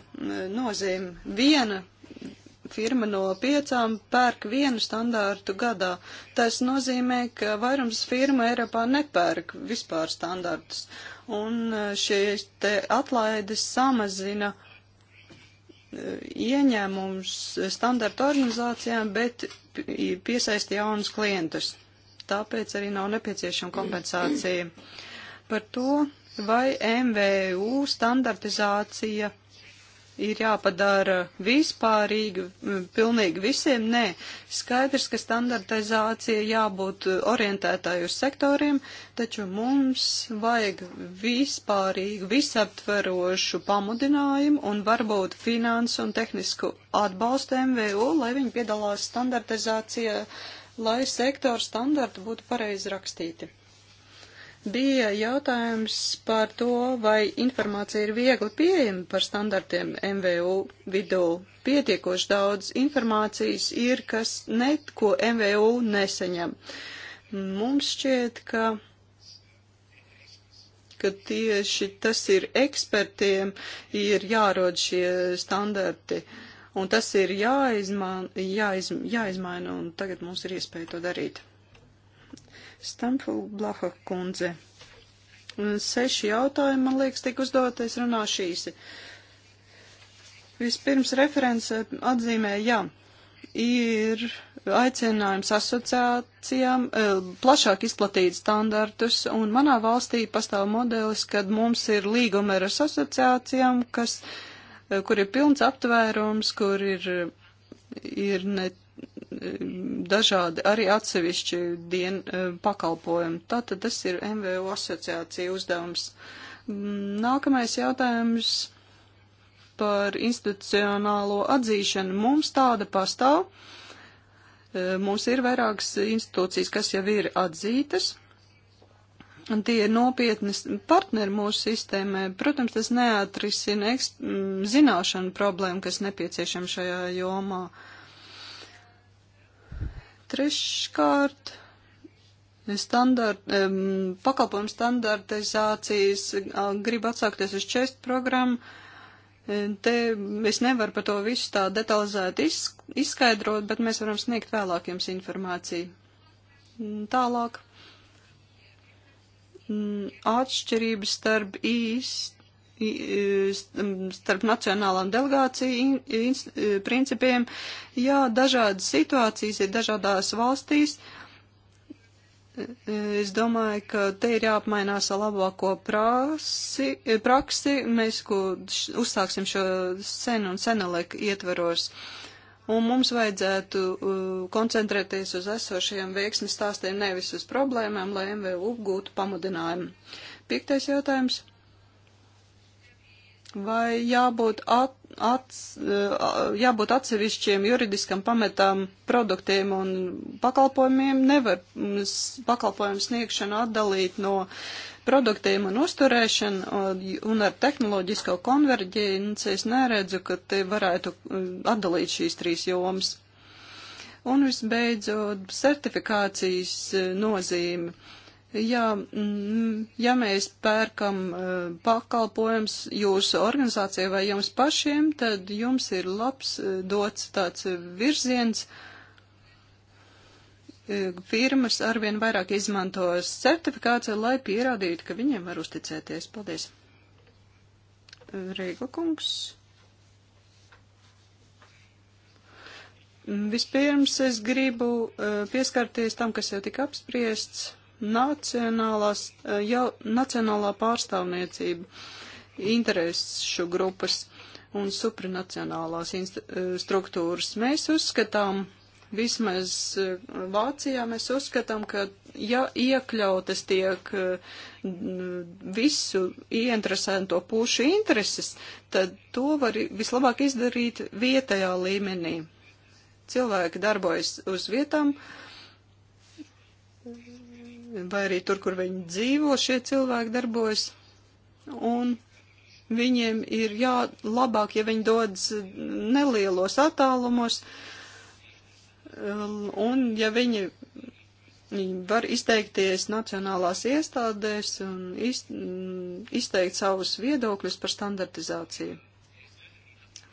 nozīme. Viena firma no piecām pērk vienu standārtu gadā. Tas nozīmē, ka vairums firma Eiropā nepērk vispār standārtus. Un šie te atlaides samazina ieņēmums standarta organizācijām, bet piesaista jaunus klientus tāpēc arī nav nepieciešama kompensācija. Par to, vai MVU standartizācija ir jāpadara vispārīgi, pilnīgi visiem, nē. Skaidrs, ka standartizācija jābūt orientētāj uz sektoriem, taču mums vajag vispārīgu, visaptverošu pamudinājumu un varbūt finansu un tehnisku atbalstu MVU, lai viņi piedalās standartizācijā lai sektoru standarti būtu pareizi rakstīti. Bija jautājums par to, vai informācija ir viegli pieejama par standartiem MVU vidū. Pietiekoši daudz informācijas ir, kas neko MVU neseņem. Mums šķiet, ka ka tieši tas ir ekspertiem, ir jārod šie standarti. Uh, un tas ir jāizman, jāiz, jāizmaina, un tagad mums ir iespēja to darīt. Stampfel Blaha kundze. Seši jautājumi, man liekas, tika uzdot, es runāšu īsi. Vispirms referents eh, atzīmē, jā, ir aicinājums asociācijām eh, plašāk izplatīt standartus, un manā valstī pastāv modelis, kad mums ir līguma ar asociācijām, kas uh, kur ir pilns aptvērums, kur ir, ir ne, dažādi arī atsevišķi dien, e, pakalpojumi. Tātad tas ir MVO asociācija uzdevums. Nākamais jautājums par institucionālo atzīšanu. Mums tāda pastāv. E, mums ir vairākas institūcijas, kas jau ir atzītas, Tie ir nopietni partneri mūsu sistēmē. Protams, tas neatrisina ekst... zināšanu problēmu, kas nepieciešama šajā jomā. Treškārt standart, um, pakalpojumu standartizācijas, gribu atsaukties uz čest programmu. E, te es nevaru par to visu tā detalizēti izskaidrot, bet mēs varam sniegt vēlāk jums informāciju. Tālāk Mm, atšķirības starp īst e, starp nacionālām delegāciju e, principiem. Jā, dažādas situācijas ir dažādās valstīs. E, es domāju, ka te ir jāapmainās ar labāko prasi, praksi. Mēs, ko uzsāksim šo senu un seneleku ietveros. Uh, un mums vajadzētu uh, koncentrēties uz esošajiem veiksmes stāstiem, nevis uz problēmām, lai MVU gūtu pamudinājumu. Piektais jautājums. Vai jābūt, at, at, uh, jābūt atsevišķiem juridiskam pamatām produktiem un pakalpojumiem? Nevar mm, pakalpojumu sniegšanu atdalīt no uh, produktiem un uzturēšanu un ar tehnoloģisko konverģenci es neredzu, ka te varētu atdalīt šīs trīs jomas. Un visbeidzot, certifikācijas e, nozīme. Ja, ja mēs pērkam e, pakalpojums jūsu organizācijai vai jums pašiem, tad jums ir labs e, dots tāds virziens, uh, E, firmas arvien vairāk izmanto certifikāciju, lai pierādītu, ka viņiem var uzticēties. Paldies. Rīga kungs. Vispirms es gribu e, pieskarties tam, kas jau tika apspriests - nacionālās, e, jau nacionālā pārstāvniecība, interesu grupas un supranacionālās struktūras. Mēs uzskatām, Vismaz eh, Vācijā mēs uzskatām, ka ja iekļautas tiek eh, visu ieinteresēto pušu intereses, tad to var vislabāk izdarīt vietējā līmenī. Cilvēki darbojas uz vietām, vai arī tur, kur viņi dzīvo, šie cilvēki darbojas. Un viņiem ir jā, labāk, ja viņi dodas nelielos attālumos, uh, Um, un ja viņi, viņi var izteikties nacionālās iestādēs un iz, mm, izteikt savus viedokļus par standartizāciju.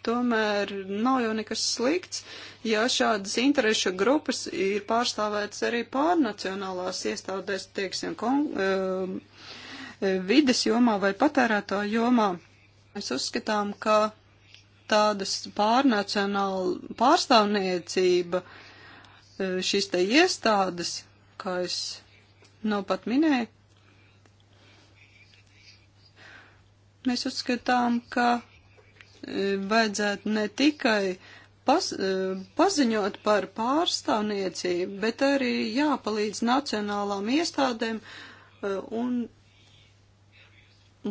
Tomēr nav jau nekas slikts, ja šādas interešu grupas ir pārstāvētas arī pārnacionālās iestādēs, teiksim, kon, uh, vides jomā vai patērētāju jomā. Mēs uzskatām, ka tādas pārnacionāla pārstāvniecība uh, Eh, šīs te iestādes, kā es nu pat minēju, mēs uzskatām, ka eh, vajadzētu ne tikai paz, eh, paziņot par pārstāvniecību, bet arī jāpalīdz nacionālām iestādēm un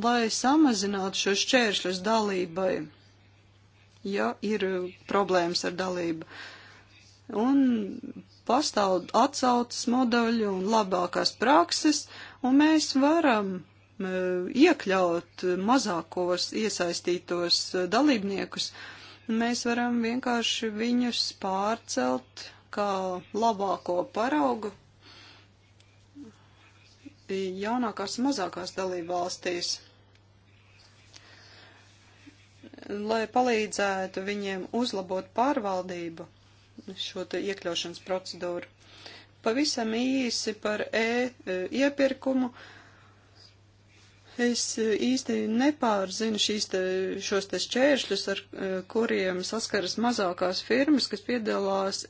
lai samazinātu šo šķēršļus dalībai, ja ir problēmas ar dalību. Uh, un pastāv atsaucas modeļi un labākās prakses, un mēs varam e, iekļaut mazākos iesaistītos e, dalībniekus. Mēs varam vienkārši viņus pārcelt kā labāko paraugu jaunākās mazākās dalībvalstīs, lai palīdzētu viņiem uzlabot pārvaldību šo te iekļaušanas procedūru. Pavisam īsi par e, e, iepirkumu. Es īsti nepārzinu šīs te, šos te šķēršļus, ar e, kuriem saskaras mazākās firmas, kas piedalās e,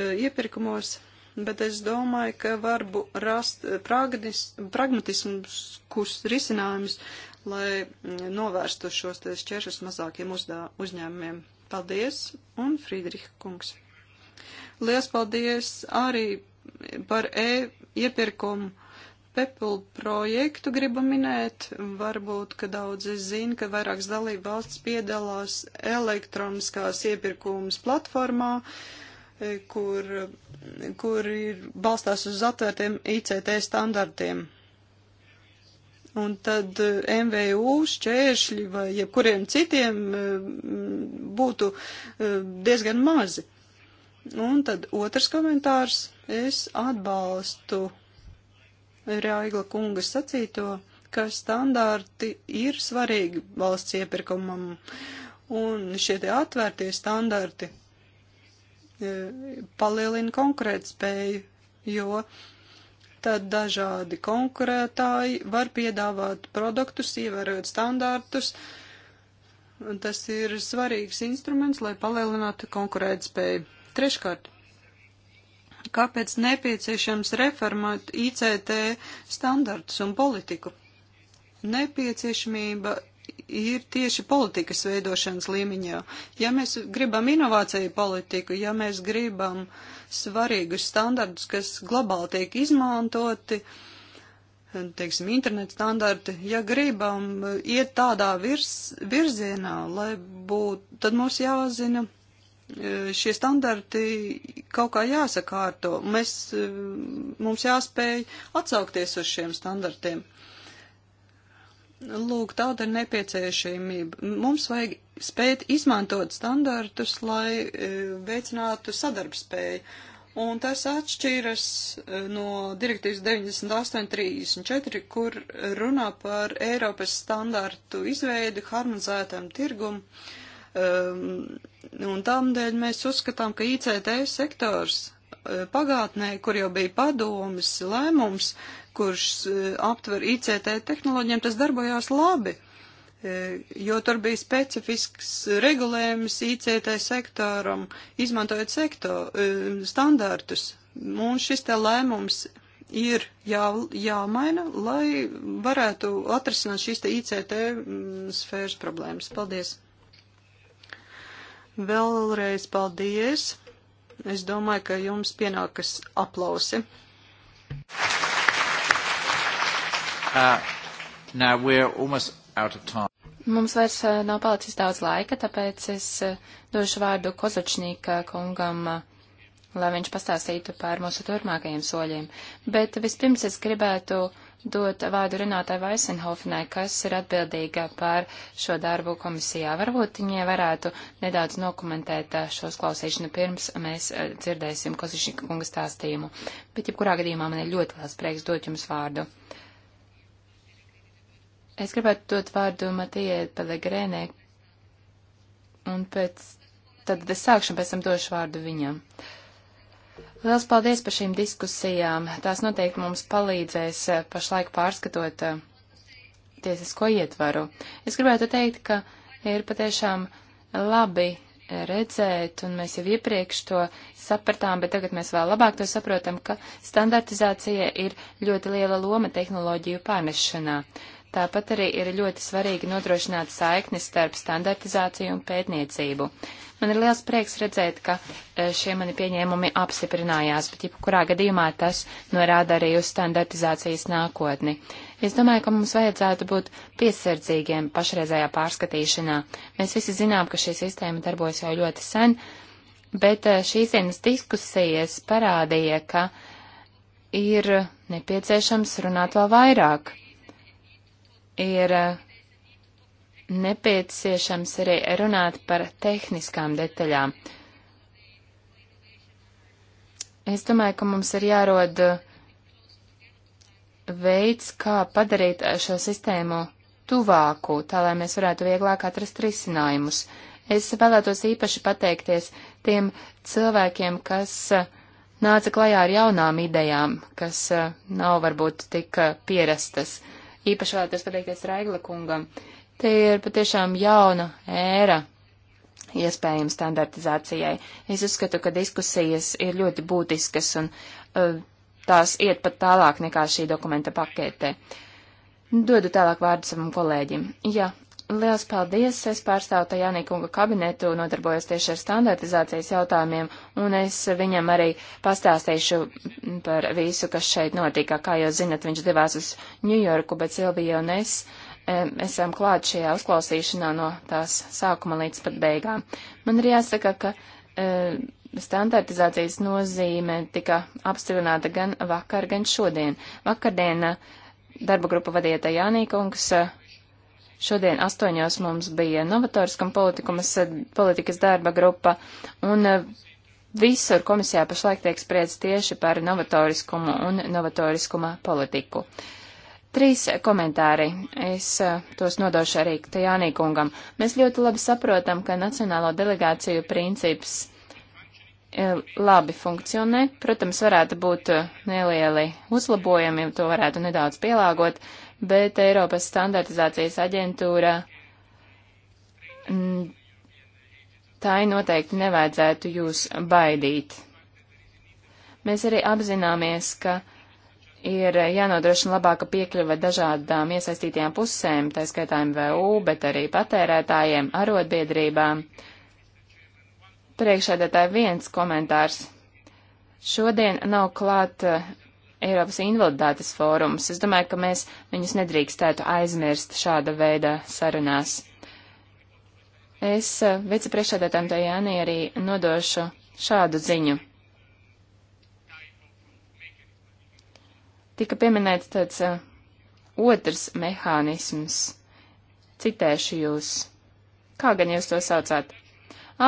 e iepirkumos, bet es domāju, ka var rast pragmatiskus risinājumus, lai mm, novērstu šos šķēršļus mazākiem uzdā, uzņēmumiem. Paldies, un Frīdriha kungs. Lielas paldies arī par e iepirkumu. Pepul projektu gribu minēt. Varbūt, ka daudzi zina, ka vairākas dalība valsts piedalās elektroniskās iepirkumas platformā, e, kur, kur ir balstās uz atvērtiem ICT standartiem. Un tad e, MVU šķēršļi vai jebkuriem citiem e, būtu diezgan mazi. Un tad otrs komentārs. Es atbalstu Rāigla kunga sacīto, ka standārti ir svarīgi valsts iepirkumam. Un šie te atvērtie standārti e, palielina konkurētspēju, jo tad dažādi konkurētāji var piedāvāt produktus, ievērot standārtus. Tas ir svarīgs instruments, lai palielinātu konkurētspēju. Treškārt, kāpēc nepieciešams reformēt ICT standartus un politiku? Nepieciešamība ir tieši politikas veidošanas līmeņā. Ja mēs gribam inovāciju politiku, ja mēs gribam svarīgus standartus, kas globāli tiek izmantoti, teiksim, internet standarti, ja gribam iet tādā virs, virzienā, lai būtu, tad mums jāzina, E, šie standarti kaut kā jāsakārto. Mēs, e, mums jāspēj atsaukties uz šiem standartiem. Lūk, tāda ir nepieciešamība. Mums vajag spēt izmantot standartus, lai e, veicinātu sadarbspēju. Un tas atšķīras no direktīvas 98.34, kur runā par Eiropas standartu izveidi harmonizētam tirgumu. Um, ehm, Un tādēļ mēs uzskatām, ka ICT sektors e, pagātnē, kur jau bija padomis lēmums, kurš e, aptver ICT tehnoloģiem, tas darbojās labi, e, jo tur bija specifisks regulējums ICT sektoram, izmantojot sekto standārtus. Un šis te lēmums ir jā, jāmaina, lai varētu atrisināt šīs te ICT sfēras problēmas. Paldies! Vēlreiz paldies. Es domāju, ka jums pienākas aplausi. Uh, Mums vairs uh, nav palicis daudz laika, tāpēc es uh, došu vārdu Kozočnīka kungam uh, lai viņš pastāstītu par mūsu turpmākajiem soļiem. Bet vispirms es gribētu dot vārdu Renātai Vaisenhofenai, kas ir atbildīga par šo darbu komisijā. Varbūt viņai varētu nedaudz dokumentēt eh, šo klausīšanu pirms mēs eh, dzirdēsim Kozišņika kunga stāstījumu. Bet jebkurā gadījumā man ir ļoti liels prieks dot jums vārdu. Es gribētu dot vārdu Matijai Pelegrēnē, un pēc tad es sākšu, pēc tam došu vārdu viņam. Uh, Liels paldies par šīm diskusijām. Tās noteikti mums palīdzēs eh, pašlaik pārskatot eh, tiesisko ietvaru. Es gribētu teikt, ka ir patiešām labi eh, redzēt, un mēs jau iepriekš to sapratām, bet tagad mēs vēl labāk to saprotam, ka standartizācija ir ļoti liela loma tehnoloģiju pārnešanā. Tāpat arī ir ļoti svarīgi nodrošināt saikni starp standartizāciju un pētniecību. Uh, Man ir liels prieks redzēt, ka e, šie mani pieņēmumi apstiprinājās, bet jebkurā gadījumā tas norāda arī uz standartizācijas nākotni. Es domāju, ka mums vajadzētu būt piesardzīgiem pašreizējā pārskatīšanā. Mēs visi zinām, ka šī sistēma darbojas jau ļoti sen, bet e, šīs dienas diskusijas parādīja, ka ir nepieciešams runāt vēl vairāk. Ir e, nepieciešams arī runāt par tehniskām detaļām. Es domāju, ka mums ir jārod veids, kā padarīt šo sistēmu tuvāku, tā lai mēs varētu vieglāk atrast risinājumus. Es vēlētos īpaši pateikties tiem cilvēkiem, kas uh, nāca klajā ar jaunām idejām, kas uh, nav varbūt tik uh, pierastas. Īpaši vēlētos pateikties Raigla kungam. Uh, Te ir patiešām jauna ēra iespējama standartizācijai. Es uzskatu, ka diskusijas ir ļoti būtiskas un uh, tās iet pat tālāk nekā šī dokumenta paketē. Dodu tālāk vārdu savam kolēģim. Jā, liels paldies! Es pārstāvu Tajānī kunga kabinetu, nodarbojos tieši ar standartizācijas jautājumiem, un es viņam arī pastāstīšu par visu, kas šeit notika. Kā jau zinat, viņš devās uz Ņujorku, bet Silvija un es. Uh, esam klāt šajā uzklausīšanā no tās sākuma līdz pat beigām. Man ir jāsaka, ka e, standartizācijas nozīme tika apstiprināta gan vakar, gan šodien. Vakardien darba grupa vadīta Jānīkungs, šodien astoņos mums bija novatoriskam politikas darba grupa, un visur komisijā pašlaik tiek spriedz tieši par novatoriskumu un novatoriskuma politiku. Uh, Trīs komentāri. Es eh, tos nodošu arī Tajānī kungam. Mēs ļoti labi saprotam, ka nacionālo delegāciju princips eh, labi funkcionē. Protams, varētu būt eh, nelieli uzlabojumi, to varētu nedaudz pielāgot, bet Eiropas standartizācijas aģentūra mm, tai noteikti nevajadzētu jūs baidīt. Mēs arī apzināmies, ka ir jānodrošina labāka piekļuve dažādām iesaistītajām pusēm, tā skaitā MVU, bet arī patērētājiem, arotbiedrībām. Priekšēdētāji viens komentārs. Šodien nav klāt eh, Eiropas invaliditātes fórums. Es domāju, ka mēs viņus nedrīkstētu aizmirst šāda veida sarunās. Es eh, vicepriekšēdētājiem Tajāni arī nodošu šādu ziņu. Tika pieminēts tāds uh, otrs mehānisms. Citēšu jūs. Kā gan jūs to saucāt?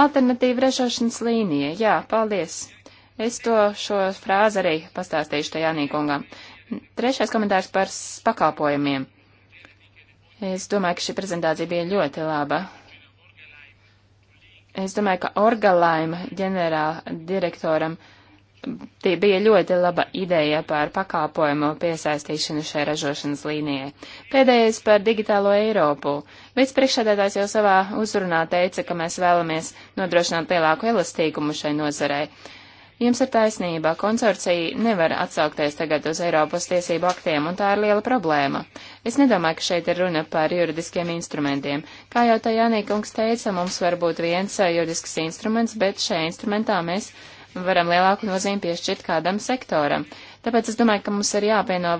Alternatīva ražošanas līnija. Jā, paldies. Es to šo frāzi arī pastāstīšu tajā Nīkungam. Trešais komentārs par pakalpojumiem. Es domāju, ka šī prezentācija bija ļoti laba. Es domāju, ka Orgalaima ģenerāla direktoram uh, tie bija ļoti laba ideja par pakāpojumu piesaistīšanu šai ražošanas līnijai. Pēdējais par digitālo Eiropu. Vicepriekšādātājs jau savā uzrunā teica, ka mēs vēlamies nodrošināt lielāku elastīgumu šai nozarei. Jums ir taisnība, konsorcija nevar atsaukties tagad uz Eiropas tiesību aktiem, un tā ir liela problēma. Es nedomāju, ka šeit ir runa par juridiskiem instrumentiem. Kā jau tā Jānīkungs teica, mums var būt viens juridisks instruments, bet šajā instrumentā mēs varam lielāku nozīmi piešķirt kādam sektoram. Tāpēc es domāju, ka mums ir jāpieno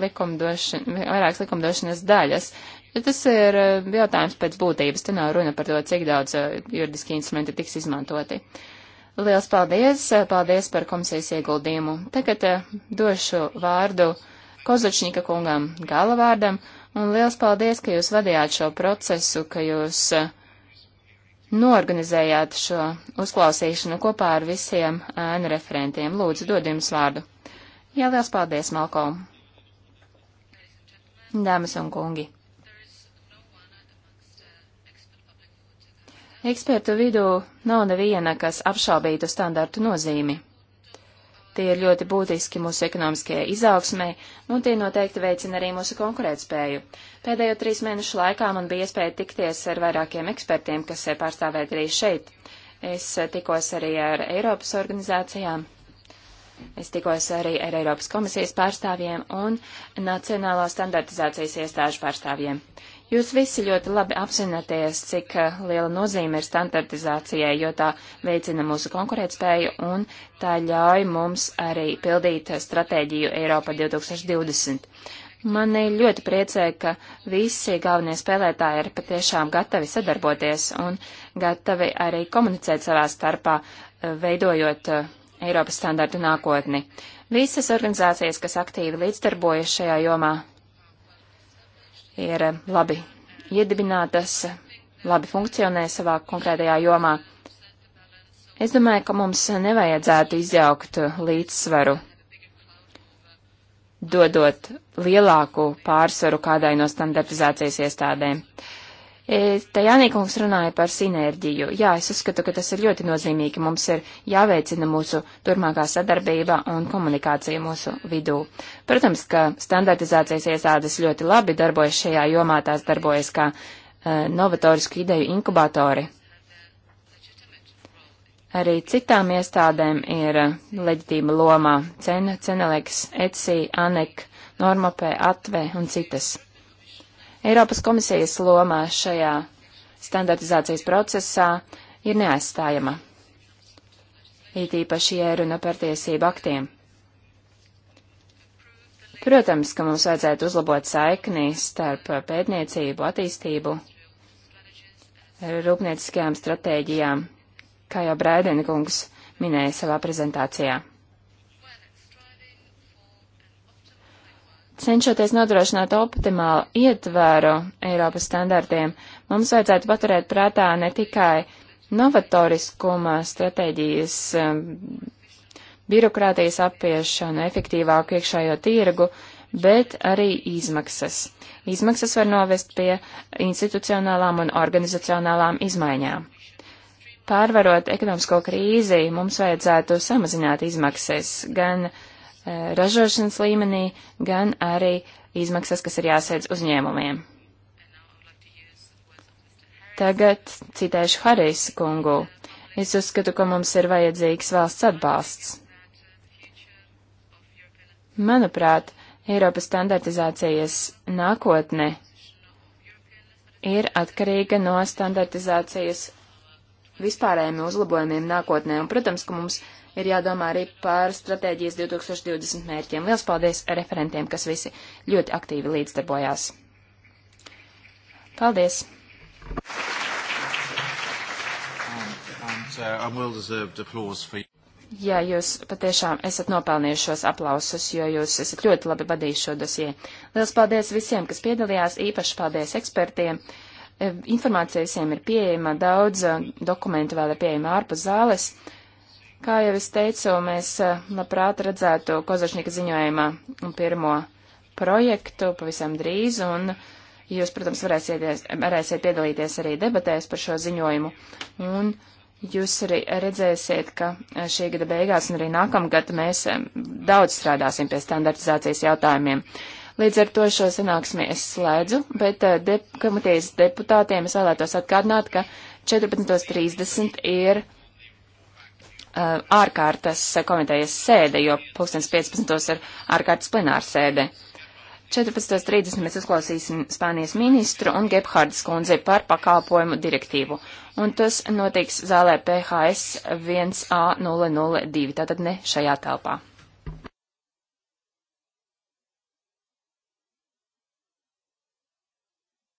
likumdošana, vairākas likumdošanas daļas. Ja tas ir eh, jautājums pēc būtības, te nav runa par to, cik daudz eh, juridiski instrumenti tiks izmantoti. Liels paldies, eh, paldies par komisijas ieguldījumu. Tagad došu vārdu Kozačņika kungam galavārdam, un liels paldies, ka jūs vadījāt šo procesu, ka jūs uh, norganizējāt šo uzklausīšanu kopā ar visiem ēnu referentiem. Lūdzu, dod jums vārdu. Jā, liels paldies, Malkom. Dāmas un kungi. Ekspertu vidū nav neviena, kas apšaubītu standartu nozīmi. Tie ir ļoti būtiski mūsu ekonomiskajai izaugsmai, un tie noteikti veicina arī mūsu konkurētspēju. Pēdējo trīs mēnešu laikā man bija iespēja tikties ar vairākiem ekspertiem, kas ir pārstāvēti arī šeit. Es eh, tikos arī ar Eiropas organizācijām, es tikos arī ar Eiropas komisijas pārstāvjiem un Nacionālo standartizācijas iestāžu pārstāvjiem. Jūs visi ļoti labi apzināties, cik eh, liela nozīme ir standartizācijai, jo tā veicina mūsu konkurētspēju un tā ļauj mums arī pildīt eh, stratēģiju Eiropa 2020. Mani ļoti priecē, ka visi galvenie spēlētāji ir patiešām gatavi sadarboties un gatavi arī komunicēt savā starpā, eh, veidojot Eiropas standartu nākotni. Visas organizācijas, kas aktīvi līdzdarbojas šajā jomā, ir eh, labi iedibinātas, labi funkcionē savā konkrētajā jomā. Es domāju, ka mums nevajadzētu izjaukt līdzsvaru, dodot lielāku pārsvaru kādai no standartizācijas iestādēm. Uh, E, te Jānīkungs runāja par sinerģiju. Jā, es uzskatu, ka tas ir ļoti nozīmīgi. Mums ir jāveicina mūsu turmākā sadarbība un komunikācija mūsu vidū. Protams, ka standartizācijas iestādes ļoti labi darbojas šajā jomā, tās darbojas kā uh, novatorisku ideju inkubatori. Arī citām iestādēm ir uh, leģitīma lomā CEN, CENELEX, ECI, ANEK, NORMOPE, ATVE un citas. Eiropas komisijas lomā šajā standartizācijas procesā ir neaizstājama. It īpaši ieruna par tiesību aktiem. Protams, ka mums vajadzētu uzlabot saikni starp pētniecību, attīstību, rūpnieciskajām stratēģijām, kā jau Brēdina kungs minēja savā prezentācijā. Cenšoties nodrošināt optimālu ietvēru Eiropas standartiem, mums vajadzētu paturēt prātā ne tikai novatoriskuma stratēģijas, um, birokrātijas apiešanu, efektīvāku iekšējo tirgu, bet arī izmaksas. Izmaksas var novest pie institucionālām un organizacionālām izmaiņām. Pārvarot ekonomisko krīzi, mums vajadzētu samazināt izmaksas gan uh, E, ražošanas līmenī, gan arī izmaksas, kas ir jāsēdz uzņēmumiem. Tagad citēšu Harijs kungu. Es uzskatu, ka mums ir vajadzīgs valsts atbalsts. Manuprāt, Eiropas standartizācijas nākotne ir atkarīga no standartizācijas vispārējiem uzlabojumiem nākotnē, un, protams, ka mums ir jādomā arī par stratēģijas 2020 mērķiem. Liels paldies referentiem, kas visi ļoti aktīvi līdzdarbojās. Paldies! And, and, uh, Jā, jūs patiešām esat nopelnījuši šos aplausus, jo jūs esat ļoti labi vadījis šo dosie. Lielas paldies visiem, kas piedalījās, īpaši paldies ekspertiem. Informācija visiem ir pieejama, daudz eh, dokumentu vēl ir pieejama ārpus zāles. Kā jau es teicu, mēs eh, labprāt redzētu Kozašņika ziņojumā pirmo projektu pavisam drīz, un jūs, protams, varēsiet piedalīties arī debatēs par šo ziņojumu. Un Jūs arī redzēsiet, ka eh, šī gada beigās un arī nākamgad mēs eh, daudz strādāsim pie standartizācijas jautājumiem. Līdz ar to šo sanāksmi es slēdzu, bet de komitejas deputātiem es vēlētos atgādināt, ka 14.30 ir Eh, ārkārtas komitejas sēde, jo 2015. ir ārkārtas plenāra sēde. 14.30 mēs uzklausīsim Spānijas ministru un Gebhardas kundzi par pakalpojumu direktīvu. Un tas notiks zālē PHS 1A002, tātad ne šajā telpā.